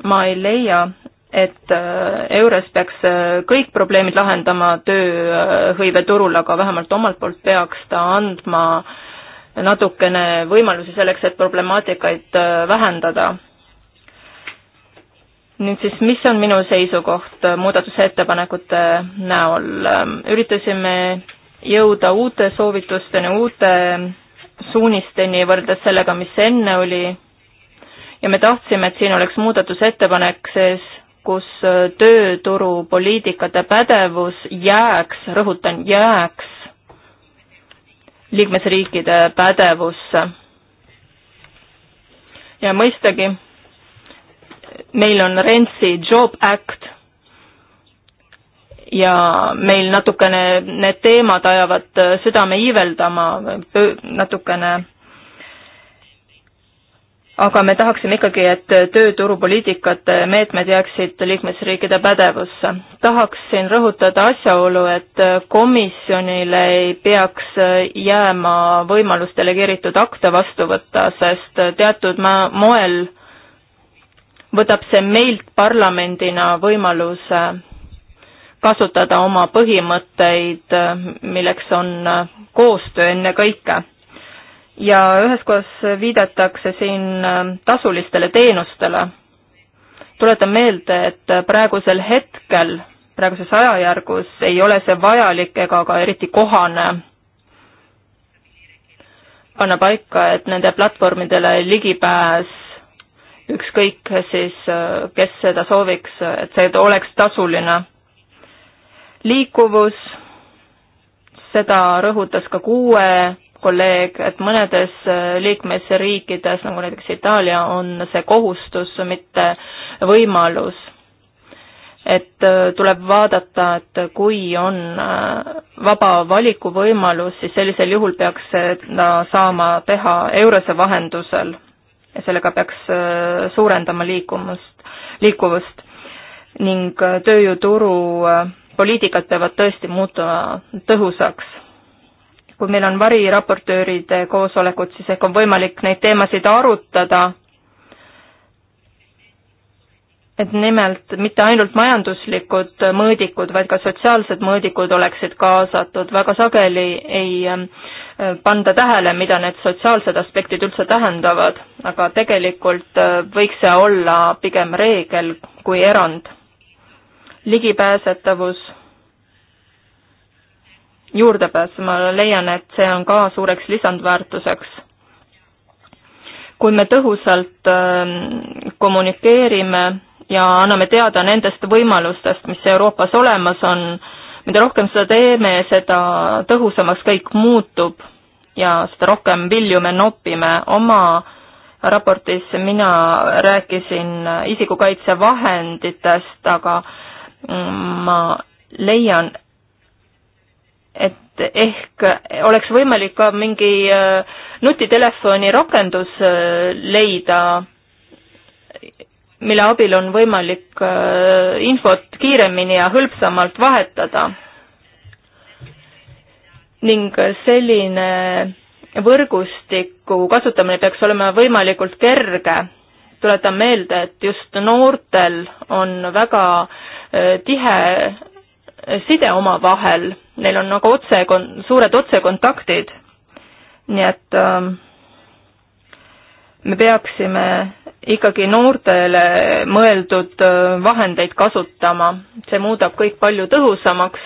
ma ei leia, et äh, EURES peaks äh, kõik probleemid lahendama tööhõiveturul, aga vähemalt omalt poolt peaks ta andma natukene võimalusi selleks, et problemaatikaid äh, vähendada. nüüd siis, mis on minu seisukoht muudatusettepanekute näol, ähm, üritasime jõuda uute soovitusteni, uute suunisteni võrreldes sellega, mis enne oli ja me tahtsime, et siin oleks muudatusettepanek sees, kus äh, tööturupoliitikate pädevus jääks, rõhutan, jääks liikmesriikide pädevusse. ja mõistagi, meil on Rentsi Job Act ja meil natukene need teemad ajavad äh, südame iiveldama, natukene aga me tahaksime ikkagi, et tööturupoliitikate äh, meetmed jääksid liikmesriikide pädevusse. tahaksin rõhutada asjaolu, et äh, komisjonile ei peaks äh, jääma võimalus delegeeritud akte vastu võtta, sest teatud moel võtab see meilt parlamendina võimaluse kasutada oma põhimõtteid, milleks on koostöö ennekõike ja ühes kohas viidatakse siin ähm, tasulistele teenustele. tuletan meelde, et praegusel hetkel, praeguses ajajärgus ei ole see vajalik ega ka eriti kohane panna paika, et nende platvormidele ligipääs ükskõik siis, äh, kes seda sooviks, et see oleks tasuline. liikuvus seda rõhutas ka kuue kolleeg, et mõnedes äh, liikmesriikides, nagu näiteks Itaalia, on see kohustus, mitte võimalus. et äh, tuleb vaadata, et kui on äh, vaba valikuvõimalus, siis sellisel juhul peaks seda saama teha Eurose vahendusel ja sellega peaks suurendama liikumust, liikuvust ning tööjõuturu poliitikad peavad tõesti muutuma tõhusaks. kui meil on variraportööride koosolekud, siis ehk on võimalik neid teemasid arutada, et nimelt mitte ainult majanduslikud mõõdikud, vaid ka sotsiaalsed mõõdikud oleksid kaasatud, väga sageli ei ähm, panda tähele, mida need sotsiaalsed aspektid üldse tähendavad, aga tegelikult äh, võiks see olla pigem reegel kui erand ligipääsetavus, juurdepääs, ma leian, et see on ka suureks lisandväärtuseks. kui me tõhusalt ähm, kommunikeerime ja anname teada nendest võimalustest, mis Euroopas olemas on, mida rohkem seda teeme, seda tõhusamaks kõik muutub ja seda rohkem vilju me nopime. oma raportis mina rääkisin isikukaitsevahenditest, aga ma leian, et ehk oleks võimalik ka mingi äh, nutitelefoni rakendus äh, leida, mille abil on võimalik äh, infot kiiremini ja hõlpsamalt vahetada. ning selline võrgustiku kasutamine peaks olema võimalikult kerge. tuletan meelde, et just noortel on väga äh, Äh, tihe äh, side omavahel, neil on nagu otse, suured otsekontaktid. nii et äh, me peaksime ikkagi noortele mõeldud äh, vahendeid kasutama, see muudab kõik palju tõhusamaks.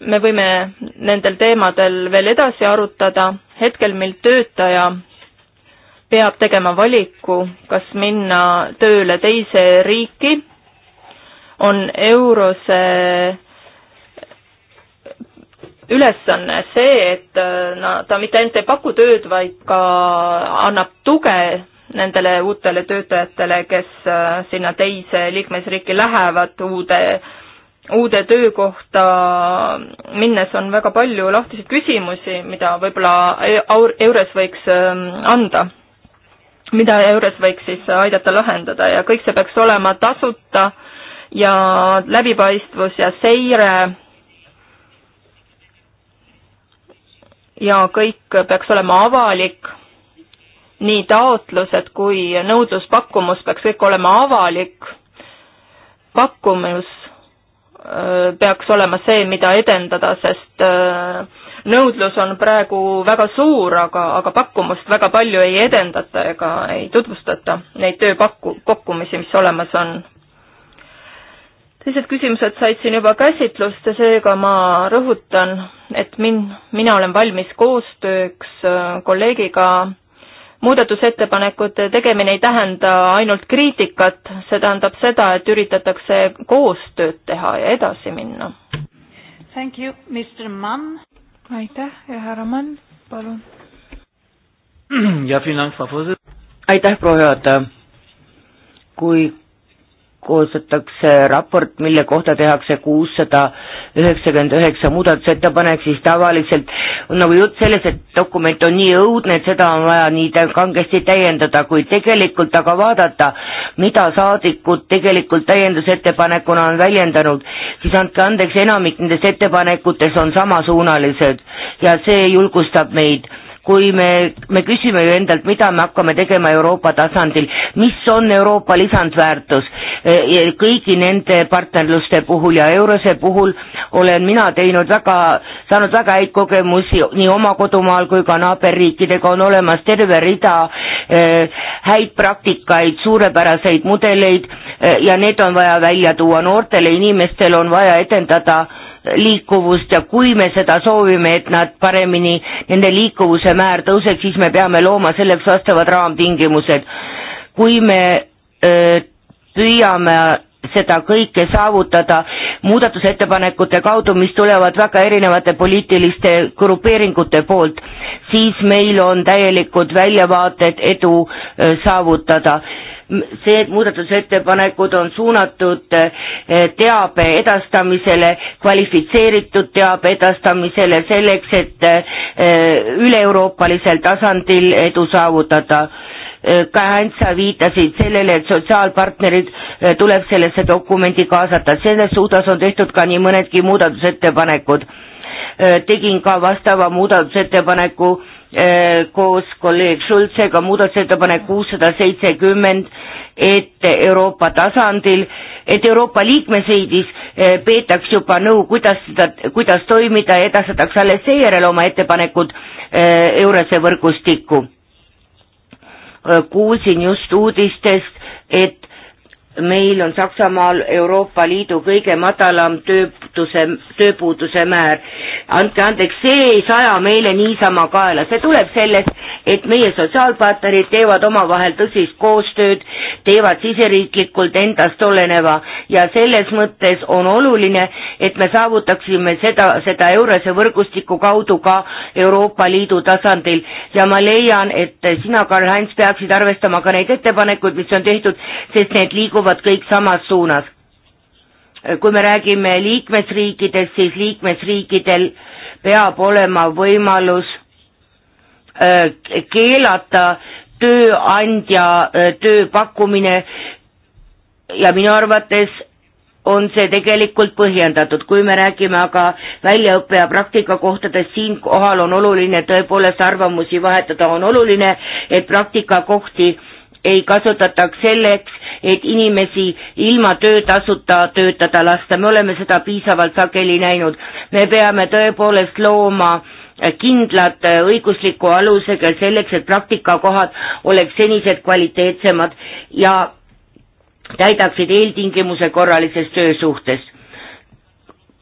me võime nendel teemadel veel edasi arutada, hetkel meil töötaja peab tegema valiku, kas minna tööle teise riiki, on eurose ülesanne see, et äh, na, ta mitte ainult ei paku tööd, vaid ka annab tuge nendele uutele töötajatele, kes äh, sinna teise liikmesriiki lähevad uude, uude töökohta minnes on väga palju lahtiseid küsimusi, mida võib-olla EURES võiks ähm, anda mida EURES võiks siis aidata lahendada ja kõik see peaks olema tasuta ja läbipaistvus ja seire ja kõik peaks olema avalik, nii taotlused kui nõudluspakkumus peaks kõik olema avalik, pakkumus äh, peaks olema see, mida edendada, sest äh, nõudlus on praegu väga suur, aga, aga pakkumust väga palju ei edendata ega ei tutvustata, neid tööpakku-, pakkumisi, mis olemas on. teised küsimused said siin juba käsitlust ja seega ma rõhutan, et min-, mina olen valmis koostööks äh, kolleegiga muudatusettepanekute tegemine ei tähenda ainult kriitikat, see tähendab seda, et üritatakse koostööd teha ja edasi minna. Thank you, Mr Mann aitäh ja härra Mann, palun. ja finantsvabadus. aitäh, proua juhataja. kui koostatakse raport, mille kohta tehakse kuussada üheksakümmend üheksa muudatusettepanek, siis tavaliselt on nagu jutt sellest, et dokument on nii õudne, et seda on vaja nii kangesti täiendada, kuid tegelikult aga vaadata, mida saadikud tegelikult täiendusettepanekuna on väljendanud, siis andke andeks, enamik nendest ettepanekutest on samasuunalised ja see julgustab meid kui me, me küsime ju endalt, mida me hakkame tegema Euroopa tasandil, mis on Euroopa lisandväärtus kõigi nende partnerluste puhul ja Eurose puhul olen mina teinud väga, saanud väga häid kogemusi nii oma kodumaal kui ka naaberriikidega, on olemas terve rida e, häid praktikaid, suurepäraseid mudeleid e, ja need on vaja välja tuua, noortele inimestele on vaja edendada liikuvust ja kui me seda soovime, et nad paremini, nende liikuvuse määr tõuseks, siis me peame looma selleks vastavad raamtingimused. kui me öö, püüame seda kõike saavutada muudatusettepanekute kaudu, mis tulevad väga erinevate poliitiliste grupeeringute poolt, siis meil on täielikud väljavaated edu öö, saavutada see muudatusettepanekud on suunatud eh, teabe edastamisele, kvalifitseeritud teabe edastamisele selleks, et eh, üle-euroopalisel tasandil edu saavutada. Eh, Kahantsa viitasid sellele, et sotsiaalpartnerid tuleb sellesse dokumenti kaasata, selles suunas on tehtud ka nii mõnedki muudatusettepanekud. tegin ka vastava muudatusettepaneku Eh, koos kolleeg Schulzega muudatusettepanek kuussada seitsekümmend, et Euroopa tasandil, et Euroopa liikmesriigis eh, peetaks juba nõu, kuidas seda, kuidas toimida ja edastatakse alles seejärel oma ettepanekud eh, Eurose võrgustikku. kuulsin just uudistest, et meil on Saksamaal Euroopa Liidu kõige madalam töötuse, tööpuuduse määr. andke andeks, see ei saja meile niisama kaela, see tuleb sellest, et meie sotsiaalpartnerid teevad omavahel tõsist koostööd, teevad siseriiklikult endast oleneva ja selles mõttes on oluline, et me saavutaksime seda, seda Eurose võrgustiku kaudu ka Euroopa Liidu tasandil ja ma leian, et sina, Karl-Heinz, peaksid arvestama ka neid ettepanekuid, mis on tehtud, sest need liiguvad liiguvad kõik samas suunas. kui me räägime liikmesriikidest, siis liikmesriikidel peab olema võimalus äh, keelata tööandja äh, töö pakkumine ja minu arvates on see tegelikult põhjendatud, kui me räägime aga väljaõppe ja praktikakohtadest, siinkohal on oluline tõepoolest arvamusi vahetada, on oluline, et praktikakohti ei kasutataks selleks, et inimesi ilma töötasuta töötada lasta, me oleme seda piisavalt sageli näinud. me peame tõepoolest looma kindlad õigusliku alusega selleks, et praktikakohad oleks senised kvaliteetsemad ja täidaksid eeltingimuse korralises töösuhtes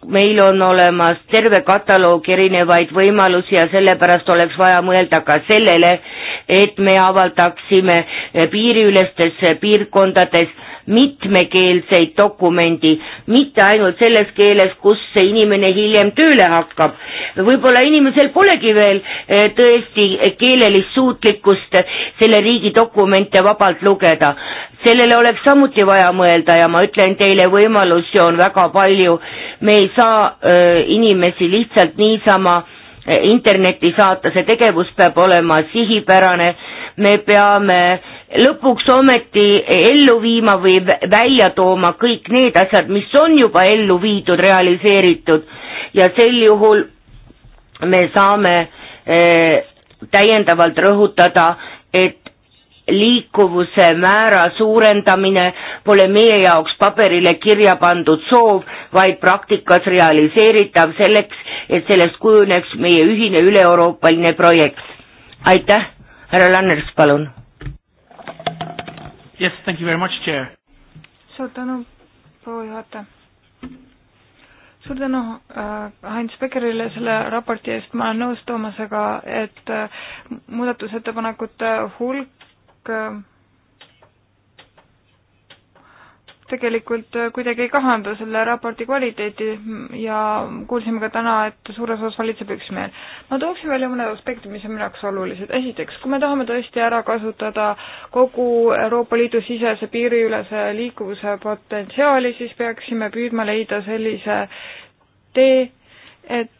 meil on olemas terve kataloog erinevaid võimalusi ja sellepärast oleks vaja mõelda ka sellele, et me avaldaksime piiriülestes piirkondades mitmekeelseid dokumendi, mitte ainult selles keeles, kus see inimene hiljem tööle hakkab. võib-olla inimesel polegi veel eh, tõesti keelelist suutlikkust selle riigi dokumente vabalt lugeda. sellele oleks samuti vaja mõelda ja ma ütlen teile, võimalusi on väga palju. me ei saa öö, eh, inimesi lihtsalt niisama eh, internetti saata, see tegevus peab olema sihipärane, me peame lõpuks ometi ellu viima või välja tooma kõik need asjad, mis on juba ellu viidud, realiseeritud ja sel juhul me saame äh, täiendavalt rõhutada, et liikuvuse määra suurendamine pole meie jaoks paberile kirja pandud soov, vaid praktikas realiseeritav selleks, et sellest kujuneks meie ühine üle-euroopaline projekt. aitäh, härra Lanners, palun Yes, thank you very much, chair. suur tänu, proua juhataja. suur tänu äh, Heinz Beckerile selle raporti eest, ma olen nõus Toomasega, et äh, muudatusettepanekute hulk äh, tegelikult äh, kuidagi ei kahanda selle raporti kvaliteeti ja kuulsime ka täna, et suures osas valitseb üksmeel. ma tooksin välja mõned aspektid, mis on minu jaoks olulised. esiteks, kui me tahame tõesti ära kasutada kogu Euroopa Liidu sisese piiriülese liikuvuse potentsiaali, siis peaksime püüdma leida sellise tee, et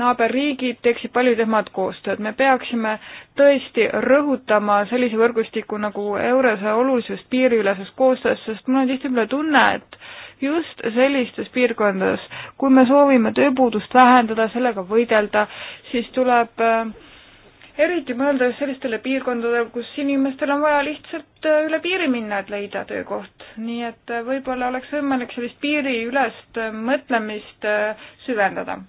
naaberriigid teeksid palju temat koostööd. me peaksime tõesti rõhutama sellise võrgustiku nagu Eurose olulisust piiriüleses koostöös, sest mul on tihtipeale tunne, et just sellistes piirkondades, kui me soovime tööpuudust vähendada, sellega võidelda, siis tuleb äh, eriti mõelda just sellistele piirkondadele, kus inimestel on vaja lihtsalt äh, üle piiri minna, et leida töökoht. nii et äh, võib-olla oleks võimalik sellist piiriülest mõtlemist süvendada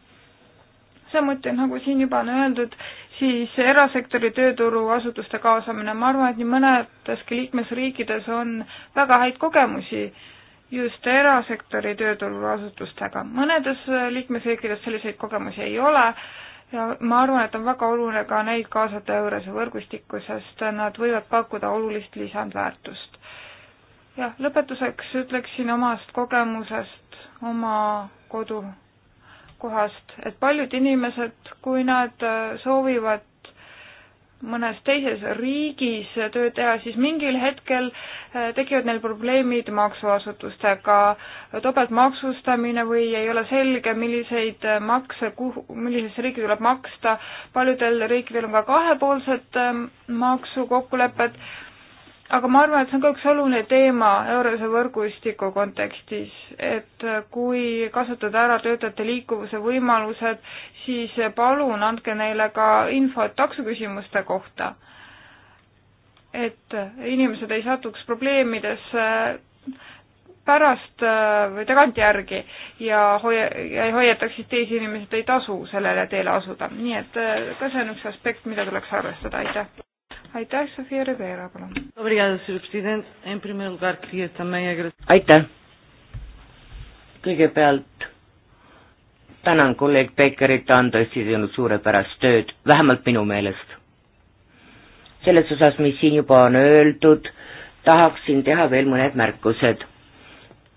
samuti nagu siin juba on öeldud, siis erasektori tööturuasutuste kaasamine, ma arvan, et nii mõnedeski liikmesriikides on väga häid kogemusi just erasektori tööturuasutustega. mõnedes liikmesriikides selliseid kogemusi ei ole ja ma arvan, et on väga oluline ka neid kaasata Eurose võrgustikku, sest nad võivad pakkuda olulist lisandväärtust. jah, lõpetuseks ütleksin omast kogemusest oma kodu kohast, et paljud inimesed, kui nad äh, soovivad mõnes teises riigis tööd teha, siis mingil hetkel äh, tekivad neil probleemid maksuasutustega, topeltmaksustamine või ei ole selge, milliseid äh, makse, kuhu, millisesse riiki tuleb maksta, paljudel riikidel on ka kahepoolsed maksukokkulepped aga ma arvan, et see on ka üks oluline teema Eurose võrgustiku kontekstis, et kui kasutada ära töötajate liikuvuse võimalused, siis palun andke neile ka infot taksoküsimuste kohta. et inimesed ei satuks probleemidesse pärast äh, või tagantjärgi ja hoia-, ja hoiataks siis teisi inimesi, et ei tasu sellele teele asuda. nii et äh, ka see on üks aspekt, mida tuleks arvestada, aitäh! aitäh, Sofia Rivera, palun. aitäh. kõigepealt tänan kolleeg Pekerit, ta on tõesti teinud suurepärast tööd, vähemalt minu meelest. selles osas, mis siin juba on öeldud, tahaksin teha veel mõned märkused.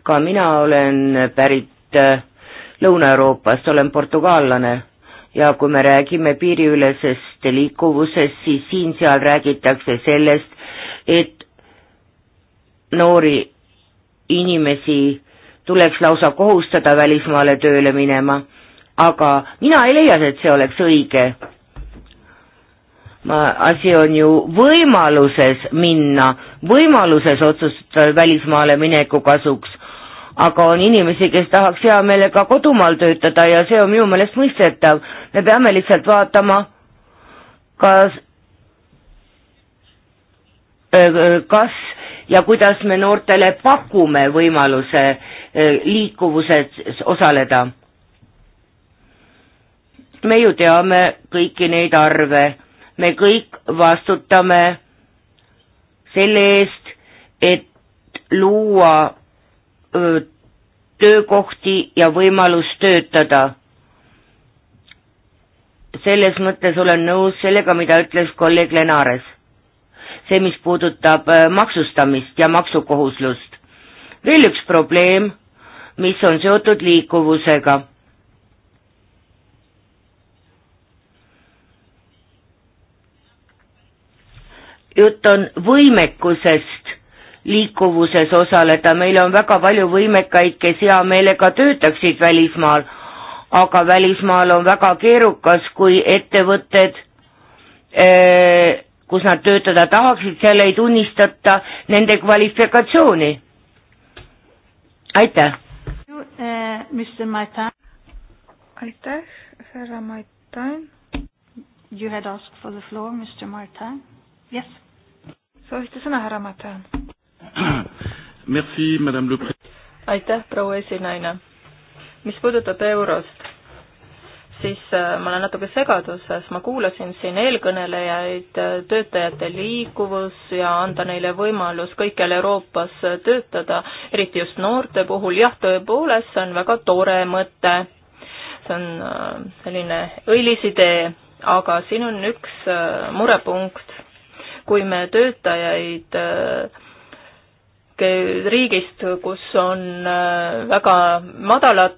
ka mina olen pärit äh, Lõuna-Euroopast, olen portugaallane ja kui me räägime piiriülesest liikuvusest, siis siin-seal räägitakse sellest, et noori inimesi tuleks lausa kohustada välismaale tööle minema, aga mina ei leia, et see oleks õige. ma, asi on ju võimaluses minna, võimaluses otsustada välismaale mineku kasuks aga on inimesi, kes tahaks hea meelega kodumaal töötada ja see on minu meelest mõistetav. me peame lihtsalt vaatama, kas, kas ja kuidas me noortele pakume võimaluse liikuvuses osaleda. me ju teame kõiki neid arve, me kõik vastutame selle eest, et luua töökohti ja võimalus töötada. selles mõttes olen nõus sellega, mida ütles kolleeg Lenares. see, mis puudutab maksustamist ja maksukohuslust. veel üks probleem, mis on seotud liikuvusega jutt on võimekusest liikuvuses osaleda, meil on väga palju võimekaid, kes hea meelega töötaksid välismaal, aga välismaal on väga keerukas, kui ettevõtted, eh, kus nad töötada tahaksid, seal ei tunnistata nende kvalifikatsiooni. aitäh! aitäh, härra Maitan. You had asked for the floor, Mr Martin. Yes. soovisite sõna, härra Maitan? Merci, madame le pre-. aitäh, proua esinaine. mis puudutab eurost, siis äh, ma olen natuke segaduses, ma kuulasin siin eelkõnelejaid, äh, töötajate liikuvus ja anda neile võimalus kõikjal Euroopas äh, töötada, eriti just noorte puhul, jah, tõepoolest, see on väga tore mõte, see on selline õilis idee, aga siin on üks murepunkt, kui me töötajaid äh, riigist, kus on äh, väga madalad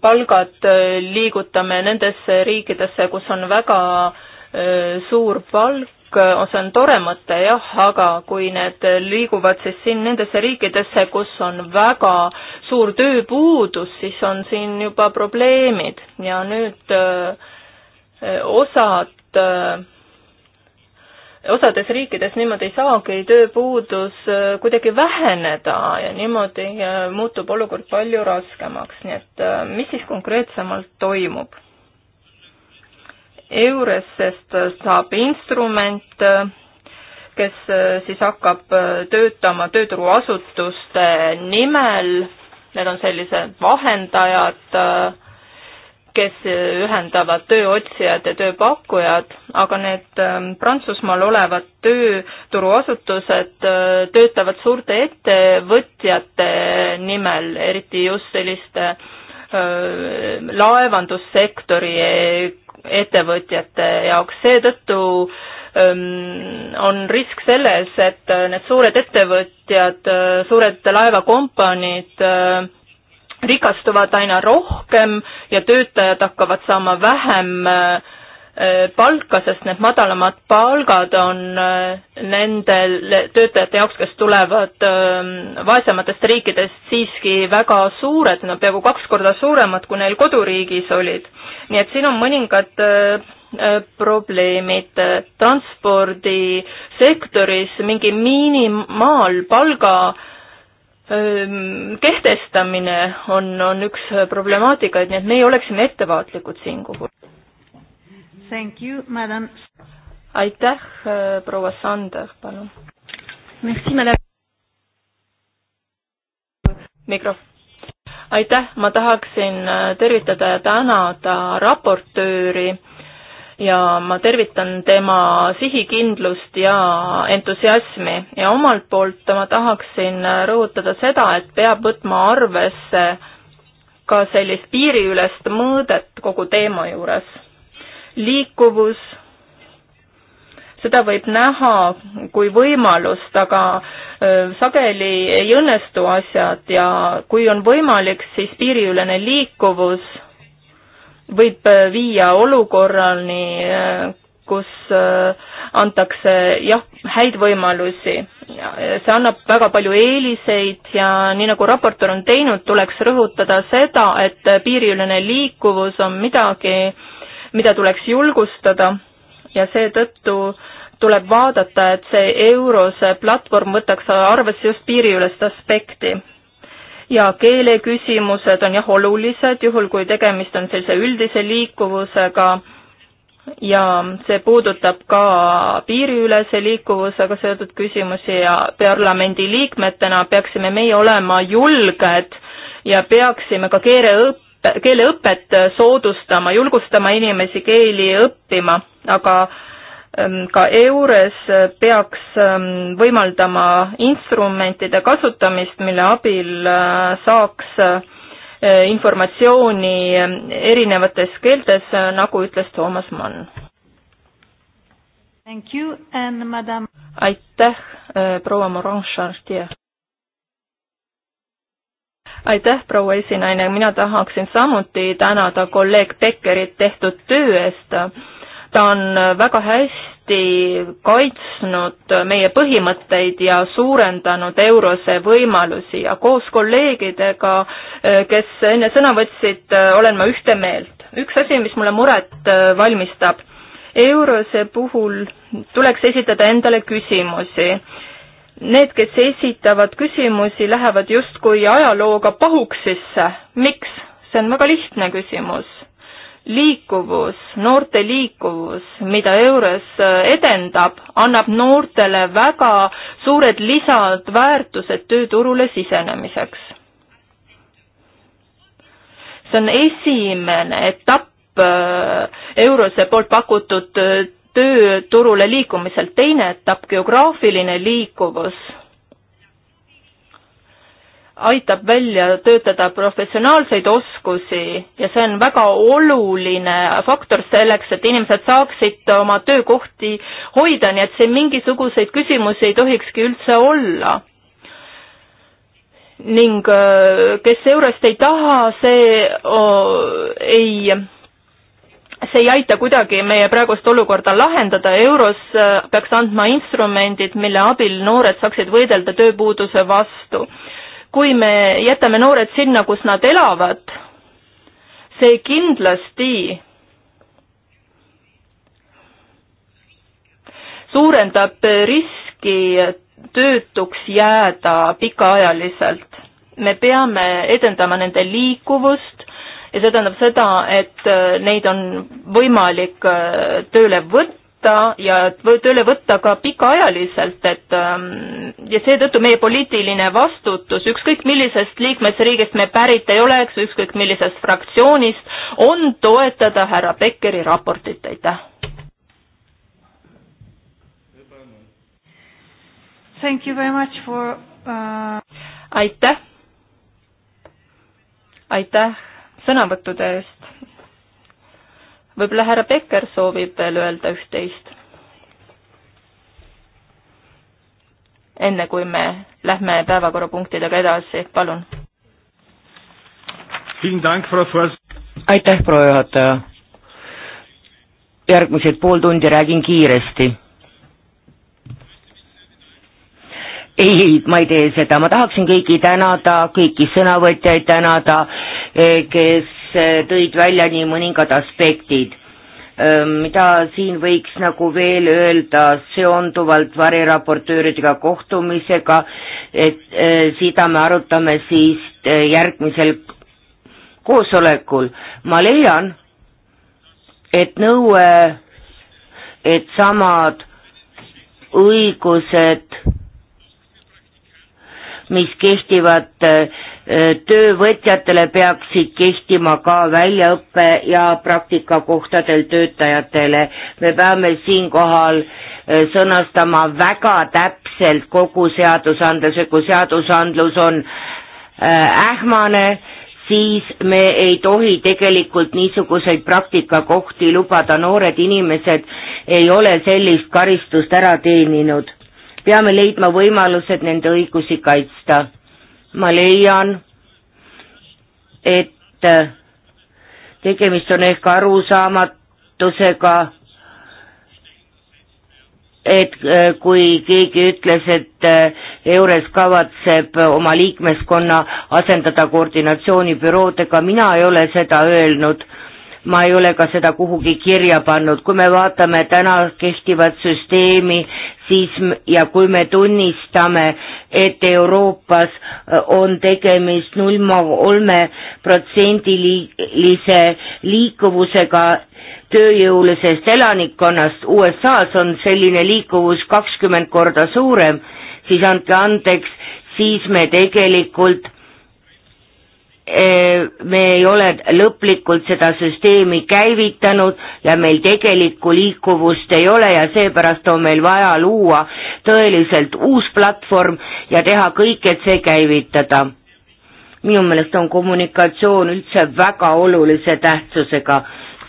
palgad, äh, liigutame nendesse riikidesse, kus on väga äh, suur palk, see on tore mõte jah, aga kui need liiguvad siis siin nendesse riikidesse, kus on väga suur tööpuudus, siis on siin juba probleemid ja nüüd osad osades riikides niimoodi ei saagi tööpuudus äh, kuidagi väheneda ja niimoodi äh, muutub olukord palju raskemaks, nii et äh, mis siis konkreetsemalt toimub? EURES-est saab instrument, kes siis hakkab töötama tööturuasutuste nimel, need on sellised vahendajad, kes ühendavad tööotsijad ja tööpakkujad, aga need ähm, Prantsusmaal olevad tööturuasutused äh, töötavad suurte ettevõtjate nimel, eriti just selliste äh, laevandussektori ettevõtjate jaoks, seetõttu ähm, on risk selles, et äh, need suured ettevõtjad, suured laevakompaniid rikastuvad aina rohkem ja töötajad hakkavad saama vähem äh, äh, palka, sest need madalamad palgad on äh, nendel töötajate jaoks, kes tulevad vaesematest riikidest, siiski väga suured, nad peaaegu kaks korda suuremad, kui neil koduriigis olid. nii et siin on mõningad probleemid transpordisektoris, mingi miinimaalpalga äh, kehtestamine on, on üks problemaatikaid, nii et meie oleksime ettevaatlikud siinkohal. Thank you, madam. aitäh, proua Sander, palun. Merci, madam. mikrofon aitäh, ma tahaksin tervitada ja tänada raportööri ja ma tervitan tema sihikindlust ja entusiasmi ja omalt poolt ma tahaksin rõhutada seda, et peab võtma arvesse ka sellist piiriülest mõõdet kogu teema juures. liikuvus, seda võib näha kui võimalust, aga sageli ei õnnestu asjad ja kui on võimalik, siis piiriülene liikuvus võib äh, viia olukorrani, äh, kus äh, antakse jah, häid võimalusi. see annab väga palju eeliseid ja nii, nagu raportöör on teinud, tuleks rõhutada seda, et piiriülene liikuvus on midagi, mida tuleks julgustada ja seetõttu tuleb vaadata, et see Eurose platvorm võtaks arvesse just piiriülest aspekti ja keeleküsimused on jah olulised, juhul kui tegemist on sellise üldise liikuvusega ja see puudutab ka piiriülese liikuvusega seotud küsimusi ja parlamendi liikmetena peaksime meie olema julged ja peaksime ka keeleõppe keeleõpet soodustama, julgustama inimesi keeli õppima, aga Ehm, ka EURES eh, peaks ehm, võimaldama instrumentide kasutamist, mille abil eh, saaks eh, informatsiooni erinevates keeltes, nagu ütles Toomas Mann. aitäh, proua Morange-Chartier aitäh, proua esinaine, mina tahaksin samuti tänada kolleeg Beckerit tehtud töö eest ta on väga hästi kaitsnud meie põhimõtteid ja suurendanud Eurose võimalusi ja koos kolleegidega, kes enne sõna võtsid, olen ma ühte meelt. üks asi, mis mulle muret valmistab, Eurose puhul tuleks esitada endale küsimusi need, kes esitavad küsimusi, lähevad justkui ajalooga pahuksisse. miks? see on väga lihtne küsimus liikuvus, noorte liikuvus, mida EURES äh, edendab, annab noortele väga suured lisandväärtused tööturule sisenemiseks. see on esimene etapp äh, EURES-e poolt pakutud äh, tööturule liikumiselt, teine etapp, geograafiline liikuvus aitab välja töötada professionaalseid oskusi ja see on väga oluline faktor selleks, et inimesed saaksid oma töökohti hoida, nii et siin mingisuguseid küsimusi ei tohikski üldse olla. ning äh, kes eurost ei taha, see o, äh, ei see ei aita kuidagi meie praegust olukorda lahendada, euros äh, peaks andma instrumendid, mille abil noored saaksid võidelda tööpuuduse vastu kui me jätame noored sinna, kus nad elavad, see kindlasti suurendab riski töötuks jääda pikaajaliselt. me peame edendama nende liikuvust ja see tähendab seda, et neid on võimalik tööle võtta, võtta ja tööle võtta ka pikaajaliselt, et ähm, ja seetõttu meie poliitiline vastutus, ükskõik millisest liikmesriigist me pärit ei oleks, ükskõik millisest fraktsioonist, on toetada härra Beckeri raportit, aitäh. Thank you very much for uh... aitäh, aitäh sõnavõttude eest võib-olla härra Becker soovib veel öelda üht-teist? enne kui me lähme päevakorrapunktidega edasi, palun. aitäh, proua juhataja. järgmised pool tundi räägin kiiresti ei, ma ei tee seda, ma tahaksin kõiki tänada, kõiki sõnavõtjaid tänada, eh, kes Äh, tõid välja nii mõningad aspektid, mida siin võiks nagu veel öelda seonduvalt variraportööridega kohtumisega, et äh, seda me arutame siis äh, järgmisel koosolekul. ma leian, et nõue, et samad õigused mis kehtivad Äh, töövõtjatele peaksid kehtima ka väljaõppe- ja praktikakohtadel töötajatele. me peame siinkohal äh, sõnastama väga täpselt kogu seadusandluse, kui seadusandlus on äh, ähmane, siis me ei tohi tegelikult niisuguseid praktikakohti lubada, noored inimesed ei ole sellist karistust ära teeninud. peame leidma võimalused nende õigusi kaitsta ma leian, et äh, tegemist on ehk arusaamatusega, et äh, kui keegi ütles, et äh, EURES kavatseb oma liikmeskonna asendada koordinatsioonibüroodega, mina ei ole seda öelnud, ma ei ole ka seda kuhugi kirja pannud, kui me vaatame täna kehtivat süsteemi, siis ja kui me tunnistame, et Euroopas äh, on tegemist null koma kolme protsendilise liikuvusega tööjõulisest elanikkonnast, USA-s on selline liikuvus kakskümmend korda suurem, siis andke andeks, siis me tegelikult Eh, me ei ole lõplikult seda süsteemi käivitanud ja meil tegelikku liikuvust ei ole ja seepärast on meil vaja luua tõeliselt uus platvorm ja teha kõik, et see käivitada. minu meelest on kommunikatsioon üldse väga olulise tähtsusega.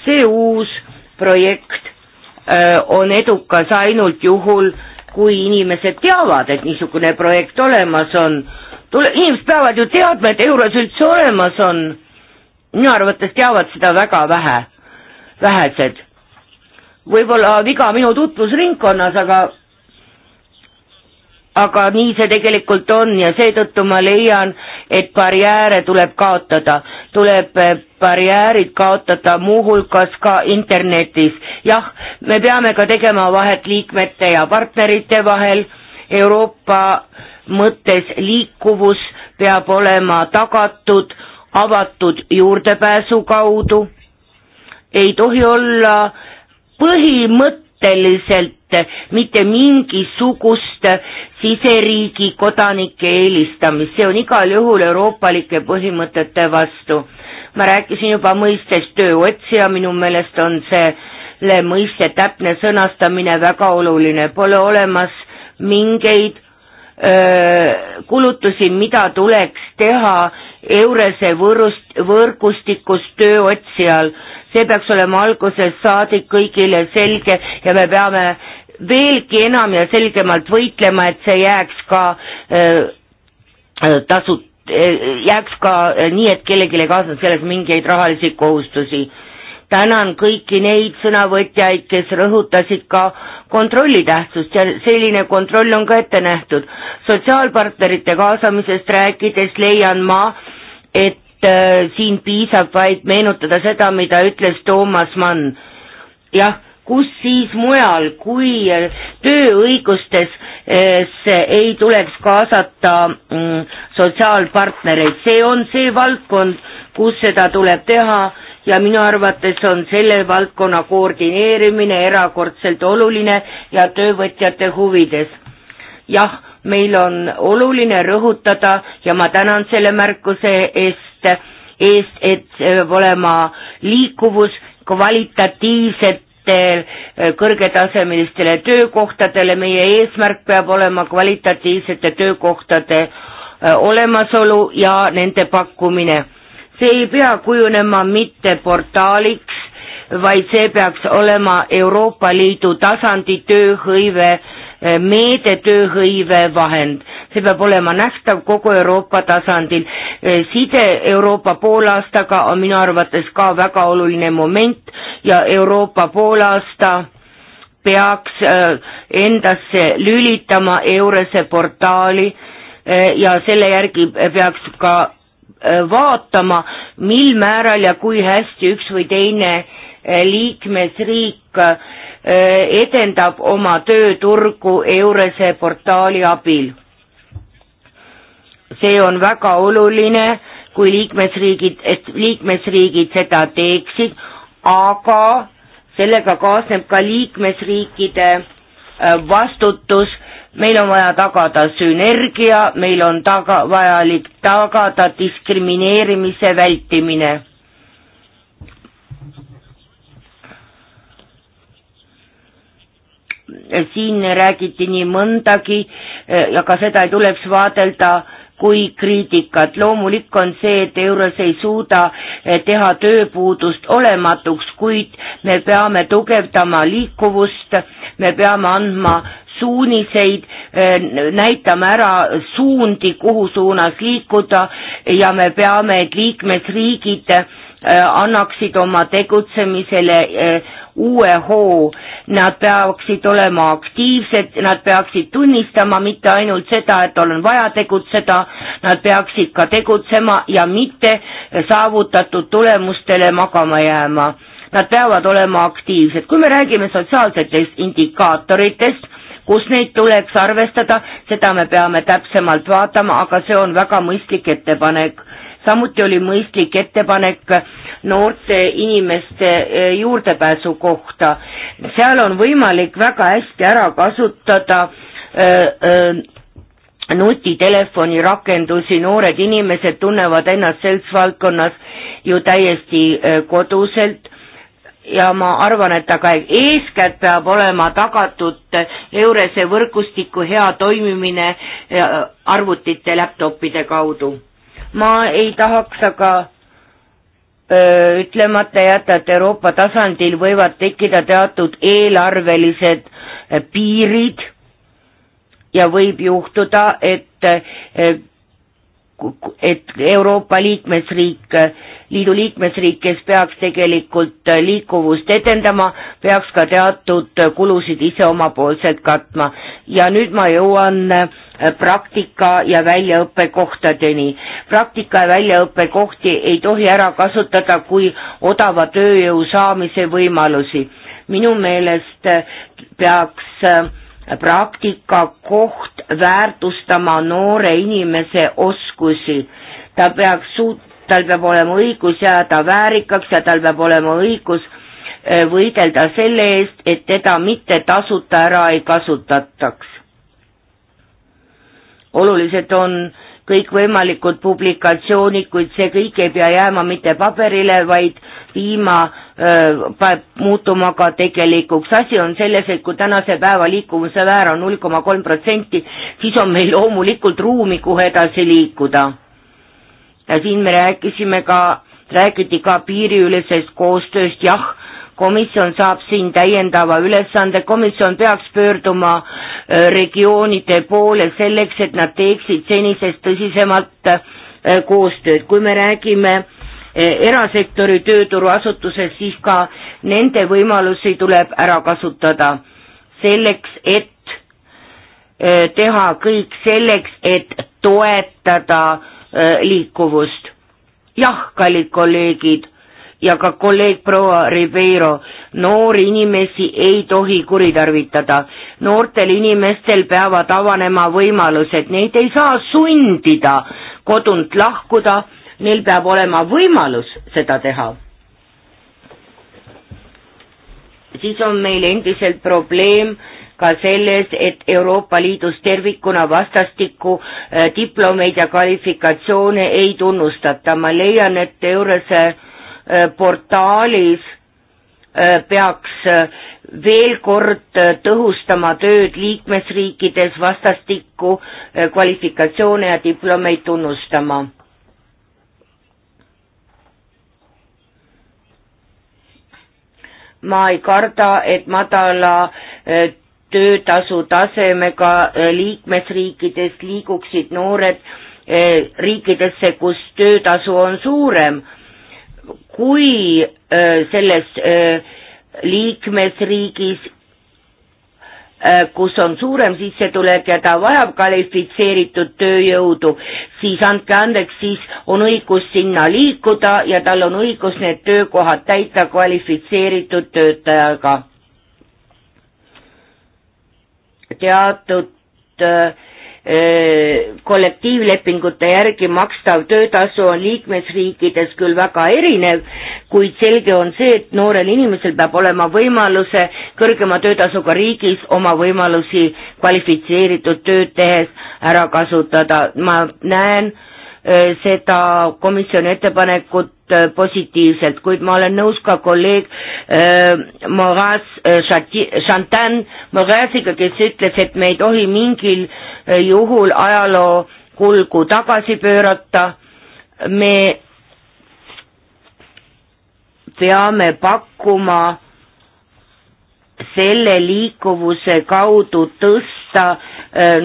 see uus projekt öö, eh, on edukas ainult juhul, kui inimesed teavad, et niisugune projekt olemas on tule, inimesed peavad ju teadma, et euros üldse olemas on. minu arvates teavad seda väga vähe, vähesed. võib-olla viga minu tutvusringkonnas, aga, aga nii see tegelikult on ja seetõttu ma leian, et barjääre tuleb kaotada, tuleb eh, barjäärid kaotada muuhulgas ka internetis. jah, me peame ka tegema vahet liikmete ja partnerite vahel, Euroopa äh, mõttes liikuvus peab olema tagatud avatud juurdepääsu kaudu, ei tohi olla põhimõtteliselt mitte mingisugust siseriigi kodanike eelistamist, see on igal juhul euroopalike põhimõtete vastu. ma rääkisin juba mõistest tööotsija, minu meelest on selle mõiste täpne sõnastamine väga oluline, pole olemas mingeid kulutusi, mida tuleks teha Eurese võrust, võrgustikus töö otsijal. see peaks olema algusest saadik kõigile selge ja me peame veelgi enam ja selgemalt võitlema, et see jääks ka tasu, jääks ka nii, et kellelegi ei kaasneks selles mingeid rahalisi kohustusi. tänan kõiki neid sõnavõtjaid, kes rõhutasid ka kontrolli tähtsust ja selline kontroll on ka ette nähtud. sotsiaalpartnerite kaasamisest rääkides leian ma, et äh, siin piisab vaid meenutada seda, mida ütles Toomas Mann. jah, kus siis mujal, kui äh, tööõigustes äh, ei tuleks kaasata mm, sotsiaalpartnereid, see on see valdkond, kus seda tuleb teha ja minu arvates on selle valdkonna koordineerimine erakordselt oluline ja töövõtjate huvides. jah, meil on oluline rõhutada ja ma tänan selle märkuse eest, eest, et see äh, peab olema liikuvus kvalitatiivset äh, kõrgetasemelistele töökohtadele, meie eesmärk peab olema kvalitatiivsete töökohtade äh, olemasolu ja nende pakkumine see ei pea kujunema mitte portaaliks, vaid see peaks olema Euroopa Liidu tasandi tööhõive eh, meede, tööhõive vahend. see peab olema nähtav kogu Euroopa tasandil. Eh, side Euroopa poolaastaga on minu arvates ka väga oluline moment ja Euroopa poolaasta peaks eh, endasse lülitama Eurese portaali ja selle järgi peaks ka Äh, vaatama, mil määral ja kui hästi üks või teine äh, liikmesriik äh, edendab oma tööturgu Eurese portaali abil. see on väga oluline, kui liikmesriigid, et liikmesriigid seda teeksid, aga sellega kaasneb ka liikmesriikide vastutus meil on vaja tagada sünergia, meil on taga, vajalik tagada diskrimineerimise vältimine. siin räägiti nii mõndagi, eh, aga seda tuleks vaadelda kui kriitikat. loomulik on see, et EURES ei suuda eh, teha tööpuudust olematuks, kuid me peame tugevdama liikuvust, me peame andma suuniseid, eh, näitame ära suundi, kuhu suunas liikuda ja me peame, et liikmesriigid eh, annaksid oma tegutsemisele eh, uue hoo. Nad peaksid olema aktiivsed, nad peaksid tunnistama mitte ainult seda, et on vaja tegutseda, nad peaksid ka tegutsema ja mitte saavutatud tulemustele magama jääma. Nad peavad olema aktiivsed. kui me räägime sotsiaalsetest indikaatoritest, kus neid tuleks arvestada, seda me peame täpsemalt vaatama, aga see on väga mõistlik ettepanek. samuti oli mõistlik ettepanek noorte inimeste eh, juurdepääsu kohta. seal on võimalik väga hästi ära kasutada öö, eh, öö, eh, nutitelefoni rakendusi, noored inimesed tunnevad ennast selles valdkonnas ju täiesti koduselt ja ma arvan, et aga eeskätt peab olema tagatud Eurese võrgustiku hea toimimine äh, arvutite, laptopide kaudu. ma ei tahaks aga öö, äh, ütlemata jätta, et Euroopa tasandil võivad tekkida teatud eelarvelised äh, piirid ja võib juhtuda, et, et Euroopa liikmesriik Liidu liikmesriik, kes peaks tegelikult äh, liikuvust edendama, peaks ka teatud äh, kulusid ise omapoolselt katma. ja nüüd ma jõuan äh, praktika ja väljaõppekohtadeni. praktika ja väljaõppekohti ei tohi ära kasutada kui odava tööjõu saamise võimalusi. minu meelest peaks praktika koht väärtustama noore inimese oskusi. ta peaks suut-, tal peab olema õigus jääda väärikaks ja tal peab olema õigus eh, võidelda selle eest, et teda mitte tasuta ära ei kasutataks. olulised on kõikvõimalikud publikatsioonid, kuid see kõik ei pea jääma mitte paberile, vaid viima, eh, muutuma ka tegelikuks. asi on selles, et kui tänase päeva liikuvuse määr on null koma kolm protsenti, siis on meil loomulikult ruumi, kuhu edasi liikuda ja siin me rääkisime ka, räägiti ka piiriülesest koostööst, jah, komisjon saab siin täiendava ülesande, komisjon peaks pöörduma äh, regioonide poole selleks, et nad teeksid senisest tõsisemalt äh, koostööd, kui me räägime äh, erasektori tööturuasutuses, siis ka nende võimalusi tuleb ära kasutada selleks, et teha kõik selleks, et toetada Äh, liikuvust. jah, kallid kolleegid ja ka kolleeg proua Ribeiro, noori inimesi ei tohi kuritarvitada. noortel inimestel peavad avanema võimalused, neid ei saa sundida kodunt lahkuda, neil peab olema võimalus seda teha. siis on meil endiselt probleem äh, ka selles, et Euroopa Liidus tervikuna vastastikku äh, diplomeid ja kvalifikatsioone ei tunnustata. ma leian, et EURES-e äh, portaalis äh, peaks veel kord tõhustama tööd liikmesriikides vastastikku kvalifikatsioone ja diplomeid tunnustama. ma ei karda, et madala töötasu tasemega äh, liikmesriikidest liiguksid noored äh, riikidesse, kus töötasu on suurem. kui äh, selles liikmesriigis, kus on suurem sissetulek ja ta vajab kvalifitseeritud tööjõudu, siis andke andeks, siis on õigus sinna liikuda ja tal on õigus need töökohad täita kvalifitseeritud töötajaga teatud äh, äh, kollektiivlepingute järgi makstav töötasu on liikmesriikides küll väga erinev, kuid selge on see, et noorel inimesel peab olema võimaluse kõrgema töötasuga riigis oma võimalusi kvalifitseeritud tööd tehes ära kasutada. ma näen äh, Äh, seda komisjoni ettepanekut äh, positiivselt, kuid ma olen nõus ka kolleeg äh, Moraz äh, Chati, Chantan Moraziga, kes ütles, et me ei tohi mingil juhul ajaloo kulgu tagasi pöörata, me peame pakkuma selle liikuvuse kaudu tõsta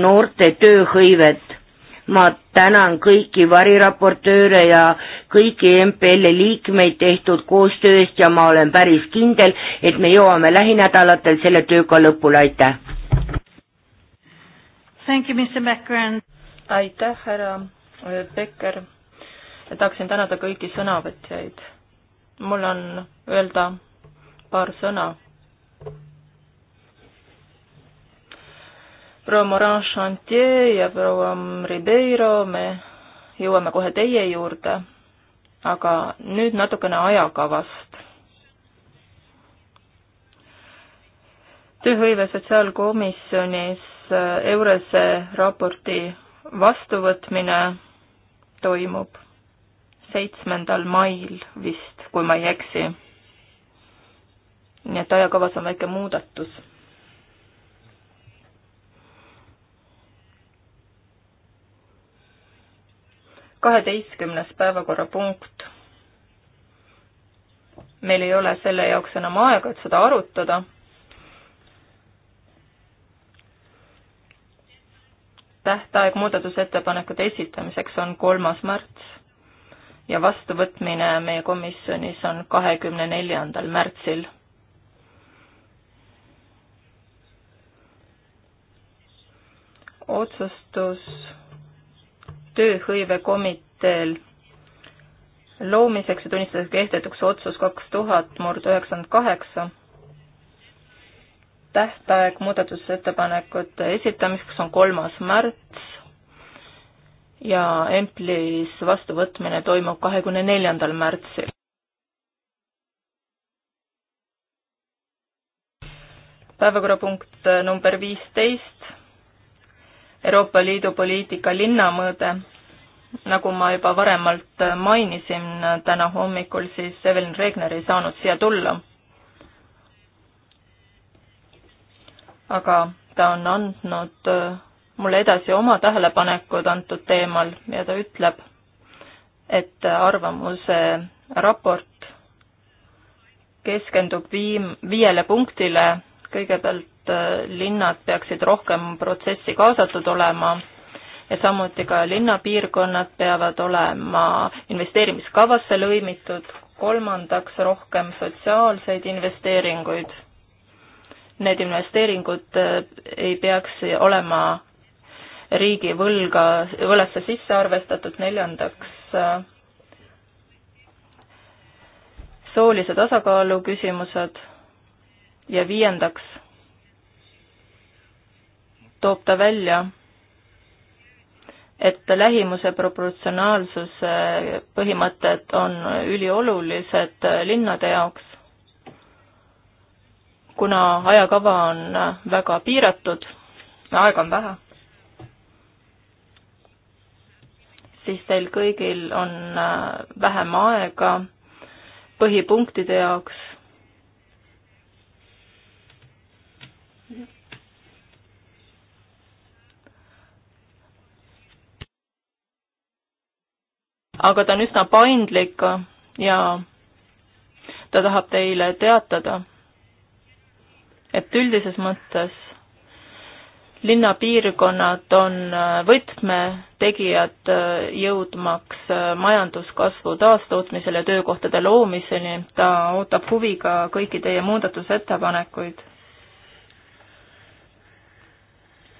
noorte tööhõivet ma tänan kõiki variraportööre ja kõiki MPL-i liikmeid tehtud koostöö eest ja ma olen päris kindel, et me jõuame lähinädalatel selle tööga lõpule, aitäh! aitäh, härra Becker! tahaksin tänada kõiki sõnavõtjaid. mul on öelda paar sõna proua Morin Chantier ja proua Ribeiro, me jõuame kohe teie juurde, aga nüüd natukene ajakavast. tööhõive sotsiaalkomisjonis äh, Eurese raporti vastuvõtmine toimub seitsmendal mail vist, kui ma ei eksi. nii et ajakavas on väike muudatus kaheteistkümnes päevakorrapunkt. meil ei ole selle jaoks enam aega, et seda arutada. tähtaeg muudatusettepanekute esitamiseks on kolmas märts ja vastuvõtmine meie komisjonis on kahekümne neljandal märtsil. otsustus tööhõivekomiteel loomiseks ja tunnistada kehtetuks otsus kaks tuhat murd üheksakümmend kaheksa. tähtaeg muudatusettepanekute esitamiseks on kolmas märts ja Emplis vastuvõtmine toimub kahekümne neljandal märtsil. päevakorrapunkt number viisteist Euroopa Liidu poliitika linnamõõde, nagu ma juba varemalt mainisin täna hommikul, siis Evelyn Regner ei saanud siia tulla. aga ta on andnud äh, mulle edasi oma tähelepanekud antud teemal ja ta ütleb, et arvamuse raport keskendub viim-, viiele punktile, kõigepealt äh, linnad peaksid rohkem protsessi kaasatud olema ja samuti ka linnapiirkonnad peavad olema investeerimiskavasse lõimitud, kolmandaks rohkem sotsiaalseid investeeringuid. Need investeeringud äh, ei peaks olema riigi võlga, võlasse sisse arvestatud, neljandaks äh, soolise tasakaalu küsimused ja viiendaks toob ta välja, et lähimuse proportsionaalsuse põhimõtted on üliolulised linnade jaoks, kuna ajakava on väga piiratud, aega on vähe, siis teil kõigil on vähem aega põhipunktide jaoks aga ta on üsna paindlik ja ta tahab teile teatada, et üldises mõttes linnapiirkonnad on võtmetegijad jõudmaks majanduskasvu taastootmisele, töökohtade loomiseni. ta ootab huviga kõiki teie muudatusettepanekuid.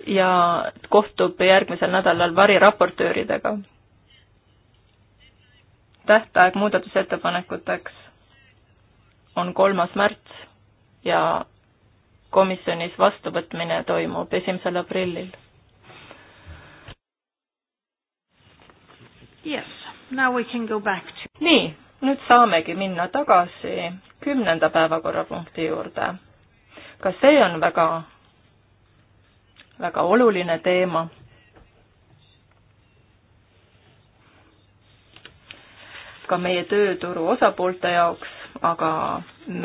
ja kohtub järgmisel nädalal variraportööridega tähtaeg muudatusettepanekuteks on kolmas märts ja komisjonis vastuvõtmine toimub esimesel aprillil. Yes, now we can go back to nii, nüüd saamegi minna tagasi kümnenda päevakorrapunkti juurde. ka see on väga, väga oluline teema ka meie tööturu osapoolte jaoks, aga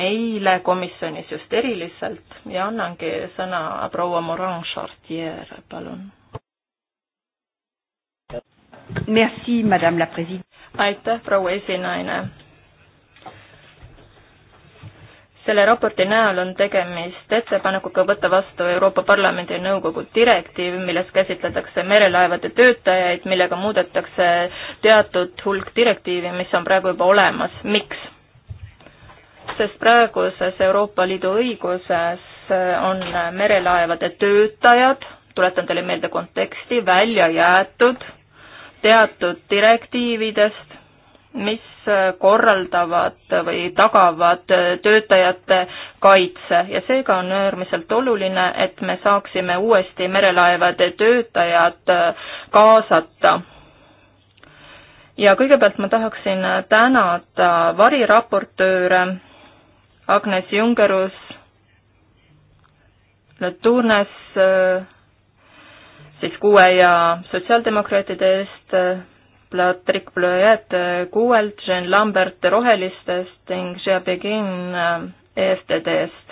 meile komisjonis just eriliselt ja annangi sõna proua Morin Chartier, palun. aitäh, proua esinaine selle raporti näol on tegemist ettepanekuga võtta vastu Euroopa Parlamendi ja Nõukogu direktiiv, milles käsitletakse merelaevade töötajaid, millega muudetakse teatud hulk direktiivi, mis on praegu juba olemas. miks? sest praeguses Euroopa Liidu õiguses on merelaevade töötajad, tuletan teile meelde konteksti, välja jäetud teatud direktiividest, mis korraldavad või tagavad töötajate kaitse ja seega on äärmiselt oluline, et me saaksime uuesti merelaevade töötajad kaasata. ja kõigepealt ma tahaksin tänada variraportööre Agnes Jungerus, Tuunes siis kuue ja sotsiaaldemokraatide eest Patrick Bleuet e, äh, kuuelt, Jean Lambert Rohelistest ning Jean Begin äh, EFTD-st.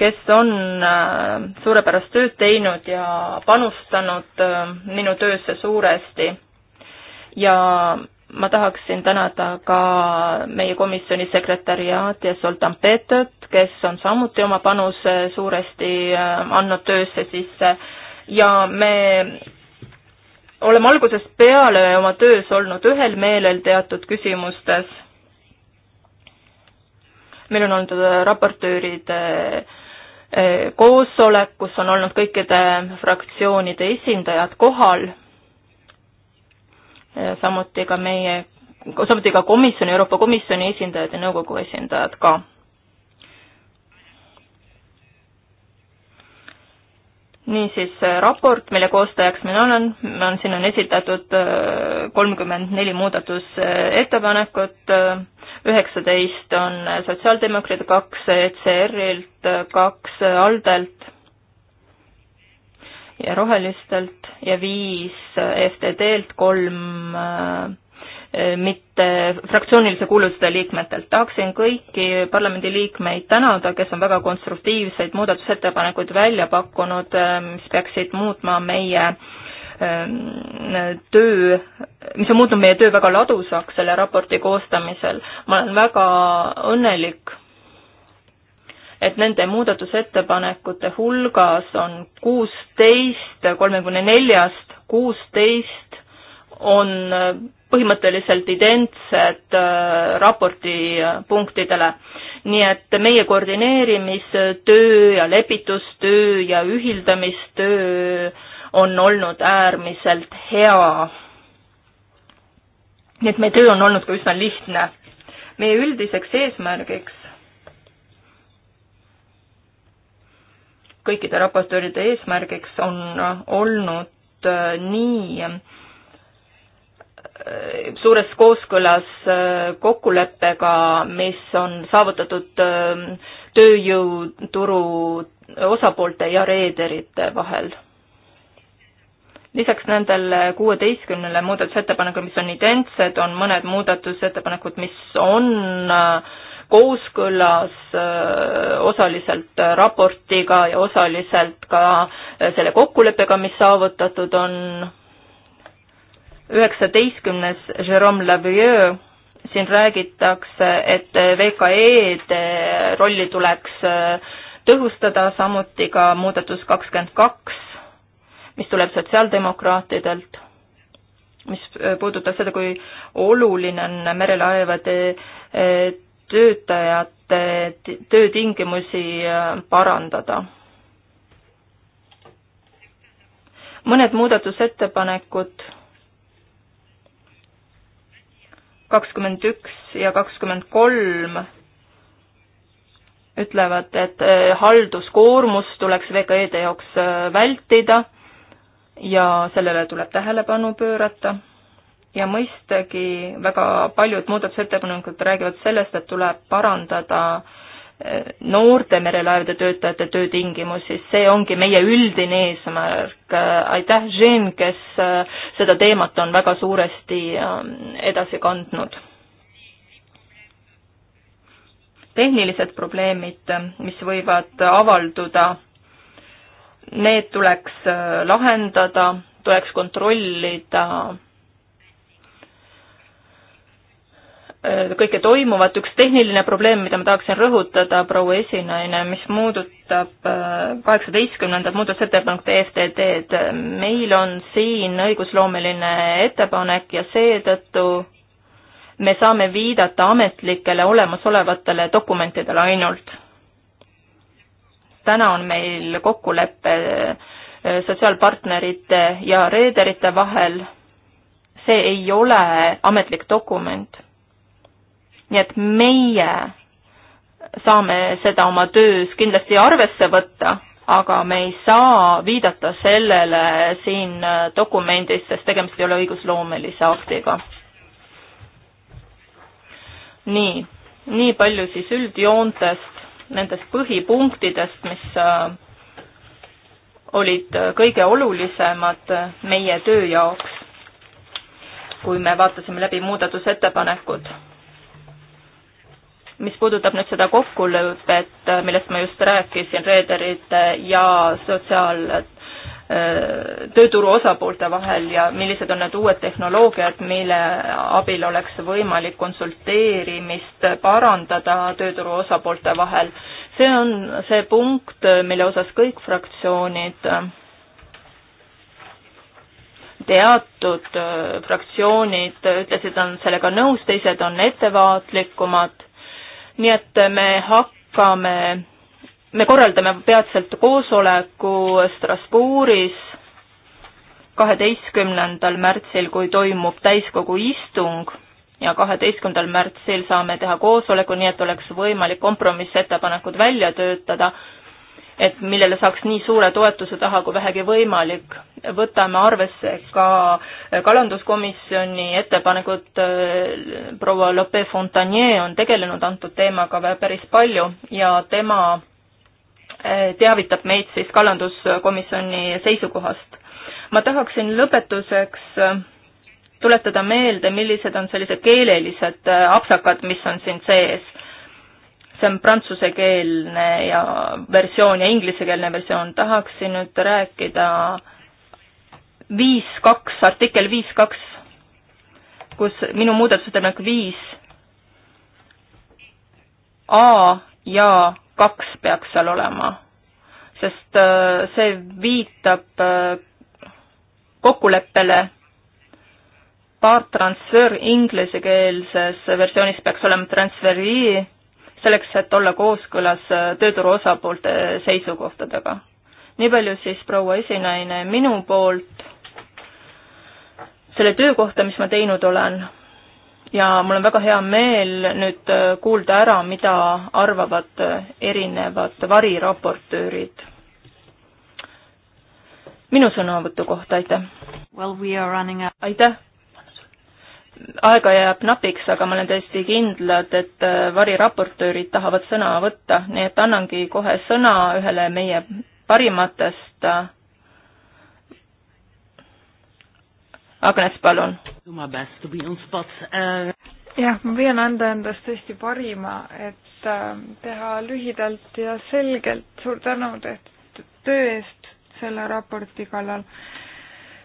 kes on äh, suurepärast tööd teinud ja panustanud minu töösse suuresti. ja ma tahaksin tänada ka meie komisjoni sekretäriaati ja Soltan Peetot, kes on samuti oma panuse suuresti andnud töösse sisse ja me oleme algusest peale oma töös olnud ühel meelel teatud küsimustes. meil on olnud raportööride eh, koosolek, kus on olnud kõikide fraktsioonide esindajad kohal, eh, samuti ka meie, samuti ka komisjoni, Euroopa Komisjoni esindajad ja nõukogu esindajad ka niisiis raport, mille koostajaks mina olen, on, siin on esitatud äh, kolmkümmend neli muudatusettepanekut, äh, üheksateist on sotsiaaldemokraadid, kaks ECR-ilt, kaks ALDE-lt ja Rohelistelt ja viis FTD-lt, kolm äh, mitte fraktsioonilise kuuluvuse liikmetelt. tahaksin kõiki parlamendiliikmeid tänada, kes on väga konstruktiivseid muudatusettepanekuid välja pakkunud, äh, mis peaksid muutma meie äh, töö, mis on muutnud meie töö väga ladusaks selle raporti koostamisel. ma olen väga õnnelik, et nende muudatusettepanekute hulgas on kuusteist kolmekümne neljast, kuusteist on põhimõtteliselt identsed äh, raporti äh, punktidele. nii et meie koordineerimistöö ja lepitustöö ja ühildamistöö on olnud äärmiselt hea. nii et meie töö on olnud ka üsna lihtne. meie üldiseks eesmärgiks kõikide raportööride eesmärgiks on olnud äh, nii Äh, suures kooskõlas äh, kokkuleppega, mis on saavutatud ähm, tööjõuturu osapoolte ja reederite vahel. lisaks nendele kuueteistkümnele muudatusettepanekule, mis on identsed, on mõned muudatusettepanekud, mis on äh, kooskõlas osaliselt raportiga ja osaliselt ka selle kokkuleppega, mis saavutatud on üheksateistkümnes Jerome Lavieux, siin räägitakse, et VKE-de rolli tuleks äh, tõhustada, samuti ka muudatus kakskümmend kaks, mis tuleb sotsiaaldemokraatidelt, mis äh, puudutab seda, kui oluline on merelaevade äh, töötajate töötingimusi parandada. mõned muudatusettepanekud kakskümmend üks ja kakskümmend kolm ütlevad, et äh, halduskoormust tuleks VKE-de jaoks äh, vältida ja sellele tuleb tähelepanu pöörata. ja mõistagi väga paljud muudatusettepanekud räägivad sellest, et tuleb parandada äh, noorte merelaevade töötajate töötingimus, siis see ongi meie üldine eesmärk. aitäh, Jean, kes äh, seda teemat on väga suuresti ähm, edasi kandnud. tehnilised probleemid, mis võivad avalduda, need tuleks äh, lahendada, tuleks kontrollida Äh, kõike toimuvat, üks tehniline probleem, mida ma tahaksin rõhutada, proua esinaine, mis muudutab äh, kaheksateistkümnendat muudatusettepanekut EFTD-d, meil on siin õigusloomeline ettepanek ja seetõttu me saame viidata ametlikele olemasolevatele dokumentidele ainult. täna on meil kokkulepe äh, sotsiaalpartnerite ja reederite vahel, see ei ole ametlik dokument nii et meie saame seda oma töös kindlasti arvesse võtta, aga me ei saa viidata sellele siin dokumendis, sest tegemist ei ole õigusloomelise aktiga. nii, nii palju siis üldjoontest, nendest põhipunktidest, mis äh, olid kõige olulisemad meie töö jaoks, kui me vaatasime läbi muudatusettepanekud mis puudutab nüüd seda kokkulepet, millest ma just rääkisin, reederite ja sotsiaal- äh, tööturu osapoolte vahel ja millised on need uued tehnoloogiad, mille abil oleks võimalik konsulteerimist parandada tööturu osapoolte vahel. see on see punkt, mille osas kõik fraktsioonid teatud äh, fraktsioonid ütlesid, on sellega nõus, teised on ettevaatlikumad nii et me hakkame, me korraldame peatselt koosoleku Strasbourgis kaheteistkümnendal märtsil, kui toimub täiskogu istung ja kaheteistkümnendal märtsil saame teha koosoleku, nii et oleks võimalik kompromissettepanekud välja töötada et millele saaks nii suure toetuse taha kui vähegi võimalik. võtame arvesse ka kalanduskomisjoni ettepanekut, proua Lope Fontanier on tegelenud antud teemaga päris palju ja tema eh, teavitab meid siis kalanduskomisjoni seisukohast. ma tahaksin lõpetuseks eh, tuletada meelde, millised on sellised keelelised eh, apsakad, mis on siin sees see on prantsusekeelne ja versioon ja inglisekeelne versioon, tahaksin nüüd rääkida viis kaks, artikkel viis kaks, kus minu muudatusettepanek viis A ja kaks peaks seal olema, sest äh, see viitab äh, kokkuleppele paar transfer inglisekeelses versioonis peaks olema transferee selleks, et olla kooskõlas äh, tööturu osapoolte äh, seisukohtadega. nii palju siis, proua esinaine, minu poolt selle töö kohta, mis ma teinud olen. ja mul on väga hea meel nüüd äh, kuulda ära, mida arvavad erinevad variraportöörid minu sõnavõtu kohta, aitäh well,! We aitäh! aega jääb napiks, aga ma olen täiesti kindlad, et äh, variraportöörid tahavad sõna võtta, nii et annangi kohe sõna ühele meie parimatest. Agnes, palun. Äh. jah, ma püüan anda endast tõesti parima, et äh, teha lühidalt ja selgelt. suur tänu tehtud töö eest selle raporti kallal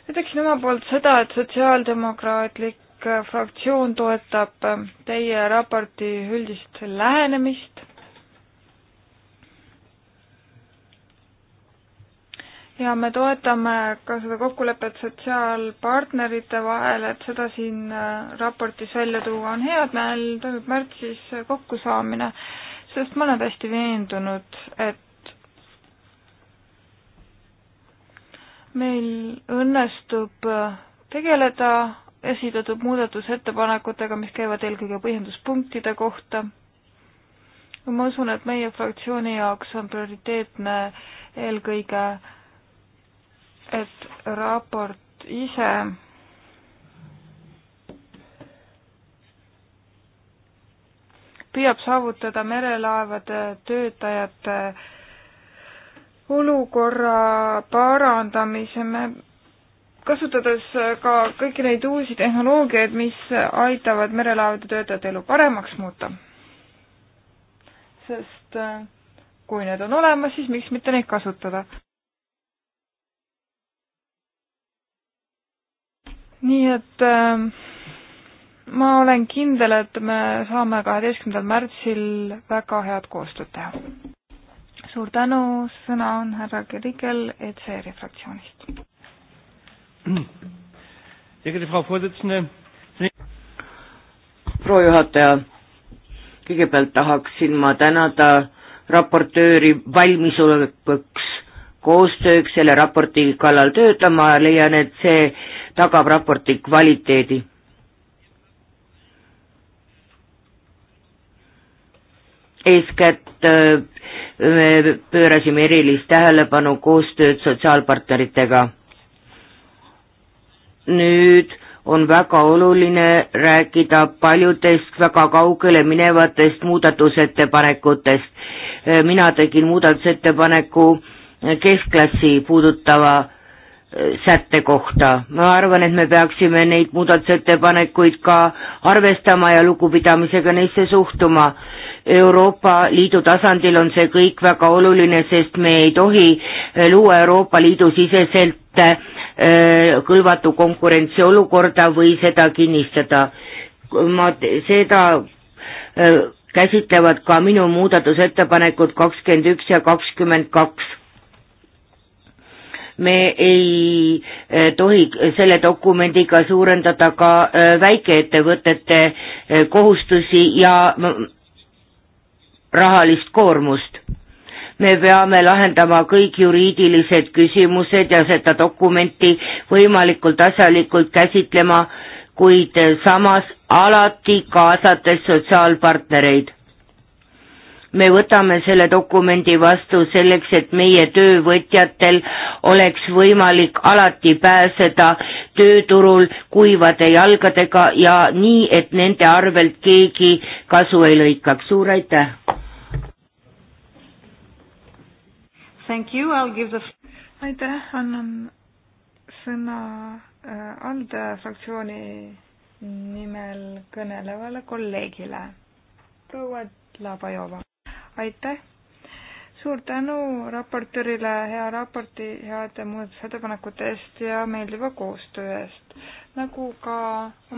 ütleksin oma poolt seda, et sotsiaaldemokraatlik fraktsioon toetab teie raporti üldist lähenemist ja me toetame ka seda kokkulepet sotsiaalpartnerite vahel, et seda siin äh, raportis välja tuua on hea, et meil toimub märtsis kokkusaamine, sest ma olen täiesti veendunud, et meil õnnestub äh, tegeleda esitatud muudatusettepanekutega, mis käivad eelkõige põhjenduspunktide kohta. ma usun, et meie fraktsiooni jaoks on prioriteetne eelkõige, et raport ise püüab saavutada merelaevade töötajate olukorra parandamise, me kasutades äh, ka kõiki neid uusi tehnoloogiaid, mis aitavad merelaevade töötajate elu paremaks muuta. sest äh, kui need on olemas, siis miks mitte neid kasutada. nii et äh, ma olen kindel, et me saame kaheteistkümnendal märtsil väga head koostööd teha. suur tänu, sõna on härra Kirikel ECR-i fraktsioonist proua juhataja, kõigepealt tahaksin ma tänada raportööri valmisolekuks koostööks selle raporti kallal töötama, leian, et see tagab raporti kvaliteedi. eeskätt äh, me pöörasime erilist tähelepanu koostööd sotsiaalpartneritega nüüd on väga oluline rääkida paljudest väga kaugele minevatest muudatusettepanekutest. mina tegin muudatusettepaneku keskklassi puudutava sätte kohta. ma arvan, et me peaksime neid muudatusettepanekuid ka arvestama ja lugupidamisega neisse suhtuma. Euroopa Liidu tasandil on see kõik väga oluline, sest me ei tohi eh, luua Euroopa Liidu siseselt eh, kõlvatu konkurentsiolukorda või seda kinnistada. ma seda eh, käsitlevad ka minu muudatusettepanekud kakskümmend üks ja kakskümmend kaks me ei eh, tohi selle dokumendiga suurendada ka eh, väikeettevõtete eh, kohustusi ja mm, rahalist koormust. me peame lahendama kõik juriidilised küsimused ja seda dokumenti võimalikult asjalikult käsitlema, kuid samas alati kaasates sotsiaalpartnereid me võtame selle dokumendi vastu selleks, et meie töövõtjatel oleks võimalik alati pääseda tööturul kuivade jalgadega ja nii, et nende arvelt keegi kasu ei lõikaks. suur aitäh! The... aitäh, annan sõna äh, ALDE fraktsiooni nimel kõnelevale kolleegile, proua Labajova aitäh! suur tänu raportöörile hea raporti, heade muudatusettepanekute eest ja meeldiva koostöö eest. nagu ka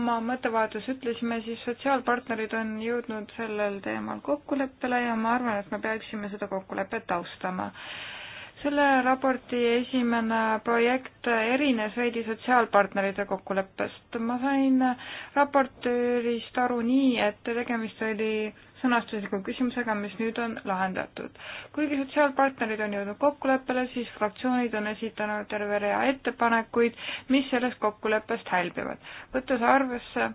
oma mõttevahetus ütlesime, siis sotsiaalpartnerid on jõudnud sellel teemal kokkuleppele ja ma arvan, et me peaksime seda kokkulepet austama. selle raporti esimene projekt erines veidi sotsiaalpartnerite kokkuleppest. ma sain raportöörist aru nii, et tegemist oli sõnastusliku küsimusega, mis nüüd on lahendatud. kuigi sotsiaalpartnerid on jõudnud kokkuleppele, siis fraktsioonid on esitanud terve rea ettepanekuid, mis sellest kokkuleppest hälbivad. võttes arvesse,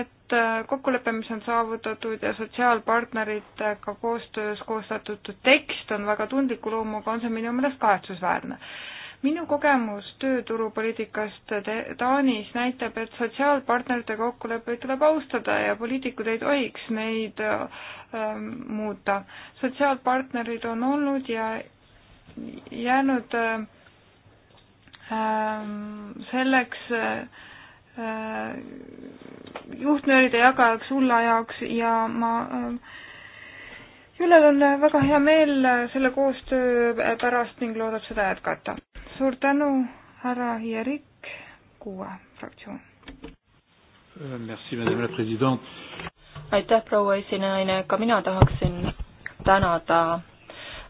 et äh, kokkulepe, mis on saavutatud ja sotsiaalpartneritega koostöös koostatud tekst on väga tundliku loomuga, on see minu meelest kahetsusväärne minu kogemus tööturupoliitikast Taanis näitab, et sotsiaalpartnerite kokkuleppeid tuleb austada ja poliitikud ei tohiks neid äh, ähm, muuta. sotsiaalpartnerid on olnud ja jäänud äh, ähm, selleks äh, äh juhtnööride jagajaks, hulla jaoks ja ma äh, Jülel on väga hea meel selle koostöö pärast ning loodab seda jätkata. suur tänu, härra Jerik, kuue fraktsioon. aitäh, proua esinaine, ka mina tahaksin tänada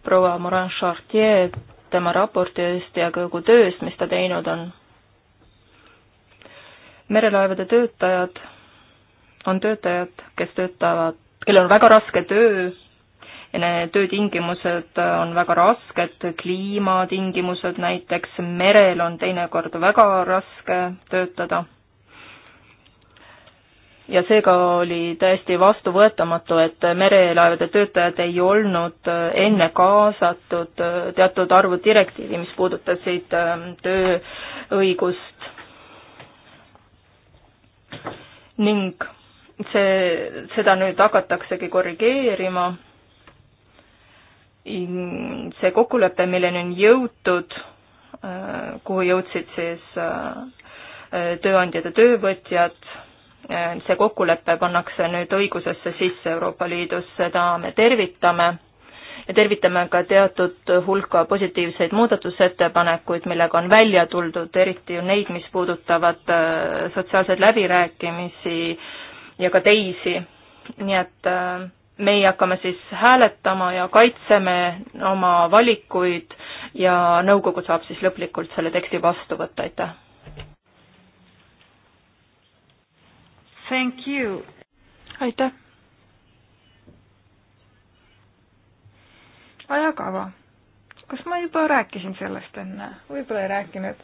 proua Morin Chartier tema raporti eest ja kogu töö eest, mis ta teinud on. merelaevade töötajad on töötajad, kes töötavad, kellel on väga raske töö töötingimused on väga rasked, kliimatingimused näiteks, merel on teinekord väga raske töötada. ja seega oli täiesti vastuvõetamatu, et merelaevade töötajad ei olnud enne kaasatud teatud arvu direktiivi, mis puudutasid ähm, tööõigust ning see, seda nüüd hakataksegi korrigeerima see kokkulepe, milleni on jõutud, kuhu jõudsid siis äh, tööandjad ja töövõtjad, äh, see kokkulepe pannakse nüüd õigusesse sisse Euroopa Liidus, seda me tervitame ja tervitame ka teatud hulka positiivseid muudatusettepanekuid, millega on välja tuldud, eriti ju neid, mis puudutavad äh, sotsiaalseid läbirääkimisi ja ka teisi, nii et äh, meie hakkame siis hääletama ja kaitseme oma valikuid ja nõukogu saab siis lõplikult selle teksti vastu võtta, aitäh. Thank you. aitäh. ajakava. kas ma juba rääkisin sellest enne? võib-olla ei rääkinud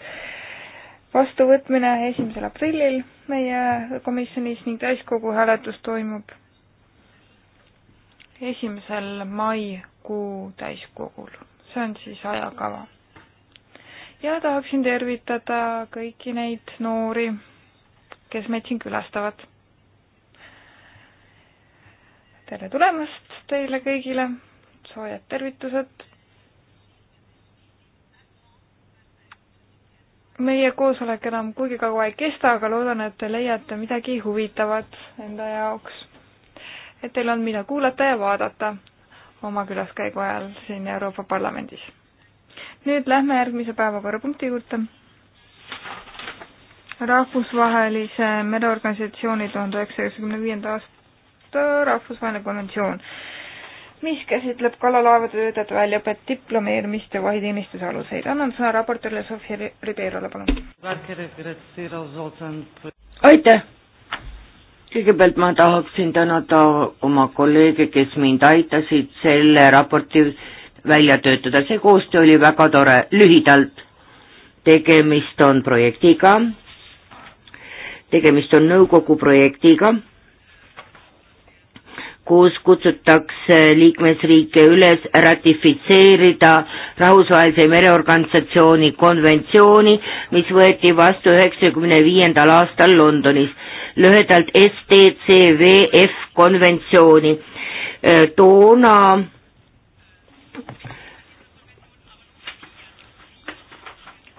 vastuvõtmine esimesel aprillil meie komisjonis ning täiskogu hääletus toimub esimesel maikuu täiskogul. see on siis ajakava. ja tahaksin tervitada kõiki neid noori, kes meid siin külastavad. tere tulemast teile kõigile, soojad tervitused. meie koosolek enam kuigi kaua ei kesta, aga loodan, et te leiate midagi huvitavat enda jaoks et teil on, mida kuulata ja vaadata oma külaskäigu ajal siin Euroopa Parlamendis. nüüd lähme järgmise päevakorrapunkti juurde. rahvusvahelise mereorganisatsiooni tuhande üheksasaja üheksakümne viienda aasta rahvusvaheline konventsioon, mis käsitleb kalalaevade töötajate väljaõpet, diplomeerimist ja vahiteenistuse aluseid. annan sõna raportööle Sofia Ribeirole, palun. aitäh kõigepealt ma tahaksin tänada oma kolleege, kes mind aitasid selle raporti välja töötada, see koostöö oli väga tore, lühidalt tegemist on projektiga, tegemist on nõukogu projektiga, kus kutsutakse liikmesriike üles ratifitseerida rahvusvahelise mereorganisatsiooni konventsiooni, mis võeti vastu üheksakümne viiendal aastal Londonis lühedalt STCVF konventsiooni. Äh, toona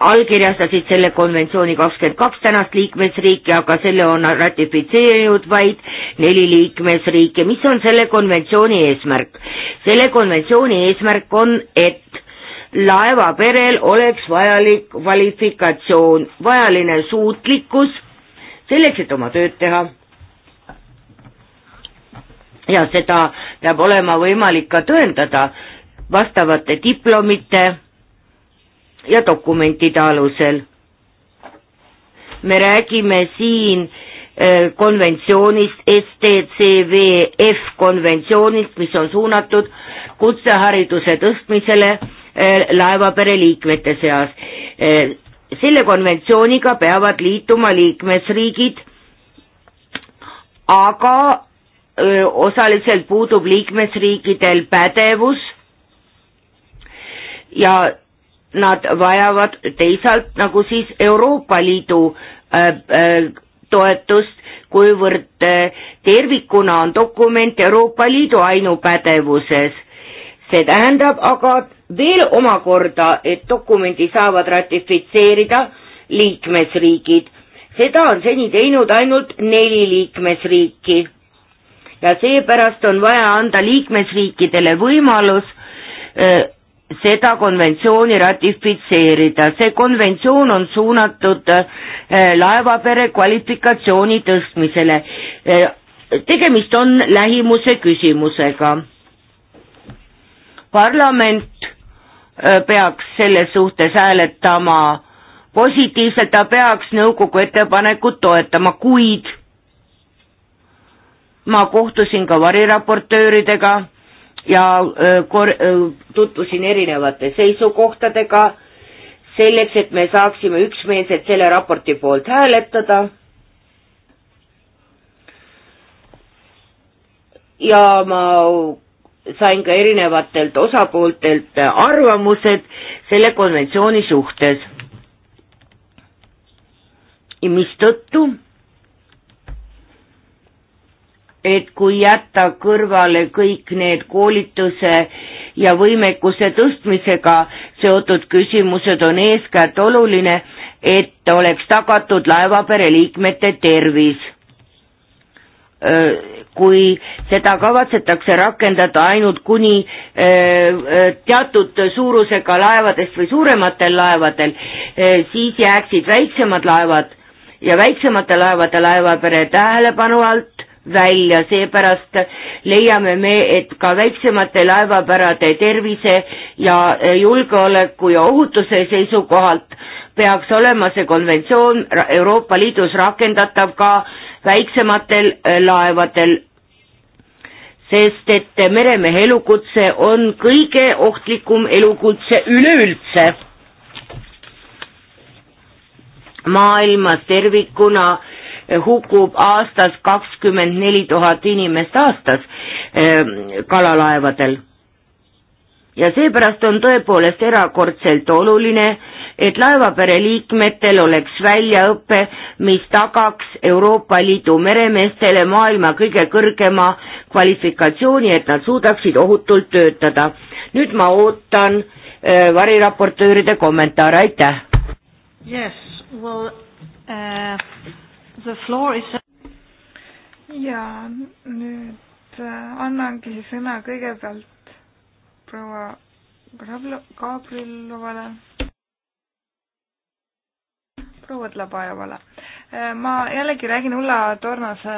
allkirjastasid selle konventsiooni kakskümmend kaks tänast liikmesriiki, aga selle on ratifitseerinud vaid neli liikmesriiki. mis on selle konventsiooni eesmärk? selle konventsiooni eesmärk on, et laevaperel oleks vajalik kvalifikatsioon, vajaline suutlikkus selleks, et oma tööd teha. ja seda peab olema võimalik ka tõendada vastavate diplomite ja dokumentide alusel. me räägime siin eh, konventsioonist, STCVF konventsioonist, mis on suunatud kutsehariduse tõstmisele eh, laevapere liikmete seas. Eh, selle konventsiooniga peavad liituma liikmesriigid, aga öö, osaliselt puudub liikmesriikidel pädevus ja nad vajavad teisalt nagu siis Euroopa Liidu öö, öö, toetust, kuivõrd tervikuna on dokument Euroopa Liidu ainupädevuses. see tähendab aga, veel omakorda, et dokumendi saavad ratifitseerida liikmesriigid. seda on seni teinud ainult neli liikmesriiki ja seepärast on vaja anda liikmesriikidele võimalus öö, seda konventsiooni ratifitseerida. see konventsioon on suunatud laevapere kvalifikatsiooni tõstmisele. tegemist on lähimuse küsimusega. parlament Äh, peaks selles suhtes hääletama positiivselt, ta peaks nõukogu ettepanekut toetama, kuid ma kohtusin ka variraportööridega ja äh, kor-, äh, tutvusin erinevate seisukohtadega, selleks, et me saaksime üksmeelselt selle raporti poolt hääletada ja ma sain ka erinevatelt osapooltelt arvamused selle konventsiooni suhtes. mistõttu, et kui jätta kõrvale kõik need koolituse ja võimekuse tõstmisega seotud küsimused, on eeskätt oluline, et oleks tagatud laevapere liikmete tervis Äh, kui seda kavatsetakse rakendada ainult kuni äh, äh, teatud suurusega laevadest või suurematel laevadel, siis jääksid väiksemad laevad ja väiksemate laevade laevapere tähelepanu alt välja, seepärast leiame me, et ka väiksemate laevapärade tervise ja julgeoleku ja ohutuse seisukohalt peaks olema see konventsioon Euroopa Liidus rakendatav ka väiksematel äh, laevadel, sest et meremehe elukutse on kõige ohtlikum elukutse üleüldse maailmas tervikuna äh, hukub aastas kakskümmend neli tuhat inimest aastas äh, kalalaevadel ja seepärast on tõepoolest erakordselt oluline, et laevapere liikmetel oleks väljaõpe, mis tagaks Euroopa Liidu meremeestele maailma kõige kõrgema kvalifikatsiooni, et nad suudaksid ohutult töötada. nüüd ma ootan äh, variraportööride kommentaare, aitäh! Yes, well uh, the floor is ja nüüd äh, annangi sõna kõigepealt proua Gabrielovale, proua Tlabajevale. ma jällegi räägin Ulla Tornase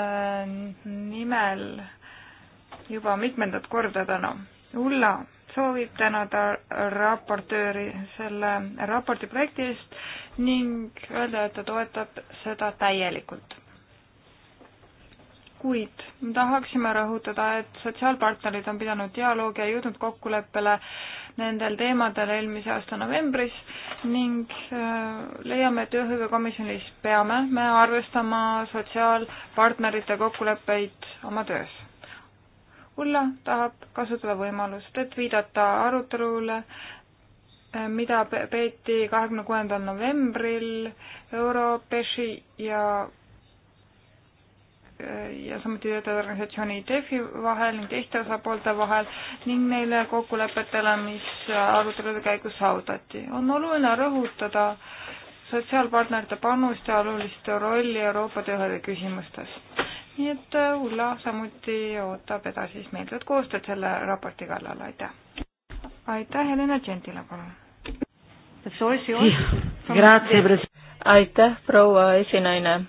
nimel juba mitmendat korda täna. Ulla soovib tänada raportööri selle raporti projekti eest ning öelda, et ta toetab seda täielikult kuid tahaksime rõhutada, et sotsiaalpartnerid on pidanud dialoogi ja jõudnud kokkuleppele nendel teemadel eelmise aasta novembris ning äh, leiame, et tööhõivekomisjonis peame me arvestama sotsiaalpartnerite kokkuleppeid oma töös. Ulla tahab kasutada võimalust, et viidata arutelule, äh, mida peeti kahekümne kuuendal novembril Europeši ja ja samuti töötajate organisatsiooni DEFi vahel ning teiste osapoolte vahel ning neile kokkulepetele, mis arutelude käigus saavutati. on oluline rõhutada sotsiaalpartnerite panust ja olulist rolli Euroopa tööhõive küsimustes. nii et äh, Ulla samuti ootab edasist meeldivat koostööd selle raporti kallal, aitäh! aitäh, Helena Gentile, palun! aitäh, proua esinaine!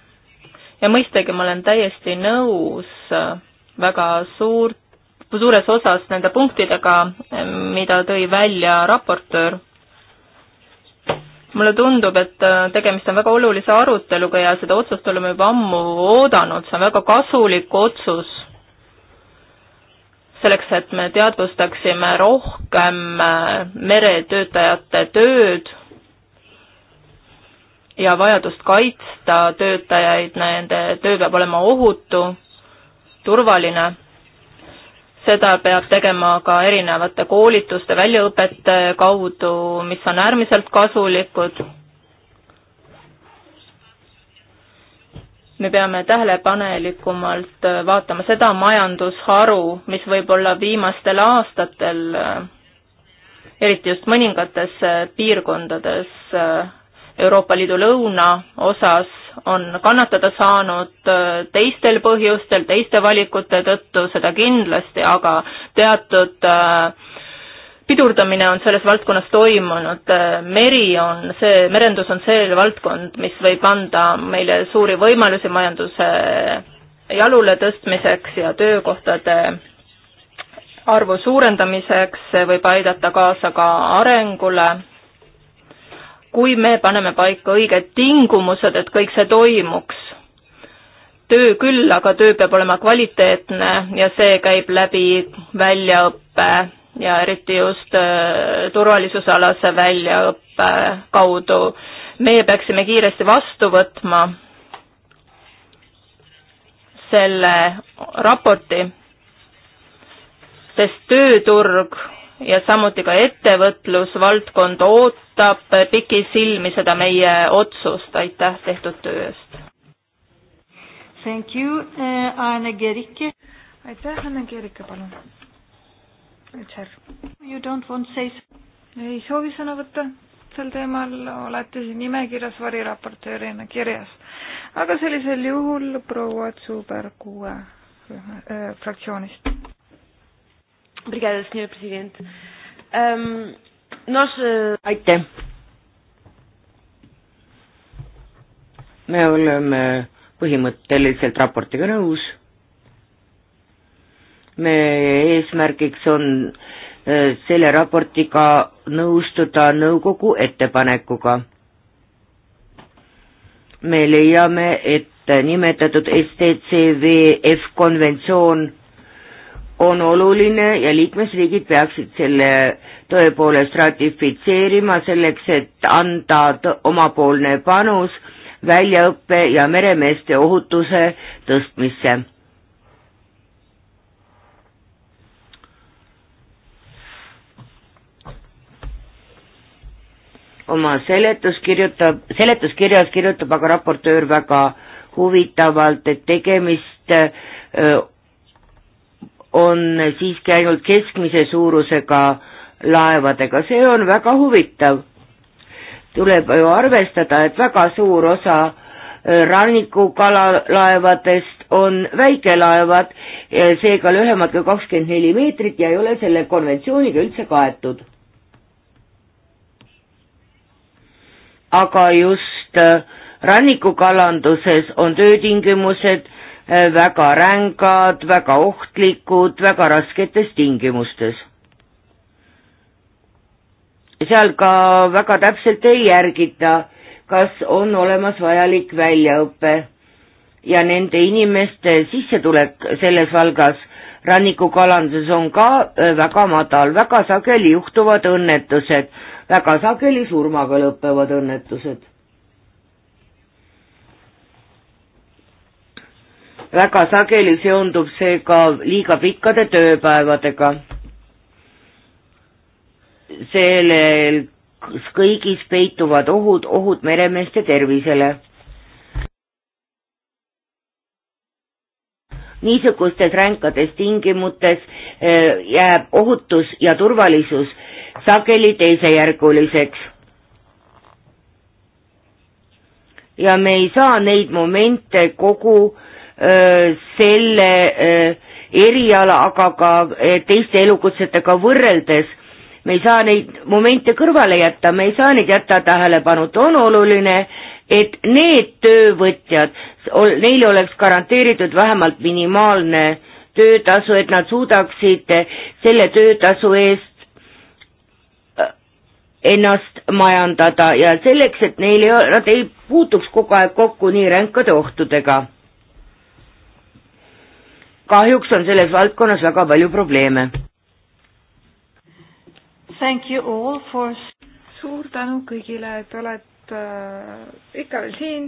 ja mõistagi ma olen täiesti nõus äh, väga suurt, suures osas nende punktidega, äh, mida tõi välja raportöör. mulle tundub, et äh, tegemist on väga olulise aruteluga ja seda otsust oleme juba ammu oodanud, see on väga kasulik otsus selleks, et me teadvustaksime rohkem meretöötajate tööd ja vajadust kaitsta töötajaid, nende töö peab olema ohutu, turvaline, seda peab tegema ka erinevate koolituste, väljaõpete kaudu, mis on äärmiselt kasulikud. me peame tähelepanelikumalt vaatama seda majandusharu, mis võib-olla viimastel aastatel eriti just mõningates piirkondades Euroopa Liidu lõunaosas on kannatada saanud äh, teistel põhjustel, teiste valikute tõttu, seda kindlasti, aga teatud äh, pidurdamine on selles valdkonnas toimunud, äh, meri on see, merendus on see valdkond, mis võib anda meile suuri võimalusi majanduse jalule tõstmiseks ja töökohtade arvu suurendamiseks, see võib aidata kaasa ka arengule kui me paneme paika õiged tingimused, et kõik see toimuks. töö küll, aga töö peab olema kvaliteetne ja see käib läbi väljaõppe ja eriti just äh, turvalisusalase väljaõppe kaudu. meie peaksime kiiresti vastu võtma selle raporti, sest tööturg ja samuti ka ettevõtlusvaldkond ootab pikisilmi seda meie otsust, aitäh tehtud töö eest! Thank you uh,, eh, Anne Gerike. aitäh, Anne Gerike, palun. You don't want say ei soovi sõna võtta sel teemal, olete siin nimekirjas variraportöörina kirjas. aga sellisel juhul proua Zuber kuue äh, fraktsioonist Obrigada, Sr. Presidente. Um, nós. Uh... aitäh. me oleme põhimõtteliselt raportiga nõus. meie eesmärgiks on eh, selle raportiga nõustuda nõukogu ettepanekuga. me leiame, et nimetatud STCVF konventsioon on oluline ja liikmesriigid peaksid selle tõepoolest ratifitseerima selleks, et anda omapoolne panus väljaõppe ja meremeeste ohutuse tõstmisse. oma seletus kirjutab, seletuskirjas kirjutab aga raportöör väga huvitavalt, et tegemist öö, on siiski ainult keskmise suurusega laevadega, see on väga huvitav. tuleb ju arvestada, et väga suur osa äh, rannikukalalaevadest on väikelaevad, seega lühemad kui kakskümmend neli meetrit ja ei ole selle konventsiooniga üldse kaetud. aga just äh, rannikukalanduses on töötingimused Eh, väga rängad, väga ohtlikud, väga rasketes tingimustes. seal ka väga täpselt ei järgita, kas on olemas vajalik väljaõpe ja nende inimeste sissetulek selles valgas rannikukalanduses on ka eh, väga madal, väga sageli juhtuvad õnnetused, väga sageli surmaga lõpevad õnnetused väga sageli seondub see ka liiga pikkade tööpäevadega. sellel kõigis peituvad ohud, ohud meremeeste tervisele. niisugustes ränkades tingimustes eh, jääb ohutus ja turvalisus sageli teisejärguliseks. ja me ei saa neid momente kogu äh, selle eriala, aga ka e, teiste elukutsetega võrreldes. me ei saa neid momente kõrvale jätta, me ei saa neid jätta tähelepanuta, on oluline, et need töövõtjad, neile oleks garanteeritud vähemalt minimaalne töötasu, et nad suudaksid selle töötasu eest ennast majandada ja selleks, et neil ei, nad ei puutuks kogu aeg kokku nii ränkade ohtudega kahjuks on selles valdkonnas väga palju probleeme. Thank you all for suur tänu kõigile, et olete äh, ikka veel siin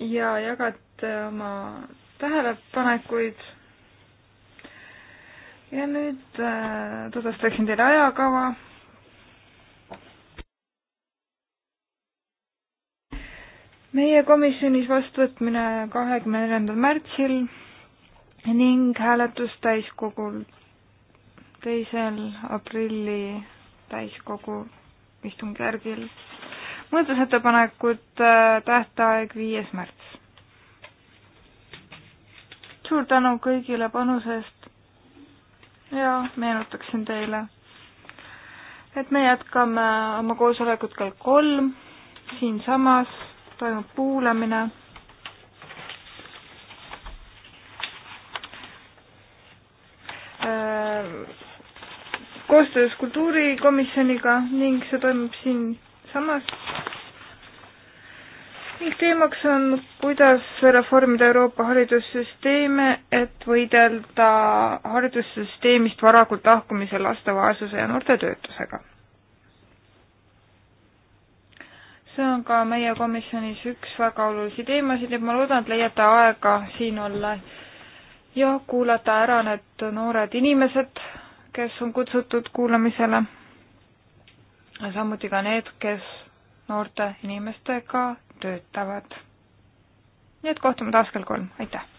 ja jagate äh, oma tähelepanekuid. ja nüüd äh, tutvustaksin teile ajakava meie komisjonis vastuvõtmine kahekümne neljandal märtsil ning hääletus täiskogul teisel aprilli täiskogu istungjärgil. muudatusettepanekud äh, tähtaeg viies märts. suur tänu kõigile panuse eest ja meenutaksin teile, et me jätkame oma koosolekut kell kolm siinsamas toimub kuulamine. Äh, koostöös kultuurikomisjoniga ning see toimub siinsamas. ning teemaks on, kuidas reformida Euroopa haridussüsteeme, et võidelda haridussüsteemist varakult lahkumise laste vaesuse ja noorte töötusega see on ka meie komisjonis üks väga olulisi teemasid, et ma loodan, et leiate aega siin olla ja kuulata ära need noored inimesed, kes on kutsutud kuulamisele. samuti ka need, kes noorte inimestega töötavad. nii et kohtume taas kell kolm, aitäh!